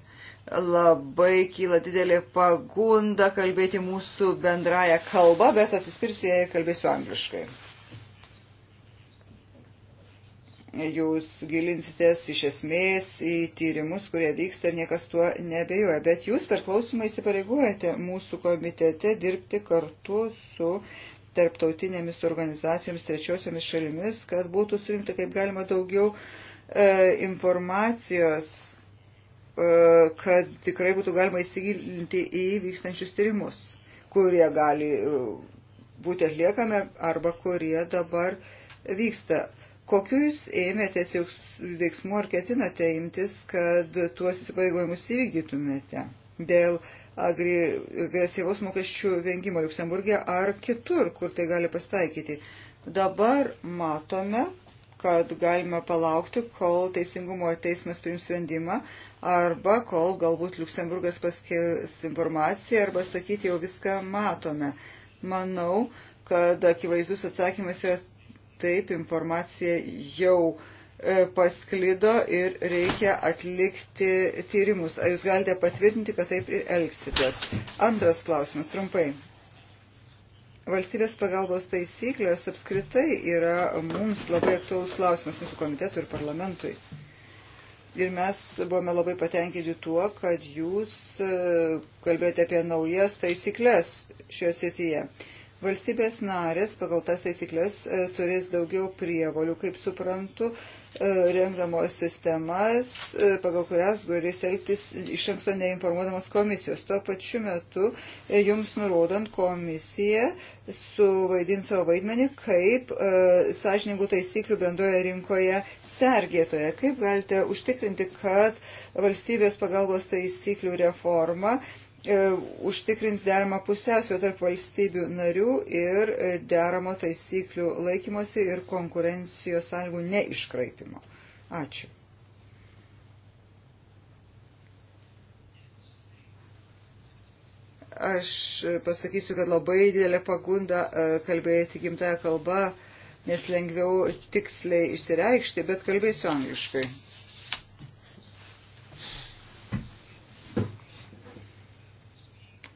Labai kyla didelė pagunda kalbėti mūsų bendrąją kalbą, bet atsispirsiu ją ir kalbėsiu angliškai. jūs gilinsitės iš esmės į tyrimus, kurie vyksta ir niekas tuo nebejoja. Bet jūs per klausimą įsipareigojate mūsų komitete dirbti kartu su tarptautinėmis organizacijomis, trečiosiomis šalimis, kad būtų surinkti kaip galima daugiau e, informacijos, e, kad tikrai būtų galima įsigilinti į vykstančius tyrimus, kurie gali e, būti atliekami arba kurie dabar vyksta Kokiu jūs ėmėtės veiksmų ar ketinate imtis, kad tuos įsipareigojimus įvykdytumėte dėl agresyvaus mokesčių vengimo Luksemburgė ar kitur, kur tai gali pastaikyti? Dabar matome, kad galima palaukti, kol Teisingumo teismas priims sprendimą arba kol galbūt Luksemburgas paskės informaciją arba sakyti jau viską matome. Manau, kad akivaizdus atsakymas yra taip informacija jau e, pasklido ir reikia atlikti tyrimus. Ar jūs galite patvirtinti, kad taip ir elgsitės? Antras klausimas, trumpai. Valstybės pagalbos taisyklės apskritai yra mums labai aktuolus klausimas mūsų komitetui ir parlamentui. Ir mes buvome labai patenkinti tuo, kad jūs e, kalbėjote apie naujas taisyklės šioje srityje. Valstybės narės pagal tas taisyklės e, turės daugiau prievolių, kaip suprantu, e, rengdamos sistemas, e, pagal kurias galės elgtis iš anksto neinformuodamos komisijos. Tuo pačiu metu jums nurodant komisija suvaidins savo vaidmenį kaip sąžiningų taisyklių bendroje rinkoje sergėtoje. Kaip galite užtikrinti, kad valstybės pagalbos taisyklių reforma E, užtikrins deramą pusiausvę tarp valstybių narių ir e, deramo taisyklių laikymosi ir konkurencijos sąlygų neiškraipimo. Ačiū. Aš pasakysiu, kad labai didelė pagunda e, kalbėti gimtają kalbą, nes lengviau tiksliai išsireikšti, bet kalbėsiu angliškai.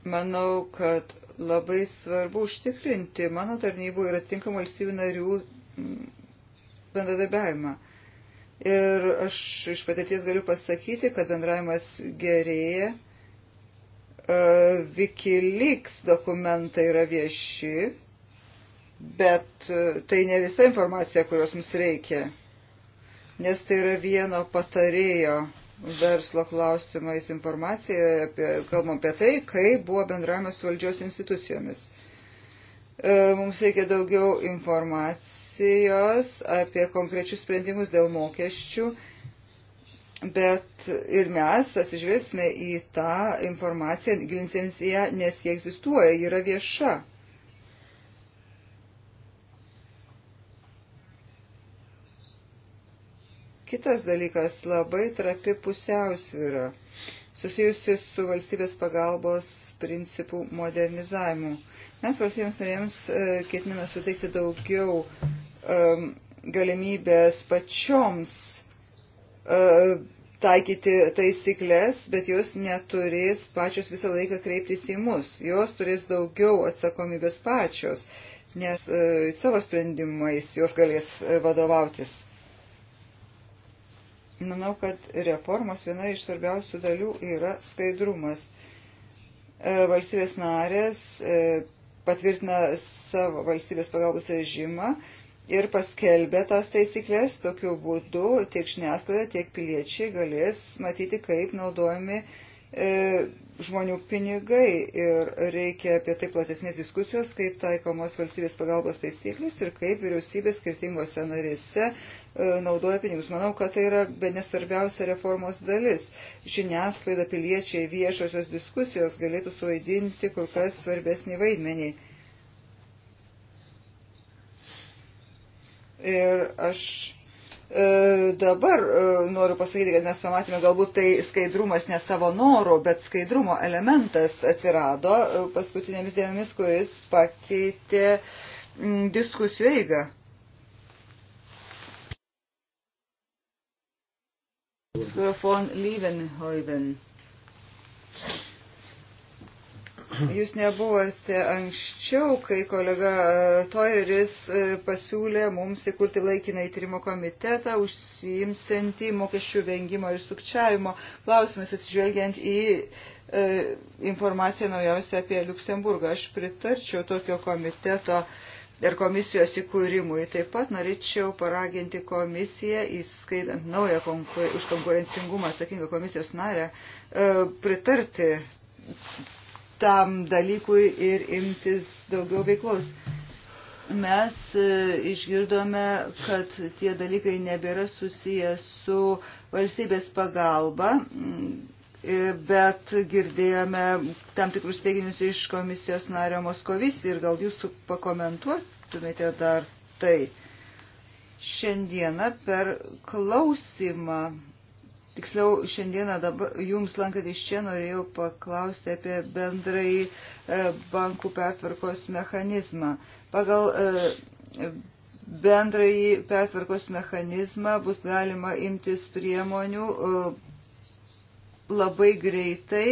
Manau, kad labai svarbu užtikrinti mano tarnybų ir atitinkamų valstybių narių mm, bendradarbiavimą. Ir aš iš patirties galiu pasakyti, kad bendravimas gerėja. E, Wikileaks dokumentai yra vieši, bet e, tai ne visa informacija, kurios mums reikia, nes tai yra vieno patarėjo verslo klausimais informaciją, apie, kalbam apie tai, kaip buvo bendravimas su valdžios institucijomis. E, mums reikia daugiau informacijos apie konkrečius sprendimus dėl mokesčių, bet ir mes atsižvelgsime į tą informaciją, gilinsimės į ją, nes jie egzistuoja, ji yra vieša. Kitas dalykas - labai trapi pusiausvyra, susijusi su valstybės pagalbos principų modernizavimu. Mes valstybėms narėms e, ketiname suteikti daugiau um, galimybės pačioms uh, taikyti taisyklės, bet jos neturės pačios visą laiką kreiptis į mus. Jos turės daugiau atsakomybės pačios, nes e, savo sprendimais jos galės vadovautis. Manau, kad reformos viena iš svarbiausių dalių yra skaidrumas. E, valstybės narės e, patvirtina savo valstybės pagalbos režimą ir paskelbė tas taisyklės. Tokiu būdu tiek žiniasklaida, tiek piliečiai galės matyti, kaip naudojami uh, E, žmonių pinigai ir reikia apie tai platesnės diskusijos, kaip taikomos valstybės pagalbos taisyklės ir kaip vyriausybės skirtingose narėse e, naudoja pinigus. Manau, kad tai yra be nesvarbiausia reformos dalis. Žiniasklaida, piliečiai, viešosios diskusijos galėtų suvaidinti kur kas svarbesnį vaidmenį. Ir aš E, dabar e, noriu pasakyti, kad mes pamatėme, galbūt tai skaidrumas ne savo noro, bet skaidrumo elementas atsirado e, paskutinėmis dienomis, kuris pakeitė mm, diskusijų eigą. von Lievenhoven. Jūs nebuvote anksčiau, kai kolega e, Toiris e, pasiūlė mums įkurti laikiną įtyrimo komitetą užsiimsiantį mokesčių vengimo ir sukčiavimo klausimas atsižvelgiant į e, informaciją naujausią apie Luksemburgą. Aš pritarčiau tokio komiteto ir komisijos įkūrimui. Taip pat norėčiau paraginti komisiją, įskaitant naują konkur už konkurencingumą atsakingą komisijos narę, e, pritarti tam dalykui ir imtis daugiau veiklos. Mes e, išgirdome, kad tie dalykai nebėra susiję su valstybės pagalba, e, bet girdėjome tam tikrus teiginius iš komisijos nario Moskovis ir gal jūs pakomentuotumėte dar tai. Šiandieną per klausimą Tiksliau, šiandieną dabar, jums lankant iš čia norėjau paklausti apie bendrai e, bankų pertvarkos mechanizmą. Pagal e, bendrai pertvarkos mechanizmą bus galima imtis priemonių e, labai greitai.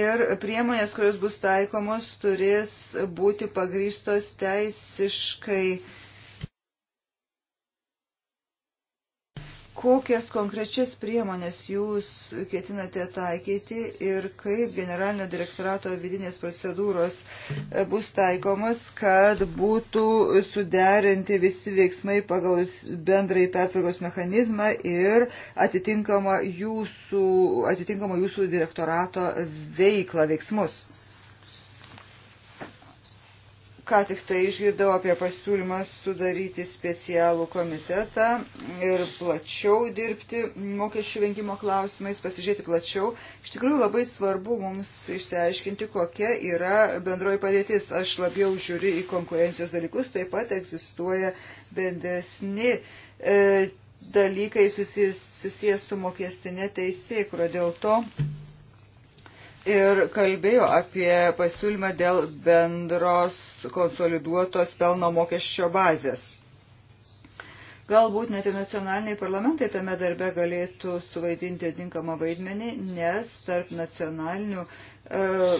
Ir priemonės, kurios bus taikomos, turės būti pagrįstos teisiškai uh, kokias konkrečias priemonės jūs ketinate taikyti ir kaip generalinio direktorato vidinės procedūros e, bus taikomas, kad būtų suderinti visi veiksmai pagal bendrai pertvarkos mechanizmą ir atitinkama jūsų, atitinkama jūsų direktorato veiklą, veiksmus ką tik tai išgirdau apie pasiūlymą sudaryti specialų komitetą ir plačiau dirbti mokesčių vengimo klausimais, pasižiūrėti plačiau. Iš tikrųjų labai svarbu mums išsiaiškinti, kokia yra bendroji padėtis. Aš labiau žiūriu į konkurencijos dalykus, taip pat egzistuoja bendresni. E, dalykai susijęs, susijęs su mokestinė teisė, kurio dėl to ir kalbėjo apie pasiūlymą dėl bendros konsoliduotos pelno mokesčio bazės. Galbūt net ir nacionaliniai parlamentai tame darbe galėtų suvaidinti atinkamą vaidmenį, nes tarp nacionalinių e,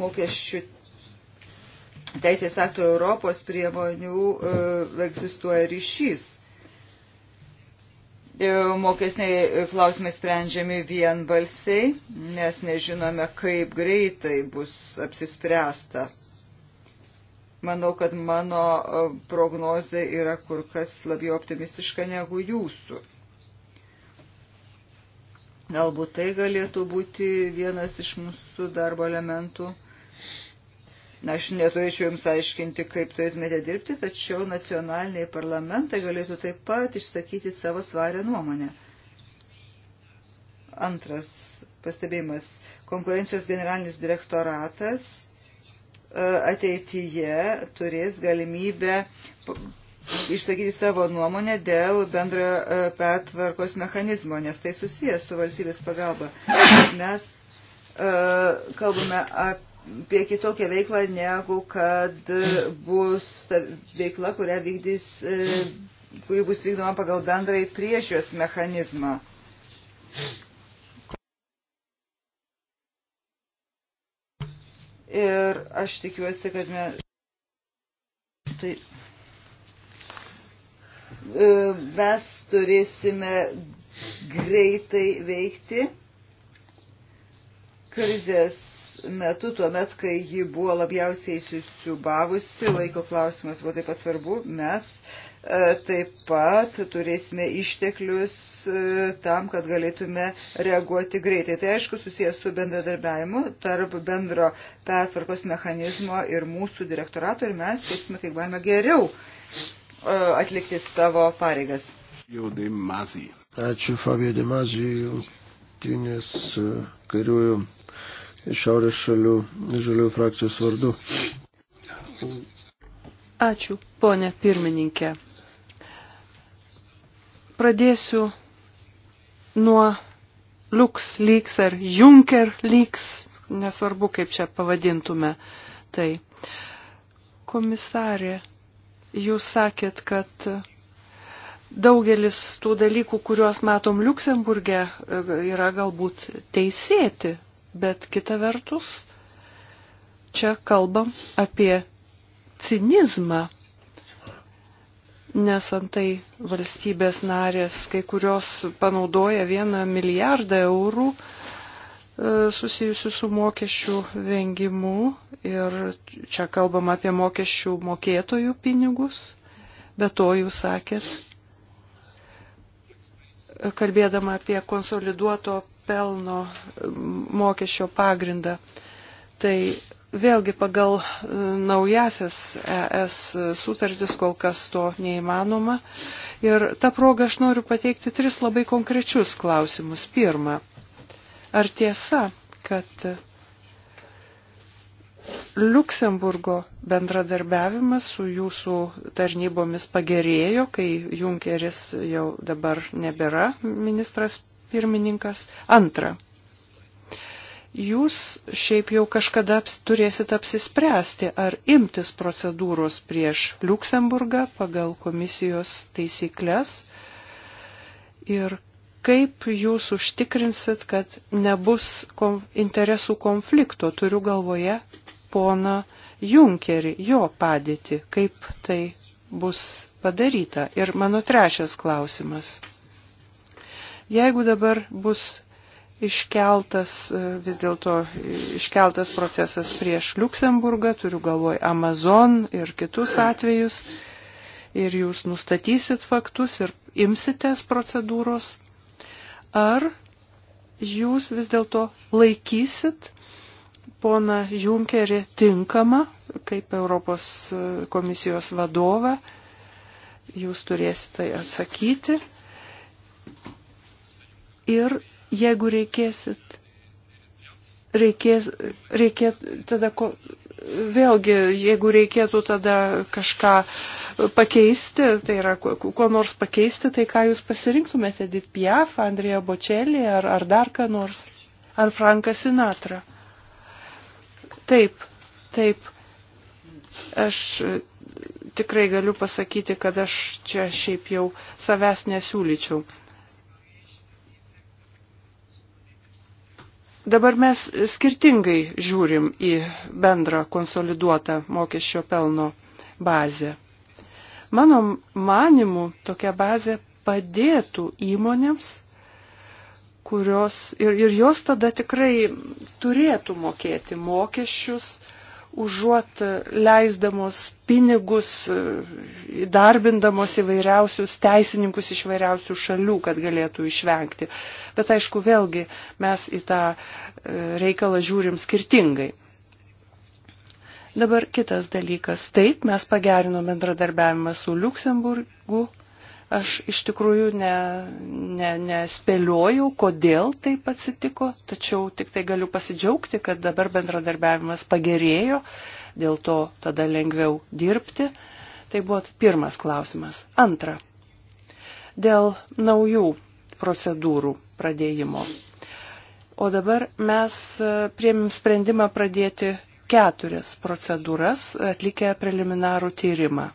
mokesčių teisės aktų Europos priemonių e, egzistuoja ryšys E, mokesniai klausimai sprendžiami vienbalsiai, nes nežinome, kaip greitai bus apsispręsta. Manau, kad mano e, prognozė yra kur kas labiau optimistiška negu jūsų. Galbūt tai galėtų būti vienas iš mūsų darbo elementų. Aš neturėčiau Jums aiškinti, kaip turėtumėte dirbti, tačiau nacionaliniai parlamentai galėtų taip pat išsakyti savo svarę nuomonę. Antras pastebėjimas. Konkurencijos generalinis direktoratas e, ateityje turės galimybę išsakyti savo nuomonę dėl bendro e, petvarkos mechanizmo, nes tai susijęs su valstybės pagalba. Mes e, kalbame apie apie kitokią veiklą, negu kad bus ta veikla, kurią vykdys, e, kuri bus vykdoma pagal bendrai priežios mechanizmą. Ir aš tikiuosi, kad mes. Tai e, mes turėsime greitai veikti krizės metu, tuo met, kai ji buvo labiausiai susiubavusi, laiko klausimas buvo taip pat svarbu, mes e, taip pat turėsime išteklius e, tam, kad galėtume reaguoti greitai. Tai aišku susijęs su bendradarbiavimu tarp bendro pertvarkos mechanizmo ir mūsų direktorato ir mes sieksime, kaip galime geriau e, atlikti savo pareigas. Ačiū Fabio Dimazijų jungtinės e, kairiųjų šiaurės šalių žaliųjų frakcijos vardu. Ačiū, ponė pirmininkė. Pradėsiu nuo Lux Leaks ar Junker Leaks, nesvarbu kaip čia pavadintume. Tai komisarė, jūs sakėt, kad daugelis tų dalykų, kuriuos matom Luksemburgė, e, yra galbūt teisėti, bet kita vertus, čia kalbam apie cinizmą, nes antai valstybės narės, kai kurios panaudoja vieną milijardą eurų e, susijusių su mokesčių vengimu ir čia kalbam apie mokesčių mokėtojų pinigus, bet to jūs sakėt, kalbėdama apie konsoliduoto pelno mokesčio pagrindą. Tai vėlgi pagal e, naujasias ES sutartis kol kas to neįmanoma. Ir tą progą aš noriu pateikti tris labai konkrečius klausimus. Pirma, ar tiesa, kad Luksemburgo bendradarbiavimas su jūsų tarnybomis pagerėjo, kai Junkeris jau dabar nebėra ministras pirmininkas. Antra, jūs šiaip jau kažkada turėsit apsispręsti, ar imtis procedūros prieš Luksemburgą pagal komisijos taisyklės ir kaip jūs užtikrinsit, kad nebus kom interesų konflikto, turiu galvoje poną Junkerį, jo padėtį, kaip tai bus padaryta. Ir mano trečias klausimas. Jeigu dabar bus iškeltas e, vis dėlto iškeltas procesas prieš Luksemburgą, turiu galvoj Amazon ir kitus atvejus, ir jūs nustatysit faktus ir imsitės procedūros, ar jūs vis dėlto laikysit pona Junkerį tinkamą kaip Europos komisijos vadovą. Jūs turėsite tai atsakyti. Ir jeigu reikėsit, reikės, reikėt, tada ko, vėlgi, jeigu reikėtų tada kažką pakeisti, tai yra, kuo nors pakeisti, tai ką jūs pasirinktumėte, Edith Piaf, Andrija Bocelli ar, ar dar ką nors, ar Franką Sinatrą? Taip, taip. Aš e, tikrai galiu pasakyti, kad aš čia šiaip jau savęs nesiūlyčiau. Dabar mes skirtingai žiūrim į bendrą konsoliduotą mokesčio pelno bazę. Mano manimu, tokia bazė padėtų įmonėms kurios ir, ir jos tada tikrai turėtų mokėti mokesčius, užuot leisdamos pinigus, įdarbindamos įvairiausius teisininkus iš vairiausių šalių, kad galėtų išvengti. Bet aišku, vėlgi mes į tą e, reikalą žiūrim skirtingai. Dabar kitas dalykas. Taip, mes pagerinom bendradarbiavimą su Luksemburgu, Aš iš tikrųjų ne, ne, nespėliojau, kodėl taip atsitiko, tačiau tik tai galiu pasidžiaugti, kad dabar bendradarbiavimas pagerėjo, dėl to tada lengviau dirbti. Tai buvo pirmas klausimas. Antra. Dėl naujų procedūrų pradėjimo. O dabar mes e, priemim sprendimą pradėti keturias procedūras atlikę preliminarų tyrimą.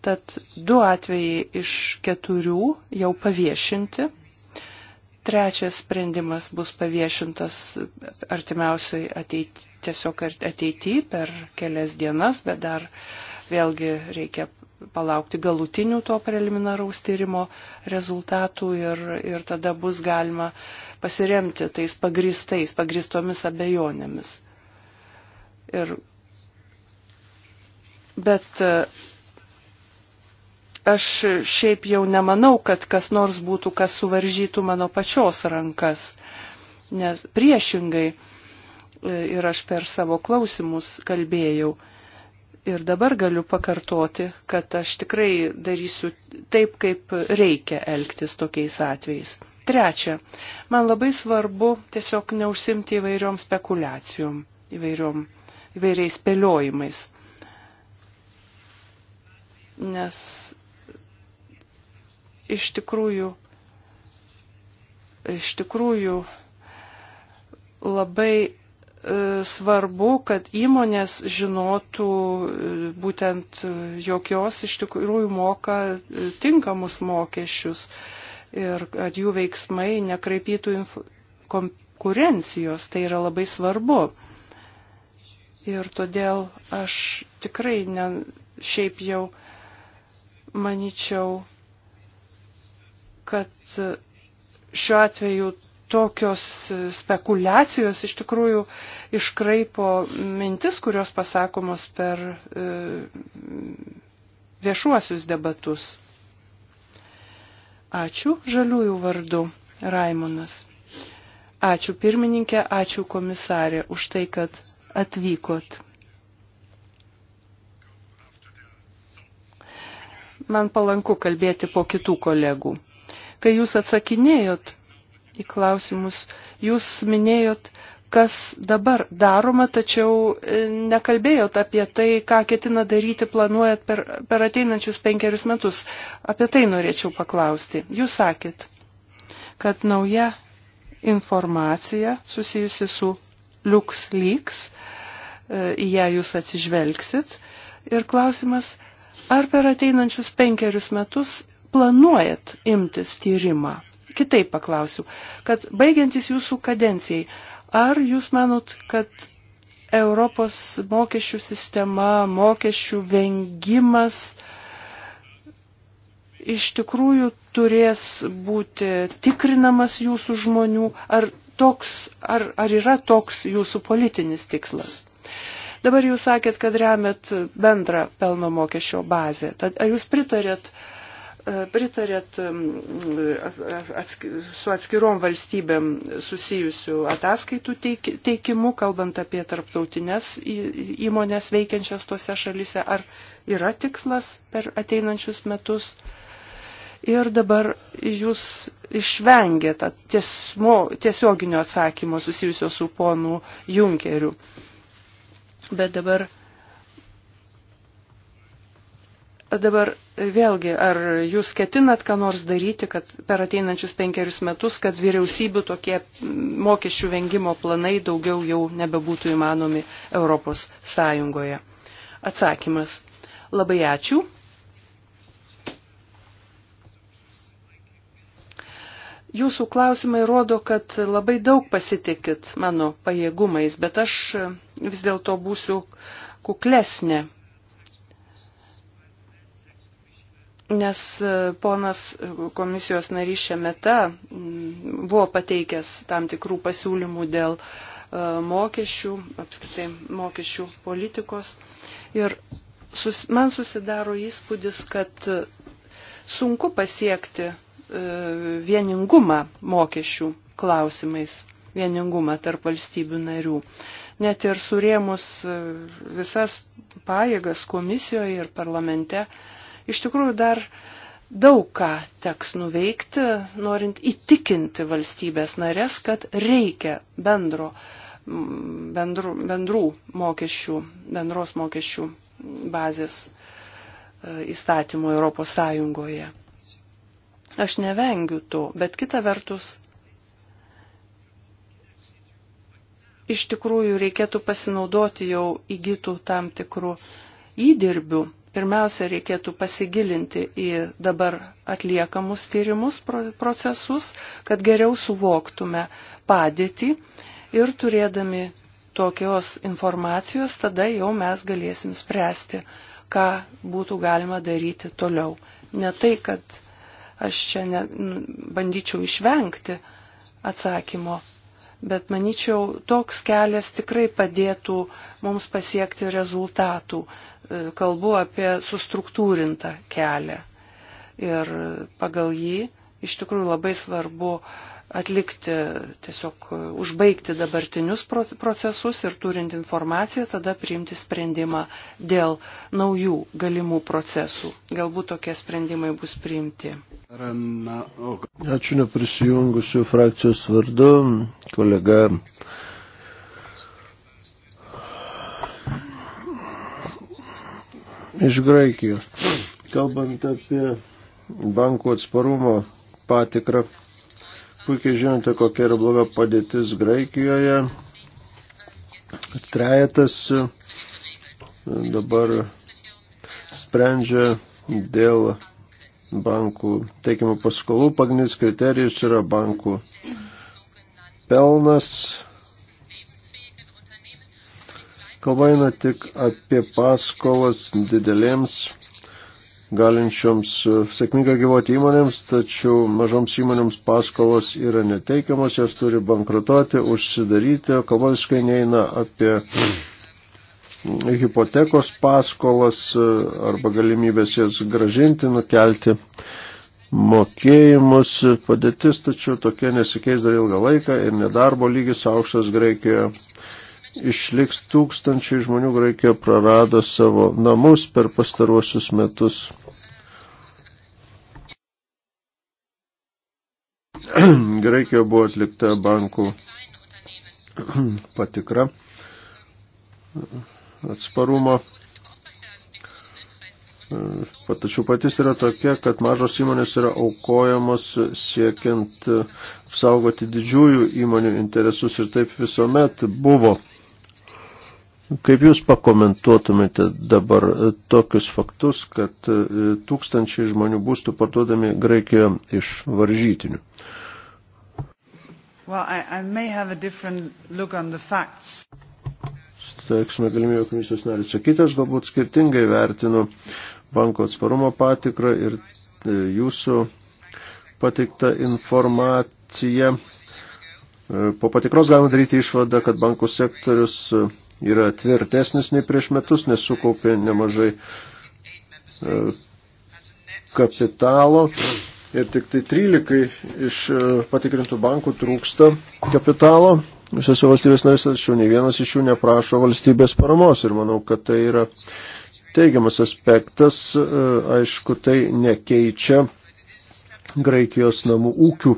Tad du atvejai iš keturių jau paviešinti. Trečias sprendimas bus paviešintas artimiausiai ateit, tiesiog ateityje per kelias dienas, bet dar vėlgi reikia palaukti galutinių to preliminaraus tyrimo rezultatų ir, ir tada bus galima pasiremti tais pagristais, pagristomis abejonėmis. Ir, bet aš šiaip jau nemanau, kad kas nors būtų, kas suvaržytų mano pačios rankas. Nes priešingai e, ir aš per savo klausimus kalbėjau. Ir dabar galiu pakartoti, kad aš tikrai darysiu taip, kaip reikia elgtis tokiais atvejais. Trečia, man labai svarbu tiesiog neužsimti įvairiom spekulacijom, įvairiom, įvairiais spėliojimais. Nes iš tikrųjų, iš tikrųjų labai e, svarbu, kad įmonės žinotų e, būtent, e, jog jos iš tikrųjų moka tinkamus mokesčius ir kad jų veiksmai nekraipytų konkurencijos. Tai yra labai svarbu. Ir todėl aš tikrai ne, šiaip jau manyčiau, kad šiuo atveju tokios spekulacijos iš tikrųjų iškraipo mintis, kurios pasakomos per e, viešuosius debatus. Ačiū žaliųjų vardu, Raimonas. Ačiū pirmininkė, ačiū komisarė už tai, kad atvykot. Man palanku kalbėti po kitų kolegų. Kai jūs atsakinėjot į klausimus, jūs minėjot, kas dabar daroma, tačiau e, nekalbėjot apie tai, ką ketina daryti planuojat per, per ateinančius penkerius metus. Apie tai norėčiau paklausti. Jūs sakėt, kad nauja informacija susijusi su LuxLeaks, e, į ją jūs atsižvelgsit. Ir klausimas, ar per ateinančius penkerius metus planuojat imtis tyrimą? Kitaip paklausiu, kad baigiantis jūsų kadencijai, ar jūs manot, kad Europos mokesčių sistema, mokesčių vengimas iš tikrųjų turės būti tikrinamas jūsų žmonių, ar, toks, ar, ar yra toks jūsų politinis tikslas? Dabar jūs sakėt, kad remet bendrą pelno mokesčio bazę. Tad ar jūs pritarėt uh, pritarėt su atskirom valstybėm susijusių ataskaitų teikimu, kalbant apie tarptautinės įmonės veikiančias tuose šalise, ar yra tikslas per ateinančius metus? Ir dabar jūs išvengėte tiesioginio atsakymo susijusio su ponu Junkeriu. Bet dabar Dabar vėlgi, ar jūs ketinat ką nors daryti, kad per ateinančius penkerius metus, kad vyriausybių tokie mokesčių vengimo planai daugiau jau nebebūtų įmanomi Europos Sąjungoje? Atsakymas. Labai ačiū. Jūsų klausimai rodo, kad labai daug pasitikit mano pajėgumais, bet aš vis dėlto būsiu kuklesnė nes e, ponas e, komisijos narys Šemeta buvo pateikęs tam tikrų pasiūlymų dėl e, mokesčių, apskritai mokesčių politikos. Ir sus, man susidaro įspūdis, kad sunku pasiekti vieningumą mokesčių klausimais, vieningumą tarp valstybių narių. Net ir surėmus visas pajėgas komisijoje ir parlamente, uh, Iš tikrųjų, dar daug ką teks nuveikti, norint įtikinti valstybės narės, kad reikia bendro, bendrų, bendrų mokesčių, bendros mokesčių bazės e, įstatymų Europos Sąjungoje. Aš nevengiu to, bet kita vertus, iš tikrųjų reikėtų pasinaudoti jau įgytų tam tikrų įdirbių pirmiausia, reikėtų pasigilinti į dabar atliekamus tyrimus procesus, kad geriau suvoktume padėtį ir turėdami tokios informacijos, tada jau mes galėsim spręsti, ką būtų galima daryti toliau. Ne tai, kad aš čia ne, bandyčiau išvengti atsakymo bet manyčiau, toks kelias tikrai padėtų mums pasiekti rezultatų. E, kalbu apie sustruktūrintą kelią. Ir pagal jį iš tikrųjų labai svarbu uh, atlikti, tiesiog užbaigti dabartinius procesus ir turint informaciją, tada priimti sprendimą dėl naujų galimų procesų. Galbūt tokie sprendimai bus priimti. Ačiū neprisijungusių frakcijos vardu, kolega. Iš Graikijos. Kalbant apie bankų atsparumo patikrą, Puikiai žinote, kokia yra bloga padėtis Graikijoje. Trejetas e, dabar sprendžia dėl bankų teikimo paskolų. Pagrindinis kriterijus yra bankų pelnas. Kalba eina tik apie paskolas didelėms galinčioms e, sėkmingai gyvoti įmonėms, tačiau mažoms įmonėms paskolos yra neteikiamos, jos turi bankrutuoti, užsidaryti, kalba visiškai neina apie hipotekos paskolas e, arba galimybės jas gražinti, nukelti mokėjimus padėtis, tačiau tokie nesikeis dar ilgą laiką ir nedarbo lygis aukštas Graikijoje išliks tūkstančiai žmonių Graikijoje prarado savo namus per pastaruosius metus. Graikijoje buvo atlikta bankų patikra atsparumo. Tačiau patys yra tokia, kad mažos įmonės yra aukojamos siekiant apsaugoti didžiųjų įmonių interesus ir taip visuomet buvo. Kaip Jūs pakomentuotumėte dabar e, tokius faktus, kad e, tūkstančiai žmonių būstų parduodami Graikijoje iš varžytinių? Well, I, I Steiksime galimybę komisijos narį sakyti, aš galbūt skirtingai vertinu banko atsparumo patikrą ir e, jūsų pateiktą informaciją. Po patikros galima daryti išvadą, kad bankų sektorius yra tvirtesnis nei prieš metus, nes sukaupė nemažai e, kapitalo ir tik tai 13 iš e, patikrintų bankų trūksta kapitalo. Visose valstybės narės, tačiau nei vienas iš jų neprašo valstybės paramos ir manau, kad tai yra teigiamas aspektas. E, aišku, tai nekeičia Graikijos namų ūkių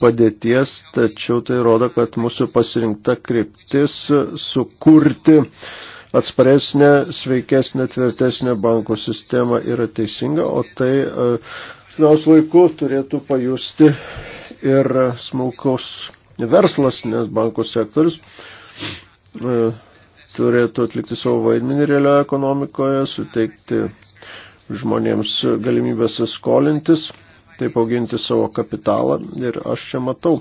padėties, tačiau tai rodo, kad mūsų pasirinkta kryptis sukurti atsparesnę, sveikesnę, tvirtesnę bankų sistemą yra teisinga, o tai finansų e, laiku turėtų pajusti ir smulkaus verslas, nes bankų sektorius e, turėtų atlikti savo vaidmenį realioje ekonomikoje, suteikti žmonėms galimybės skolintis taip auginti savo kapitalą. Ir aš čia matau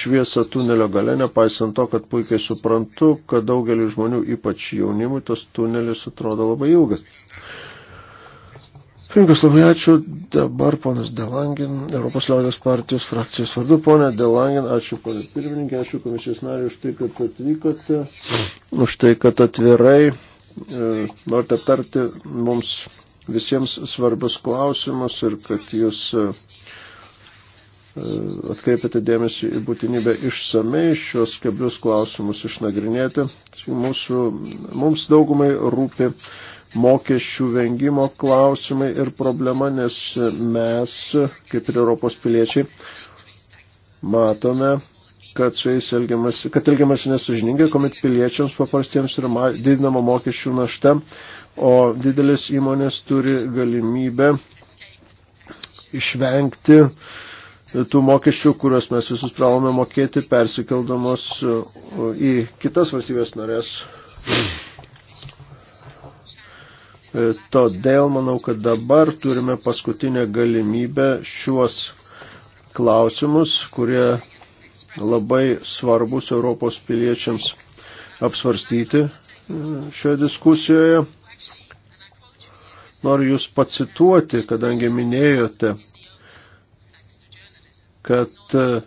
šviesą tunelio gale, nepaisant to, kad puikiai suprantu, kad daugelį žmonių, ypač jaunimui, tas tunelis atrodo labai ilgas. Pinkas, labai ačiū. Dabar ponas Delangin, Europos liaudės partijos frakcijos vardu. Pone Delangin, ačiū ponė pirmininkė, ačiū komisijos nariai už tai, kad atvykote, už tai, kad atvirai e, norite aptarti mums visiems svarbus klausimus ir kad jūs e, atkreipėte dėmesį į būtinybę išsamei šios keblius klausimus išnagrinėti. Mūsų, mums daugumai rūpi mokesčių vengimo klausimai ir problema, nes mes, kaip ir Europos piliečiai, matome, kad su jais elgiamasi, kad elgiamasi nesažiningai, kuomet piliečiams paprastiems yra didinama mokesčių našta, o didelės įmonės turi galimybę išvengti uh, tų mokesčių, kuriuos mes visus privalome mokėti, persikeldamos e, į kitas valstybės narės. E, todėl manau, kad dabar turime paskutinę galimybę šiuos klausimus, kurie labai svarbus Europos piliečiams apsvarstyti e, šioje diskusijoje. Noriu Jūs pacituoti, kadangi minėjote kad e,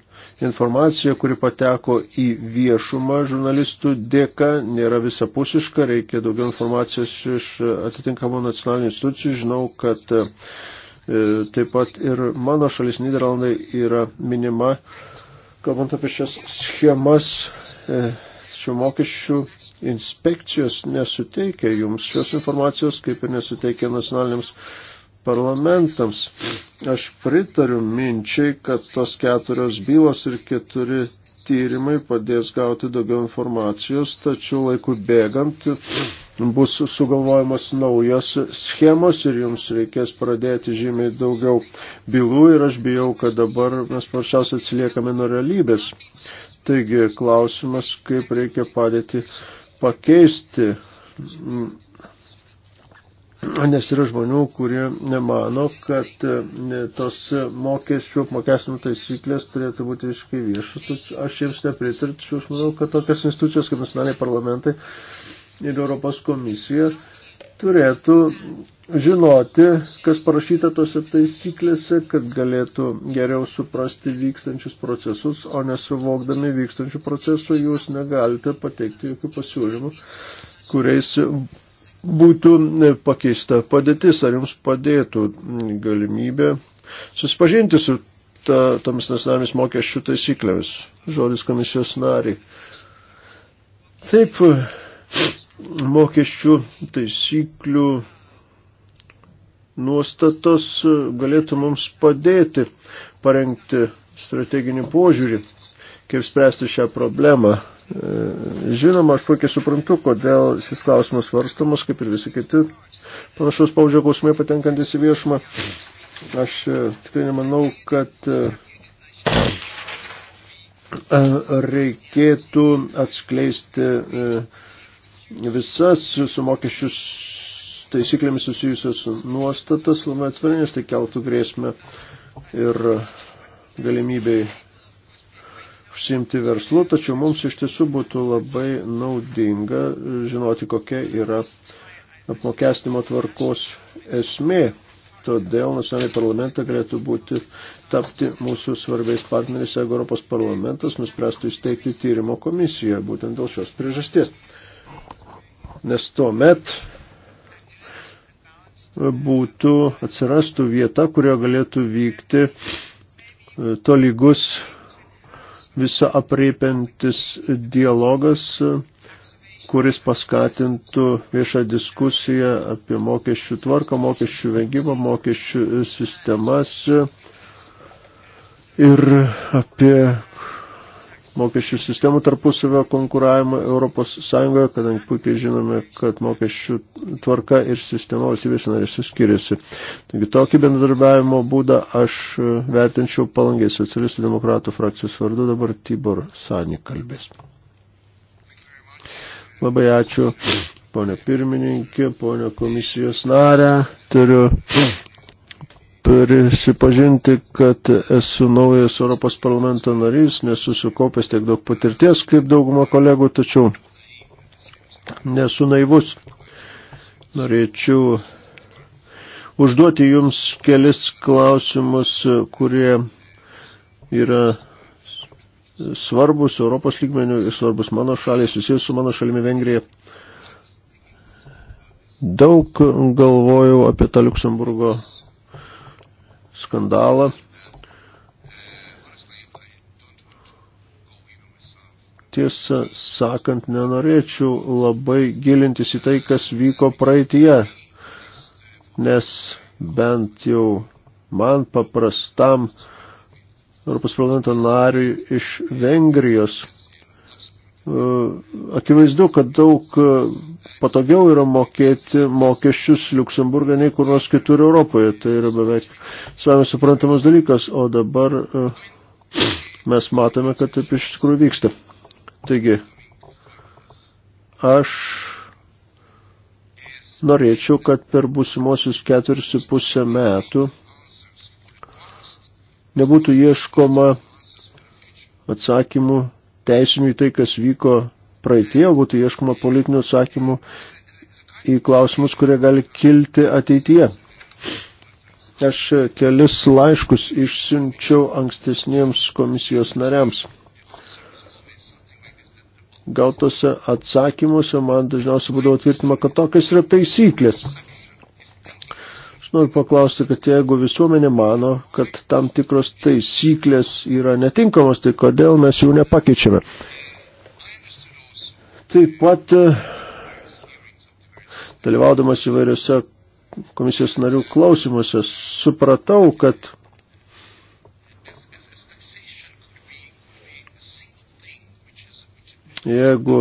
informacija, kuri pateko į viešumą žurnalistų dėka, nėra visapusiška, reikia daugiau informacijos iš atitinkamų nacionalinių institucijų. Žinau, kad e, e, taip pat ir mano šalis Niderlandai yra minima, kalbant apie šias schemas, šių mokesčių inspekcijos nesuteikia jums šios informacijos, kaip ir nesuteikia nacionaliniams parlamentams. Aš pritariu minčiai, kad tos keturios bylos ir keturi tyrimai padės gauti daugiau informacijos, tačiau laiku bėgant bus sugalvojamos naujos schemos ir jums reikės pradėti žymiai daugiau bylų ir aš bijau, kad dabar mes paprasčiausiai atsiliekame nuo realybės. Taigi klausimas, kaip reikia padėti pakeisti Nes yra žmonių, kurie nemano, kad e, tos mokesčių apmokestinimo taisyklės turėtų būti visiškai viešas. Aš jiems nepritarčiau, aš manau, kad tokias institucijos kaip nacionaliniai parlamentai ir Europos komisija turėtų žinoti, kas parašyta tose taisyklėse, kad galėtų geriau suprasti vykstančius procesus, o nesuvokdami vykstančių procesų jūs negalite pateikti jokių pasiūlymų, kuriais būtų e, pakeista padėtis, ar jums padėtų galimybė susipažinti su ta, tomis nacionalinėmis mokesčių taisyklėmis. Žodis komisijos nariai. Taip, e, mokesčių taisyklių nuostatos e, galėtų mums padėti parengti strateginį požiūrį, kaip spręsti šią problemą. E, žinoma, aš puikiai suprantu, kodėl šis klausimas svarstamas, kaip ir visi kiti panašus paudžio klausimai patenkantis į viešumą. Aš e, tikrai nemanau, kad e, reikėtų atskleisti visas su mokesčius taisyklėmis susijusios nuostatas, labai atvirai, nes tai keltų grėsmę ir galimybėj užsiimti verslu, tačiau mums iš tiesų būtų labai naudinga žinoti, kokia yra apmokestimo tvarkos esmė. Todėl nacionaliniai parlamentai galėtų būti tapti mūsų svarbiais partneriais, jeigu Europos parlamentas nuspręstų įsteigti tyrimo komisiją, būtent dėl šios priežasties. Nes tuomet būtų, atsirastų vieta, kurioje galėtų vykti tolygus visą apriepiantis dialogas, kuris paskatintų viešą diskusiją apie mokesčių tvarką, mokesčių vengimą, mokesčių sistemas ir apie mokesčių sistemų tarpusavio konkuravimą Europos Sąjungoje, kadangi puikiai žinome, kad mokesčių tvarka ir sistema valstybės narėse skiriasi. Taigi tokį bendradarbiavimo būdą aš e, vertinčiau palangiai socialistų demokratų frakcijos vardu, dabar Tibor Sani kalbės. Labai ačiū, ponė pirmininkė, ponė komisijos narė. Turiu prisipažinti, kad esu naujas Europos parlamento narys, nesusikopęs tiek daug patirties kaip dauguma kolegų, tačiau nesu naivus. Norėčiau užduoti Jums kelis klausimus, kurie yra svarbus Europos lygmenių ir svarbus mano šaliai, susijęs su mano šalimi Vengrija. Daug galvojau apie tą Luxemburgo skandalą. Tiesą sakant, nenorėčiau labai gilintis į tai, kas vyko praeitie, nes bent jau man paprastam Europos parlamento nariui iš Vengrijos Akivaizdu, kad daug e, patogiau yra mokėti mokesčius Luksemburgą nei kur nors kitur Europoje. Tai yra beveik savai suprantamas dalykas, o dabar e, mes matome, kad taip iš tikrųjų vyksta. Taigi, aš norėčiau, kad per būsimosius keturis ir pusę metų nebūtų ieškoma atsakymų teisinių į tai, kas vyko praeitie, būtų ieškoma politinių atsakymų į klausimus, kurie gali kilti ateityje. Aš kelis laiškus išsiunčiau ankstesniems komisijos nariams. Gautose atsakymuose man dažniausiai būdavo tvirtima, kad tokias yra taisyklės. Aš noriu paklausti, kad jeigu visuomenė mano, kad tam tikros taisyklės yra netinkamos, tai kodėl mes jų nepakeičiame? Taip pat e, dalyvaudamas įvairiose komisijos narių klausimuose supratau, kad jeigu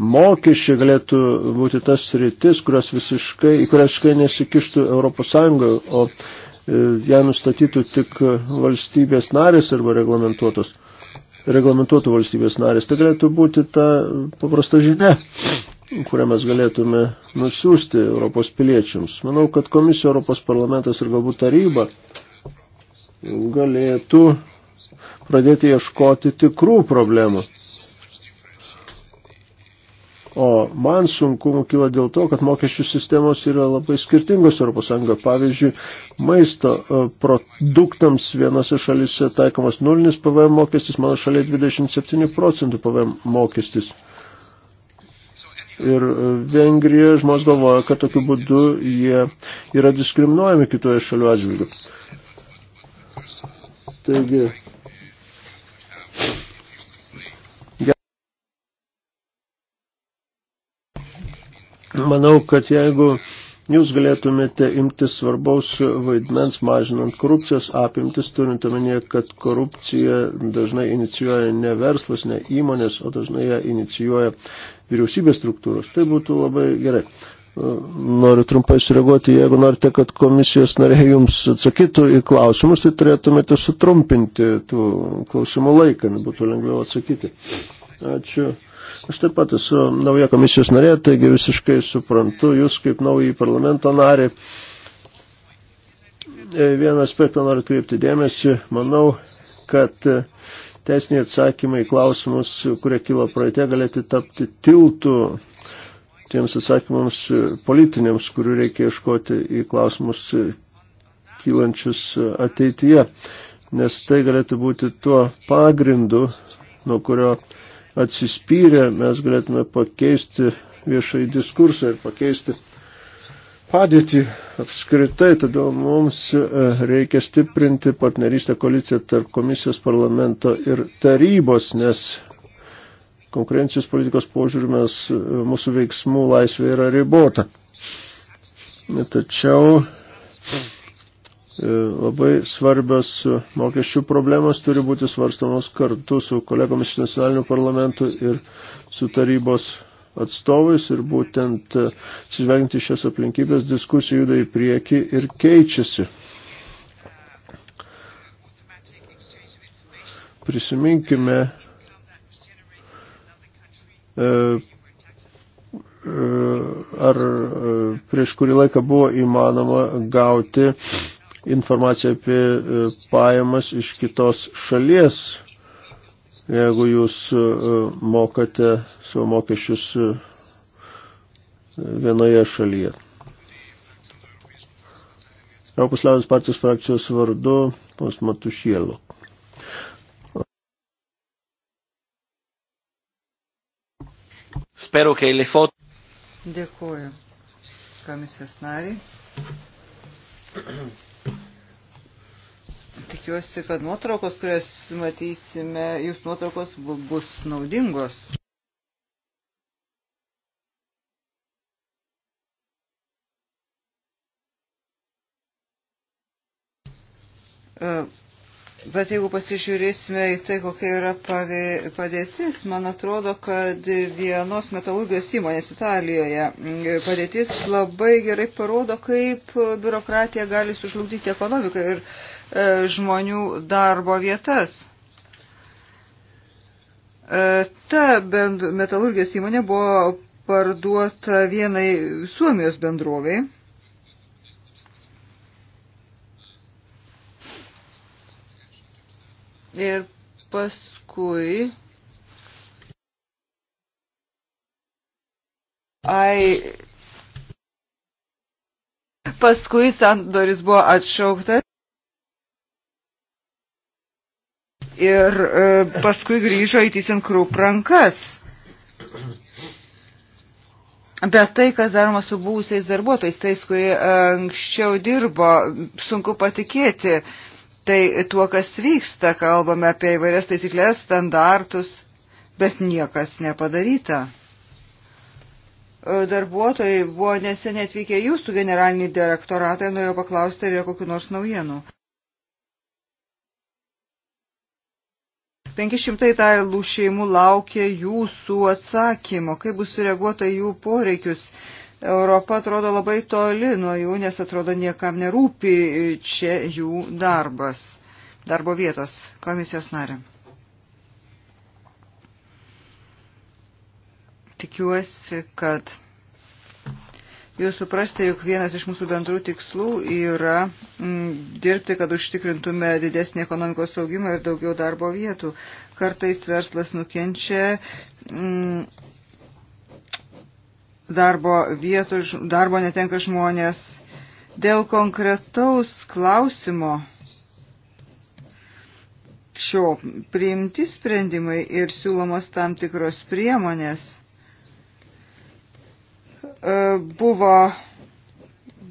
mokesčiai galėtų būti tas rytis, kurios visiškai, į kurias visiškai nesikištų ES, o e, ją nustatytų tik valstybės narės arba reglamentuotos. Reglamentuotų valstybės narės. Tai galėtų būti ta paprasta žinia, kurią mes galėtume nusiųsti Europos piliečiams. Manau, kad komisija, Europos parlamentas ir galbūt taryba galėtų pradėti ieškoti tikrų problemų O man sunkumų kyla dėl to, kad mokesčių sistemos yra labai skirtingos Europos Sąjungoje. Pavyzdžiui, maisto e, produktams vienose šalise taikomas nulinis PVM mokestis, mano šalia 27 procentų PVM mokestis. Ir e, Vengrija žmonės galvoja, kad tokiu būdu jie yra diskriminuojami kitoje šalių atžvilgiu. Taigi, Manau, kad jeigu jūs galėtumėte imtis svarbaus vaidmens mažinant korupcijos apimtis, turint omenyje, kad korupcija dažnai inicijuoja ne verslas, ne įmonės, o dažnai ją inicijuoja vyriausybės struktūros. Tai būtų labai gerai. Noriu trumpai sureaguoti, jeigu norite, kad komisijos nariai jums atsakytų į klausimus, tai turėtumėte sutrumpinti tų klausimų laiką, būtų lengviau atsakyti. Ačiū. Aš taip pat esu nauja komisijos narė, taigi visiškai suprantu jūs kaip naują parlamento narį. E, vieną aspektą noriu kreipti dėmesį. Manau, kad teisiniai atsakymai į klausimus, kurie kilo praeitie, galėtų tapti tiltų tiems atsakymams politiniams, kurių reikia ieškoti į klausimus kylančius ateityje. Nes tai galėtų būti tuo pagrindu, nuo kurio atsispyrę, mes galėtume pakeisti viešai diskursą ir pakeisti padėtį apskritai, todėl mums e, reikia stiprinti partnerystę koaliciją tarp komisijos parlamento ir tarybos, nes konkurencijos politikos požiūrimės e, mūsų veiksmų laisvė yra ribota. Tačiau E, labai svarbios e, mokesčių problemos turi būti svarstamos kartu su kolegomis iš nacionalinių parlamentų ir su tarybos atstovais ir būtent e, atsižvelgiant į šias aplinkybės diskusija juda į priekį ir keičiasi. Prisiminkime ar prieš kurį laiką buvo įmanoma gauti informaciją apie e, pajamas iš kitos šalies, jeigu jūs e, mokate savo mokesčius e, vienoje šalyje. Europos liaudės partijos frakcijos vardu pas Matušielo. Spero, kai lefot. Dėkuoju komisijos nariai tikiuosi, kad nuotraukos, kurias matysime, jūs nuotraukos bus naudingos. E, bet jeigu pasižiūrėsime į tai, kokia yra padėtis, man atrodo, kad vienos metalurgijos įmonės Italijoje e, padėtis labai gerai parodo, kaip biurokratija gali sužlugdyti ekonomiką ir E, žmonių darbo vietas. E, ta metalurgijos įmonė buvo parduota vienai Suomijos bendroviai. Ir paskui Ai, paskui sandoris buvo atšauktas ir e, paskui grįžo į ThyssenKrupp rankas. Bet tai, kas daroma su būsiais darbuotojais, tais, kurie e, anksčiau dirbo, sunku patikėti, tai tuo, kas vyksta, kalbame apie įvairias taisyklės, standartus, bet niekas nepadaryta e, darbuotojai buvo neseniai atvykę jūsų generalinį direktoratą ir norėjau paklausti, ar yra kokiu nors naujienų. 500 italų šeimų laukia jūsų atsakymo, kaip bus sureaguota jų poreikius. Europa atrodo labai toli nuo jų, nes atrodo niekam nerūpi čia jų darbas, darbo vietos komisijos narė. Tikiuosi, kad Jūs suprasti, jog vienas iš mūsų bendrų tikslų yra m, mm, dirbti, kad užtikrintume didesnį ekonomikos augimą ir daugiau darbo vietų. Kartais verslas nukenčia. M, mm, darbo vietų, darbo netenka žmonės. Dėl konkretaus klausimo šio priimti sprendimai ir siūlomos tam tikros priemonės – E, buvo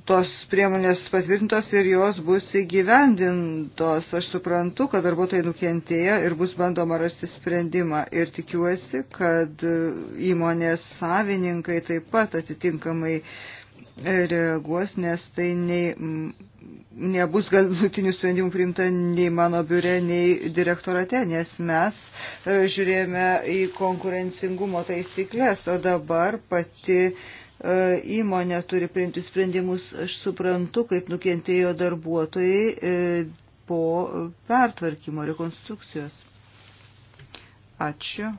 tos priemonės patvirtintos ir jos bus įgyvendintos. Aš suprantu, kad darbuotojai nukentėjo ir bus bandoma rasti sprendimą. Ir tikiuosi, kad įmonės savininkai taip pat atitinkamai e, reaguos, nes tai nei, nebus galutinių sprendimų priimta nei mano biure, nei direktorate, nes mes e, žiūrėjome į konkurencingumo taisyklės, o dabar pati E, įmonė turi priimti sprendimus. Aš suprantu, kaip nukentėjo darbuotojai e, po pertvarkymo rekonstrukcijos. Ačiū.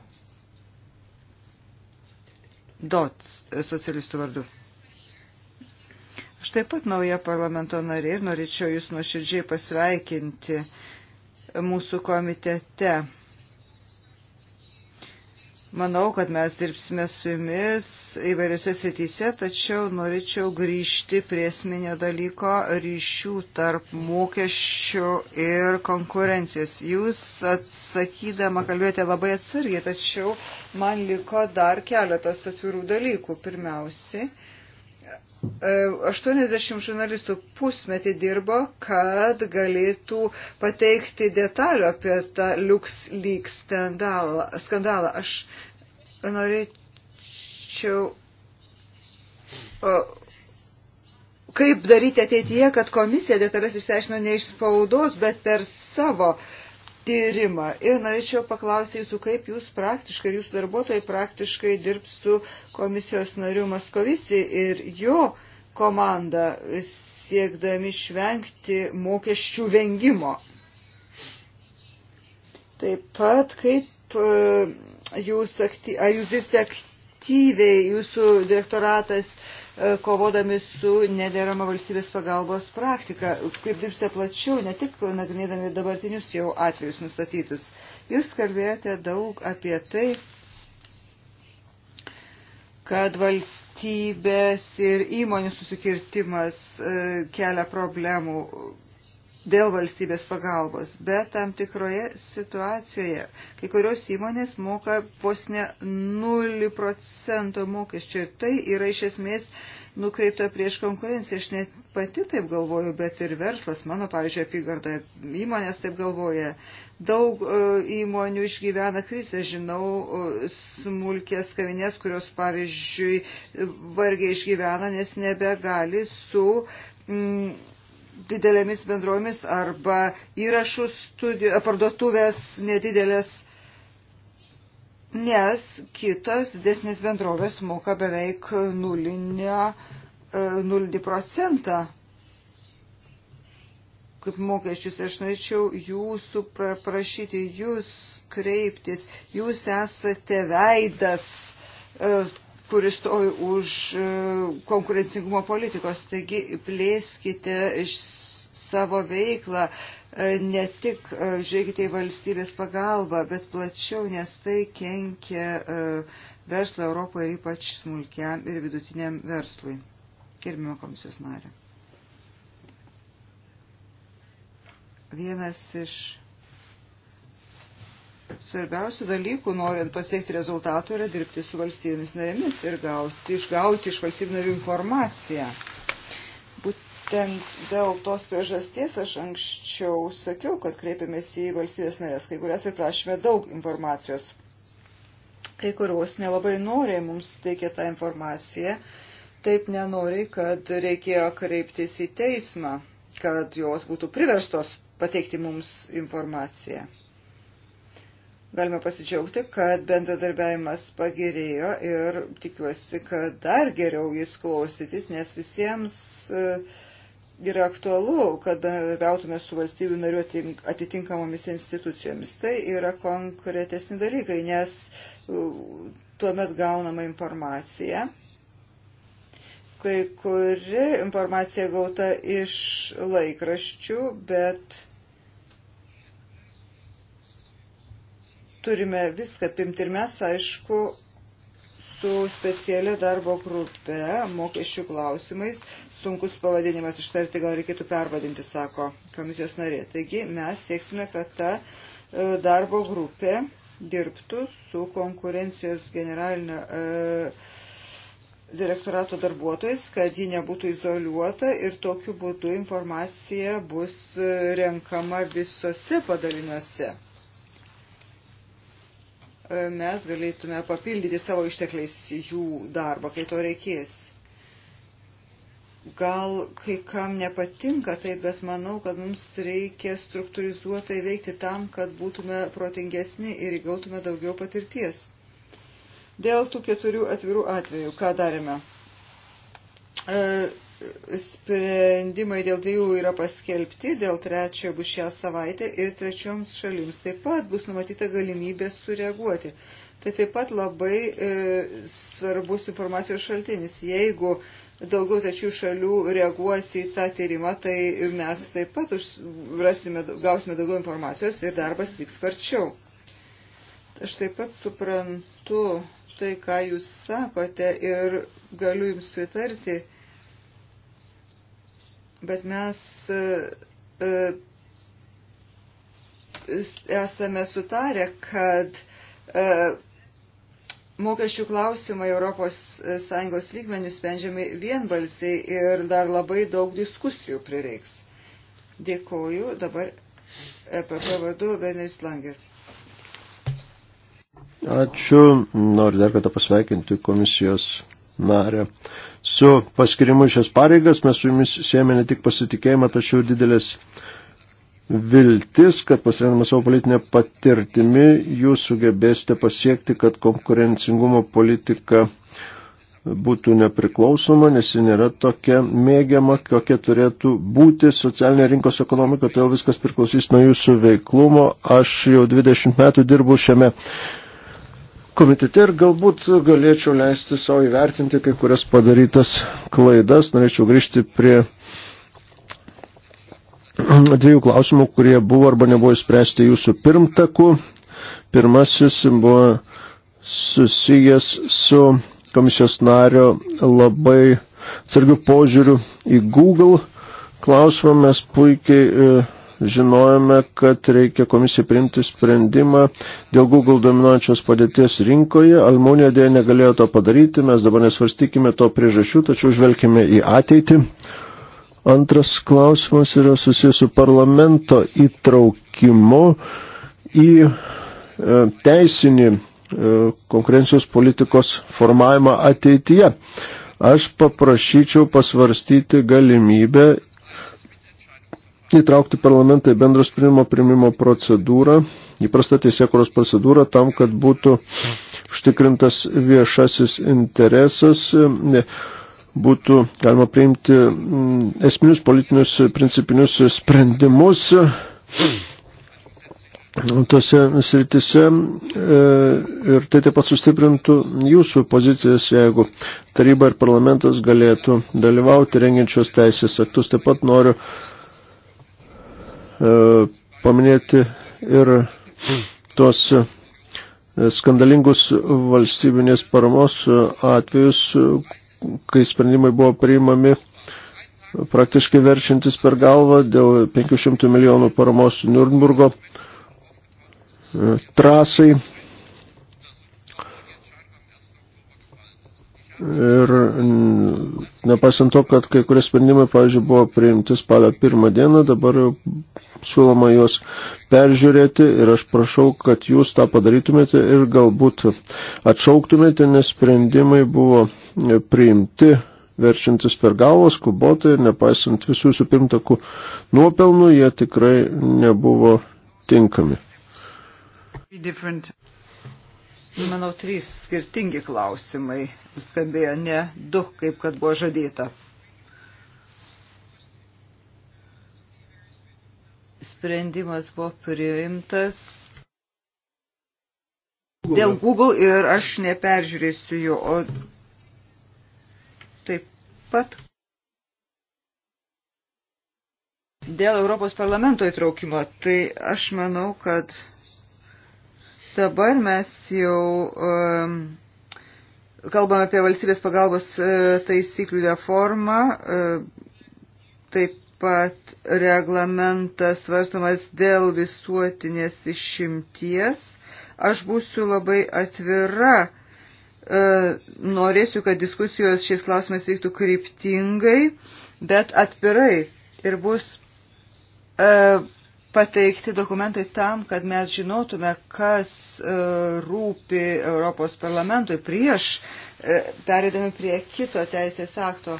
Dots e, socialistų vardu. Aš taip pat nauja parlamento narė ir norėčiau Jūs nuoširdžiai pasveikinti mūsų komitete. Manau, kad mes dirbsime su jumis įvairiose srityse, tačiau norėčiau grįžti prie esminio dalyko ryšių tarp mokesčių ir konkurencijos. Jūs atsakydama kalbėjote labai atsargiai, tačiau man liko dar keletas atvirų dalykų. Pirmiausiai, 80 žurnalistų pusmetį dirbo, kad galėtų pateikti detalių apie tą LuxLeak skandalą. skandalą. Aš norėčiau. Kaip daryti ateityje, kad komisija detalės išsiaiškino ne iš spaudos, bet per savo uh, tyrimą. Ir norėčiau paklausti jūsų, kaip jūs praktiškai, jūsų darbuotojai praktiškai dirbs su komisijos nariu Maskovisi ir jo komanda siekdami išvengti mokesčių vengimo. Taip pat, kaip e, jūs, akty, jūs dirbate aktyviai, jūsų direktoratas uh, E, kovodami su nederama valstybės pagalbos praktika. Kaip dirbsite plačiau, ne tik nagrinėdami dabartinius jau atvejus nustatytus. Jūs kalbėjote daug apie tai, kad valstybės ir įmonių susikirtimas e, kelia problemų dėl valstybės pagalbos, bet tam tikroje situacijoje kai kurios įmonės moka vos ne 0 procento mokesčio. Tai yra iš esmės nukreipta prieš konkurenciją. Aš net pati taip galvoju, bet ir verslas, mano, pavyzdžiui, apygardoje įmonės taip galvoja. Daug e, įmonių išgyvena krizę, žinau, e, smulkės kavinės, kurios, pavyzdžiui, vargiai išgyvena, nes nebegali su. Mm, didelėmis bendromis arba įrašų studijų, parduotuvės nedidelės, nes kitos didesnės bendrovės moka beveik nulinio, e, nulinį procentą kaip mokesčius. Aš norėčiau jūsų prašyti, jūs kreiptis, jūs esate veidas e, kuris stovi už e, konkurencingumo politikos. Taigi plėskite savo veiklą, e, ne tik e, žiūrėkite į valstybės pagalbą, bet plačiau, nes tai kenkia verslo Europoje ir ypač smulkiam ir vidutiniam verslui. Gerbimo komisijos narė. Vienas iš svarbiausių dalykų, norint pasiekti rezultatų, yra dirbti su valstybėmis narėmis ir gauti, išgauti iš valstybių narių informaciją. Būtent dėl tos priežasties aš anksčiau sakiau, kad kreipiamės į valstybės narės, kai kurias ir prašome daug informacijos. Kai kurios nelabai noriai mums teikė tą informaciją, taip nenoriai, kad reikėjo kreiptis į teismą, kad jos būtų priverstos pateikti mums informaciją. Galime pasidžiaugti, kad bendradarbiavimas pagerėjo ir tikiuosi, kad dar geriau jis klausytis, nes visiems e, yra aktualu, kad bendradarbiautume su valstybių narių atitinkamomis institucijomis. Tai yra konkretesni dalykai, nes e, tuomet gaunama informacija kai kuri informacija gauta iš laikraščių, bet turime viską pimti ir mes, aišku, su specialia darbo grupe mokesčių klausimais. Sunkus pavadinimas ištarti gal reikėtų pervadinti, sako komisijos narė. Taigi mes sieksime, kad ta e, darbo grupė dirbtų su konkurencijos generalinio e, direktorato darbuotojais, kad ji nebūtų izoliuota ir tokiu būdu informacija bus e, renkama visose padaliniuose mes galėtume papildyti savo ištekliais jų darbą, kai to reikės. Gal kai kam nepatinka taip, bet manau, kad mums reikia struktūrizuotai veikti tam, kad būtume protingesni ir įgautume daugiau patirties. Dėl tų keturių atvirų atvejų, ką darėme? E, sprendimai dėl dviejų yra paskelbti, dėl trečiojo bus šią savaitę ir trečioms šalims taip pat bus numatyta galimybė sureaguoti. Tai taip pat labai e, svarbus informacijos šaltinis. Jeigu daugiau tačių šalių reaguos į tą tyrimą, tai mes taip pat užrasime, gausime daugiau informacijos ir darbas vyks sparčiau. Aš taip pat suprantu tai, ką jūs sakote ir galiu jums pritarti Bet mes e, e, esame sutarę, kad e, mokesčių klausimai ES lygmenių sprendžiami vienbalsiai ir dar labai daug diskusijų prireiks. Dėkoju. Dabar EPP vardu Veneris Langer. Ačiū. Noriu dar kartą pasveikinti komisijos narę. Su paskirimu šias pareigas mes su jumis siemė ne tik pasitikėjimą, tačiau didelės viltis, kad pasirendama savo politinę patirtimi jūs sugebėsite pasiekti, kad konkurencingumo politika būtų nepriklausoma, nes ji nėra tokia mėgiama, kokia turėtų būti socialinė rinkos ekonomika, todėl viskas priklausys nuo jūsų veiklumo. Aš jau 20 metų dirbu šiame komitete ir galbūt galėčiau leisti savo įvertinti kai kurias padarytas klaidas. Norėčiau grįžti prie dviejų klausimų, kurie buvo arba nebuvo įspręsti jūsų pirmtakų. Pirmasis buvo susijęs su komisijos nario labai atsargių požiūrių į Google klausimą. Mes puikiai e, žinojome, kad reikia komisijai priimti sprendimą dėl Google dominuojančios padėties rinkoje. Almūnė dėja negalėjo to padaryti, mes dabar nesvarstykime to priežasčių, tačiau žvelgime į ateitį. Antras klausimas yra susijęs su parlamento įtraukimu į e, teisinį e, konkurencijos politikos formavimą ateityje. Aš paprašyčiau pasvarstyti galimybę įtraukti parlamentą į bendros sprendimo primimo procedūrą, įprasta teisėkuros procedūrą, tam, kad būtų užtikrintas viešasis interesas, būtų galima priimti mm, esminius politinius principinius sprendimus tose sritise e, ir tai taip pat sustiprintų jūsų pozicijas, jeigu taryba ir parlamentas galėtų dalyvauti rengiančios teisės aktus. Taip pat noriu E, paminėti ir tuos e, skandalingus valstybinės paramos e, atvejus, kai sprendimai buvo priimami praktiškai verčiantis per galvą dėl 500 milijonų paramos Nürnburgo trasai. Ir nepaisant to, kad kai kurie sprendimai, pavyzdžiui, buvo priimti spalio pirmą dieną, dabar jau siūloma juos peržiūrėti ir aš prašau, kad jūs tą padarytumėte ir galbūt atšauktumėte, nes sprendimai buvo priimti verčiantis per galvą skubotai ir nepaisant visų su pirmtakų nuopelnų, jie tikrai nebuvo tinkami. Different. Manau, trys skirtingi klausimai skambėjo, ne du, kaip kad buvo žadėta. Sprendimas buvo priimtas dėl Google ir aš neperžiūrėsiu jo, o taip pat dėl Europos parlamento įtraukimo. Tai aš manau, kad dabar mes jau um, kalbame apie valstybės pagalbos uh, taisyklių reformą. Uh, taip pat reglamentas svarstomas dėl visuotinės išimties. Aš būsiu labai atvira, e, norėsiu, kad diskusijos šiais klausimais vyktų kryptingai, bet atvirai ir bus e, pateikti dokumentai tam, kad mes žinotume, kas e, rūpi Europos parlamentui prieš perėdami prie kito teisės akto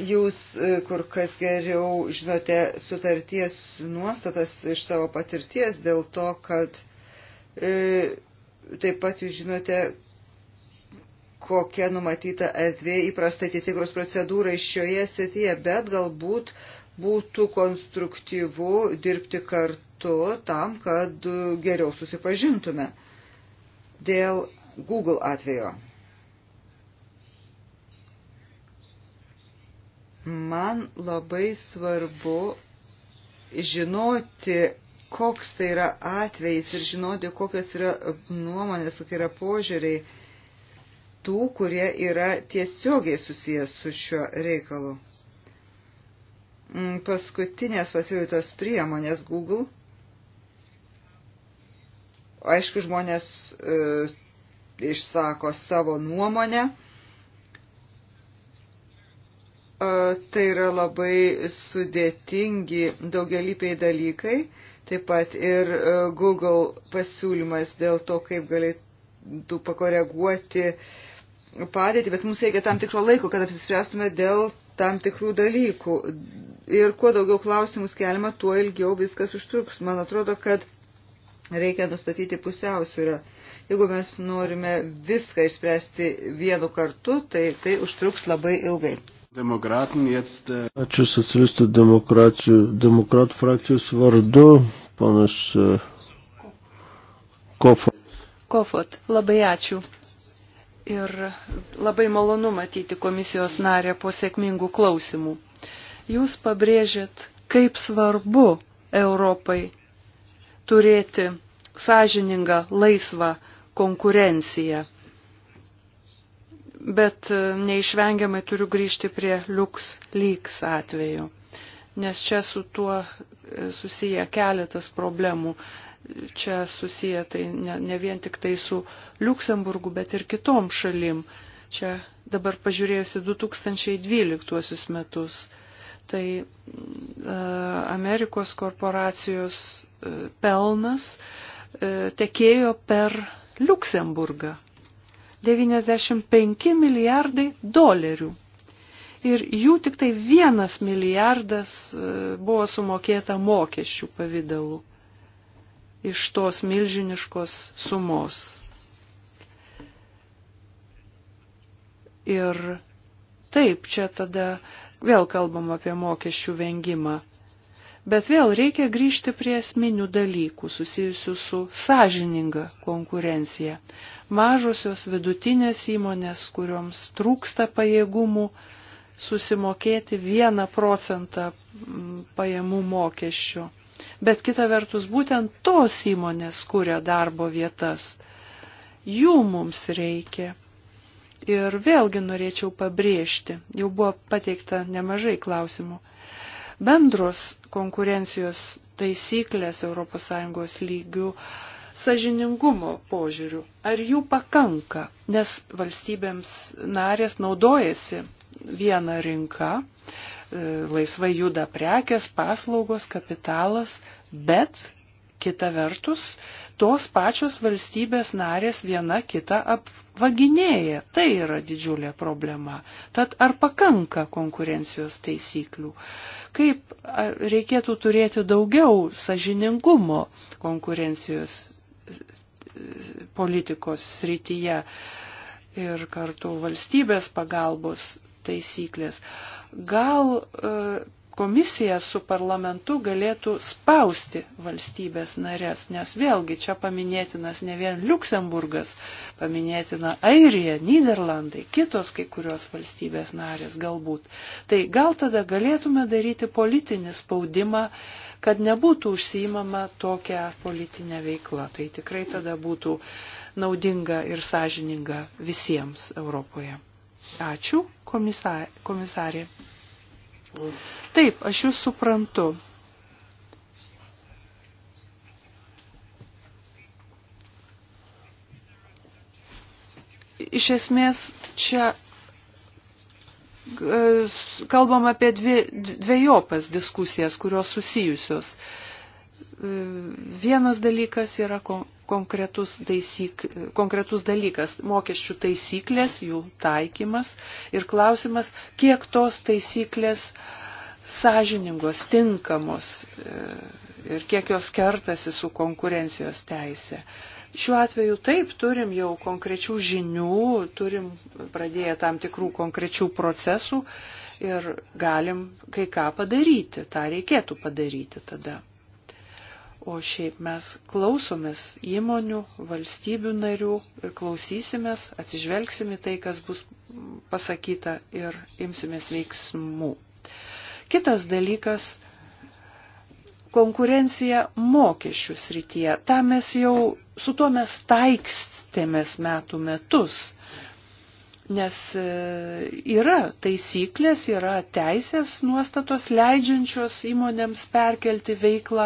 Jūs e, kur kas geriau žinote sutarties nuostatas iš savo patirties dėl to, kad e, taip pat jūs žinote, kokia numatyta erdvė įprasta teisėkros procedūrai šioje srityje, bet galbūt būtų konstruktyvu dirbti kartu tam, kad geriau susipažintume dėl Google atvejo. Man labai svarbu žinoti, koks tai yra atvejis ir žinoti, kokios yra nuomonės, kokie yra požiūriai tų, kurie yra tiesiogiai susijęs su šiuo reikalu. Mm, paskutinės pasiūlytos priemonės Google. Aišku, žmonės e, išsako savo nuomonę. E, tai yra labai sudėtingi daugialypiai dalykai, taip pat ir Google pasiūlymas dėl to, kaip galėtų pakoreguoti padėtį, bet mums reikia tam tikro laiko, kad apsispręstume dėl tam tikrų dalykų. Ir kuo daugiau klausimų keliama, tuo ilgiau viskas užtruks. Man atrodo, kad reikia nustatyti pusiausvyrą. Jeigu mes norime viską išspręsti vienu kartu, tai tai užtruks labai ilgai. Äh, ačiū socialistų demokratų frakcijos vardu, panas e, Kofot. Kofot, labai ačiū. Ir labai malonu matyti komisijos narę po sėkmingų klausimų. Jūs pabrėžėt, kaip svarbu Europai turėti sąžiningą, laisvą konkurenciją bet e, neišvengiamai turiu grįžti prie liuks lygs atveju, nes čia su tuo e, susiję keletas problemų. Čia susiję tai ne, ne vien tik tai su Luksemburgu, bet ir kitom šalim. Čia dabar pažiūrėjusi 2012 metus, tai e, Amerikos korporacijos e, pelnas e, tekėjo per Luksemburgą 95 milijardai dolerių. Ir jų tik tai vienas milijardas e, buvo sumokėta mokesčių pavydalu iš tos milžiniškos sumos. Ir taip, čia tada vėl kalbam apie mokesčių vengimą. Bet vėl reikia grįžti prie esminių dalykų susijusių su sąžininga konkurencija. Mažosios vidutinės įmonės, kurioms trūksta pajėgumų susimokėti vieną procentą mm, pajamų mokesčio. Bet kita vertus, būtent tos įmonės kuria darbo vietas. Jų mums reikia. Ir vėlgi norėčiau pabrėžti, jau buvo pateikta nemažai klausimų bendros konkurencijos taisyklės ES lygių sažiningumo požiūrių. Ar jų pakanka, nes valstybėms narės naudojasi vieną rinką, e, laisvai juda prekės, paslaugos, kapitalas, bet Kita vertus, tos pačios valstybės narės viena kitą apvaginėja. Tai yra didžiulė problema. Tad ar pakanka konkurencijos taisyklių? Kaip reikėtų turėti daugiau sažiningumo konkurencijos politikos srityje ir kartu valstybės pagalbos taisyklės? Gal e, komisija su parlamentu galėtų spausti valstybės narės, nes vėlgi čia paminėtinas ne vien Luksemburgas, paminėtina Airija, Niderlandai, kitos kai kurios valstybės narės galbūt. Tai gal tada galėtume daryti politinį spaudimą, kad nebūtų užsiimama tokia politinė veikla. Tai tikrai tada būtų naudinga ir sąžininga visiems Europoje. Ačiū, komisarė. Taip, aš jūs suprantu. Iš esmės čia e, kalbam apie dvi, dviejopas diskusijas, kurios susijusios. E, vienas dalykas yra konkretus, taisyk, konkretus dalykas - mokesčių taisyklės, jų taikymas ir klausimas, kiek tos taisyklės sąžiningos, tinkamos e, ir kiek jos kertasi su konkurencijos teisė. Šiuo atveju taip, turim jau konkrečių žinių, turim pradėję tam tikrų konkrečių procesų ir galim kai ką padaryti, tą reikėtų padaryti tada. O šiaip mes klausomės įmonių, valstybių narių ir klausysimės, atsižvelgsime tai, kas bus pasakyta ir imsimės veiksmų. Kitas dalykas - konkurencija mokesčių srityje. Ta mes jau, su tuo mes taikstėmės metų metus. Nes e, yra taisyklės, yra teisės nuostatos leidžiančios įmonėms perkelti veiklą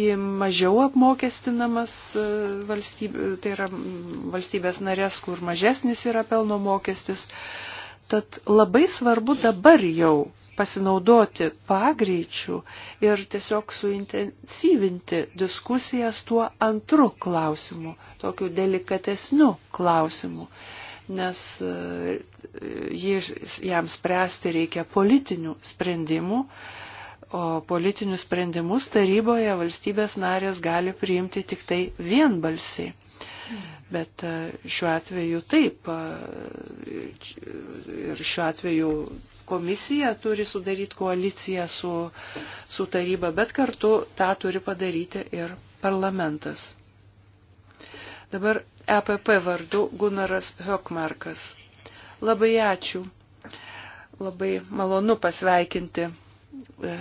į mažiau apmokestinamas e, valstybė, tai yra valstybės narės, kur mažesnis yra pelno mokestis. Tad labai svarbu dabar jau pasinaudoti pagreičių ir tiesiog suintensyvinti diskusijas tuo antru klausimu, tokiu delikatesniu klausimu nes e, jį, jam spręsti reikia politinių sprendimų, o politinius sprendimus taryboje valstybės narės gali priimti tik tai vienbalsiai. Bet e, šiuo atveju taip. E, ir šiuo atveju komisija turi sudaryti koaliciją su, su taryba, bet kartu tą turi padaryti ir parlamentas. Dabar EPP vardu Gunaras Hökmarkas. Labai ačiū. Labai malonu pasveikinti e,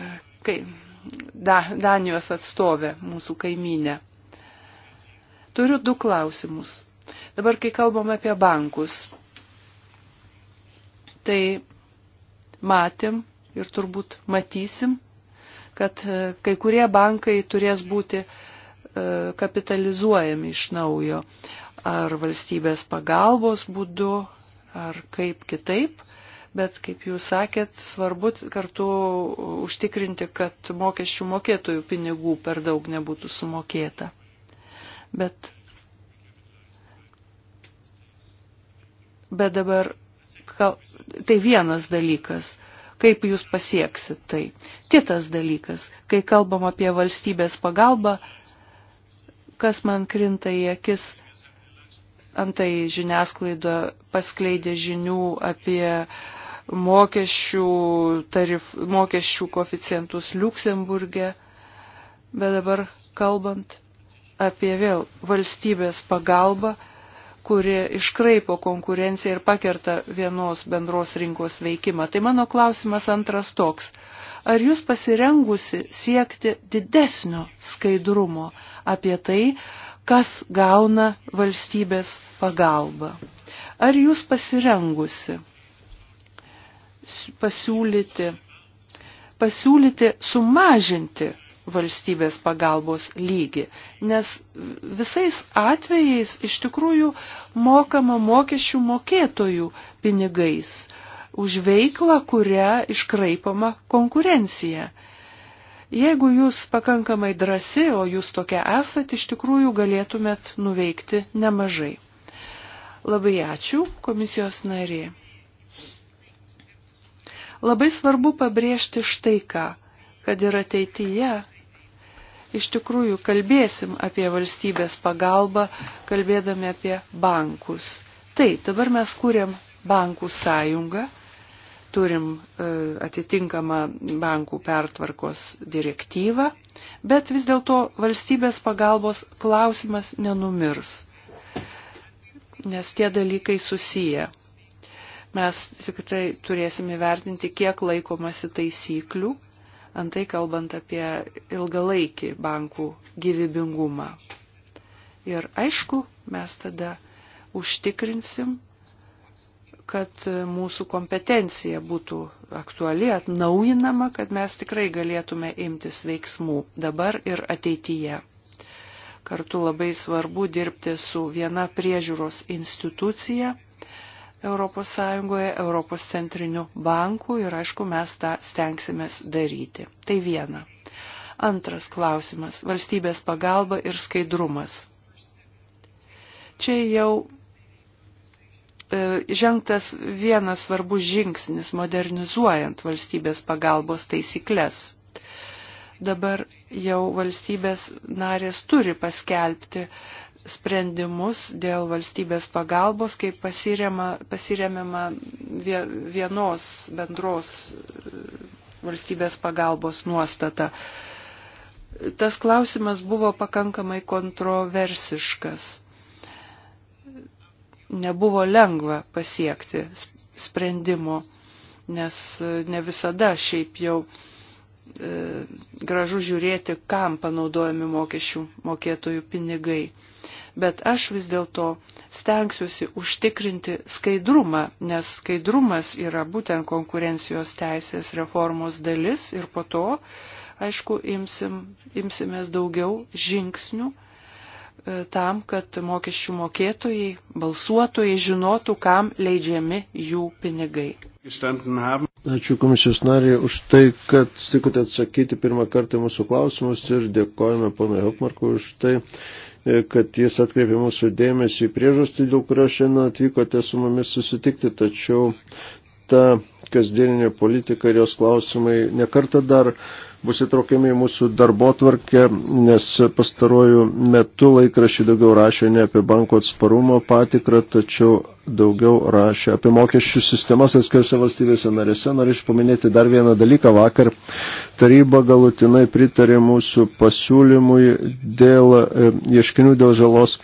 kai, da, Danijos atstovę mūsų kaiminę. Turiu du klausimus. Dabar, kai kalbam apie bankus, tai matėm ir turbūt matysim, kad e, kai kurie bankai turės būti e, kapitalizuojami iš naujo ar valstybės pagalbos būdu, ar kaip kitaip. Bet, kaip jūs sakėt, svarbu kartu užtikrinti, kad mokesčių mokėtojų pinigų per daug nebūtų sumokėta. Bet, bet dabar tai vienas dalykas, kaip jūs pasieksit tai. Kitas dalykas, kai kalbam apie valstybės pagalbą, kas man krinta į akis, antai žiniasklaida paskleidė žinių apie mokesčių, tarif, mokesčių koficientus Luksemburgė, bet dabar kalbant apie vėl valstybės pagalbą, kuri iškraipo konkurenciją ir pakerta vienos bendros rinkos veikimą. Tai mano klausimas antras toks. Ar jūs pasirengusi siekti didesnio skaidrumo apie tai, kas gauna valstybės pagalbą. Ar jūs pasirengusi pasiūlyti, pasiūlyti sumažinti valstybės pagalbos lygį, nes visais atvejais iš tikrųjų mokama mokesčių mokėtojų pinigais už veiklą, kurią iškraipama konkurencija. Jeigu jūs pakankamai drasi, o jūs tokia esat, iš tikrųjų galėtumėt nuveikti nemažai. Labai ačiū, komisijos narė. Labai svarbu pabrėžti štai ką, kad ir ateityje iš tikrųjų kalbėsim apie valstybės pagalbą, kalbėdami apie bankus. Taip, dabar mes kūrėm bankų sąjungą turim e, atitinkamą bankų pertvarkos direktyvą, bet vis dėlto valstybės pagalbos klausimas nenumirs, nes tie dalykai susiję. Mes tikrai turėsime vertinti, kiek laikomasi taisyklių, antai kalbant apie ilgalaikį bankų gyvybingumą. Ir aišku, mes tada užtikrinsim, kad mūsų kompetencija būtų aktuali, atnaujinama, kad mes tikrai galėtume imtis veiksmų dabar ir ateityje. Kartu labai svarbu dirbti su viena priežiūros institucija ES, Europos centriniu banku ir aišku, mes tą stengsimės daryti. Tai viena. Antras klausimas - valstybės pagalba ir skaidrumas. Čia jau E, žengtas vienas svarbus žingsnis modernizuojant valstybės pagalbos taisyklės. Dabar jau valstybės narės turi paskelbti sprendimus dėl valstybės pagalbos, kaip pasiriamama vienos bendros e, valstybės pagalbos nuostata. Tas klausimas buvo pakankamai kontroversiškas nebuvo lengva pasiekti sprendimo, nes e, ne visada šiaip jau e, gražu žiūrėti, kam panaudojami mokesčių mokėtojų pinigai. Bet aš vis dėlto stengsiuosi užtikrinti skaidrumą, nes skaidrumas yra būtent konkurencijos teisės reformos dalis ir po to, aišku, imsim, imsimės daugiau žingsnių E, tam, kad mokesčių mokėtojai, balsuotojai žinotų, kam leidžiami jų pinigai. Ačiū komisijos nariai už tai, kad sutikote atsakyti pirmą kartą mūsų klausimus ir dėkojame ponui Hokmarkui už tai, e, kad jis atkreipė mūsų dėmesį į priežastį, dėl kurio šiandien atvykote su mumis susitikti, tačiau ta kasdieninė politika ir jos klausimai nekarta dar bus įtraukiami į mūsų darbo tvarkę, nes pastaruoju metu laikrašį daugiau rašė ne apie banko atsparumo patikrą, tačiau daugiau rašė apie mokesčių sistemas atskiriuose valstybėse narėse. Norėčiau paminėti dar vieną dalyką. Vakar taryba galutinai pritarė mūsų pasiūlymui dėl e, ieškinių dėl žalos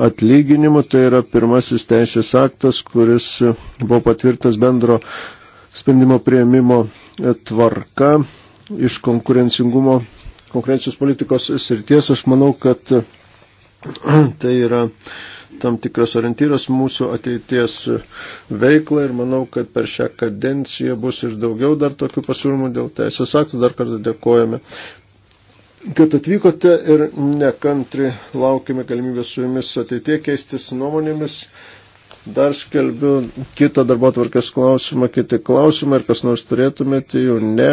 atlyginimų. Tai yra pirmasis teisės aktas, kuris buvo patvirtas bendro sprendimo prieimimo tvarka iš konkurencingumo, konkurencijos politikos srities. Aš manau, kad tai yra tam tikras orientyras mūsų ateities veiklą ir manau, kad per šią kadenciją bus ir daugiau dar tokių pasiūlymų dėl teisės aktų. Dar kartą dėkojame kad atvykote ir nekantri laukime galimybės su jumis ateitie keistis nuomonėmis. Dar skelbiu kitą darbo tvarkės klausimą, kiti klausimai, ir kas nors turėtumėte jų ne.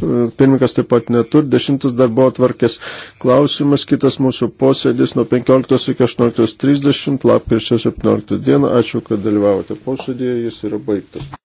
Pirmininkas taip pat neturi. Dešimtas darbo tvarkės klausimas, kitas mūsų posėdis nuo 15 iki 18.30, lapkričio 17 dieną. Ačiū, kad dalyvavote posėdėje, jis yra baigtas.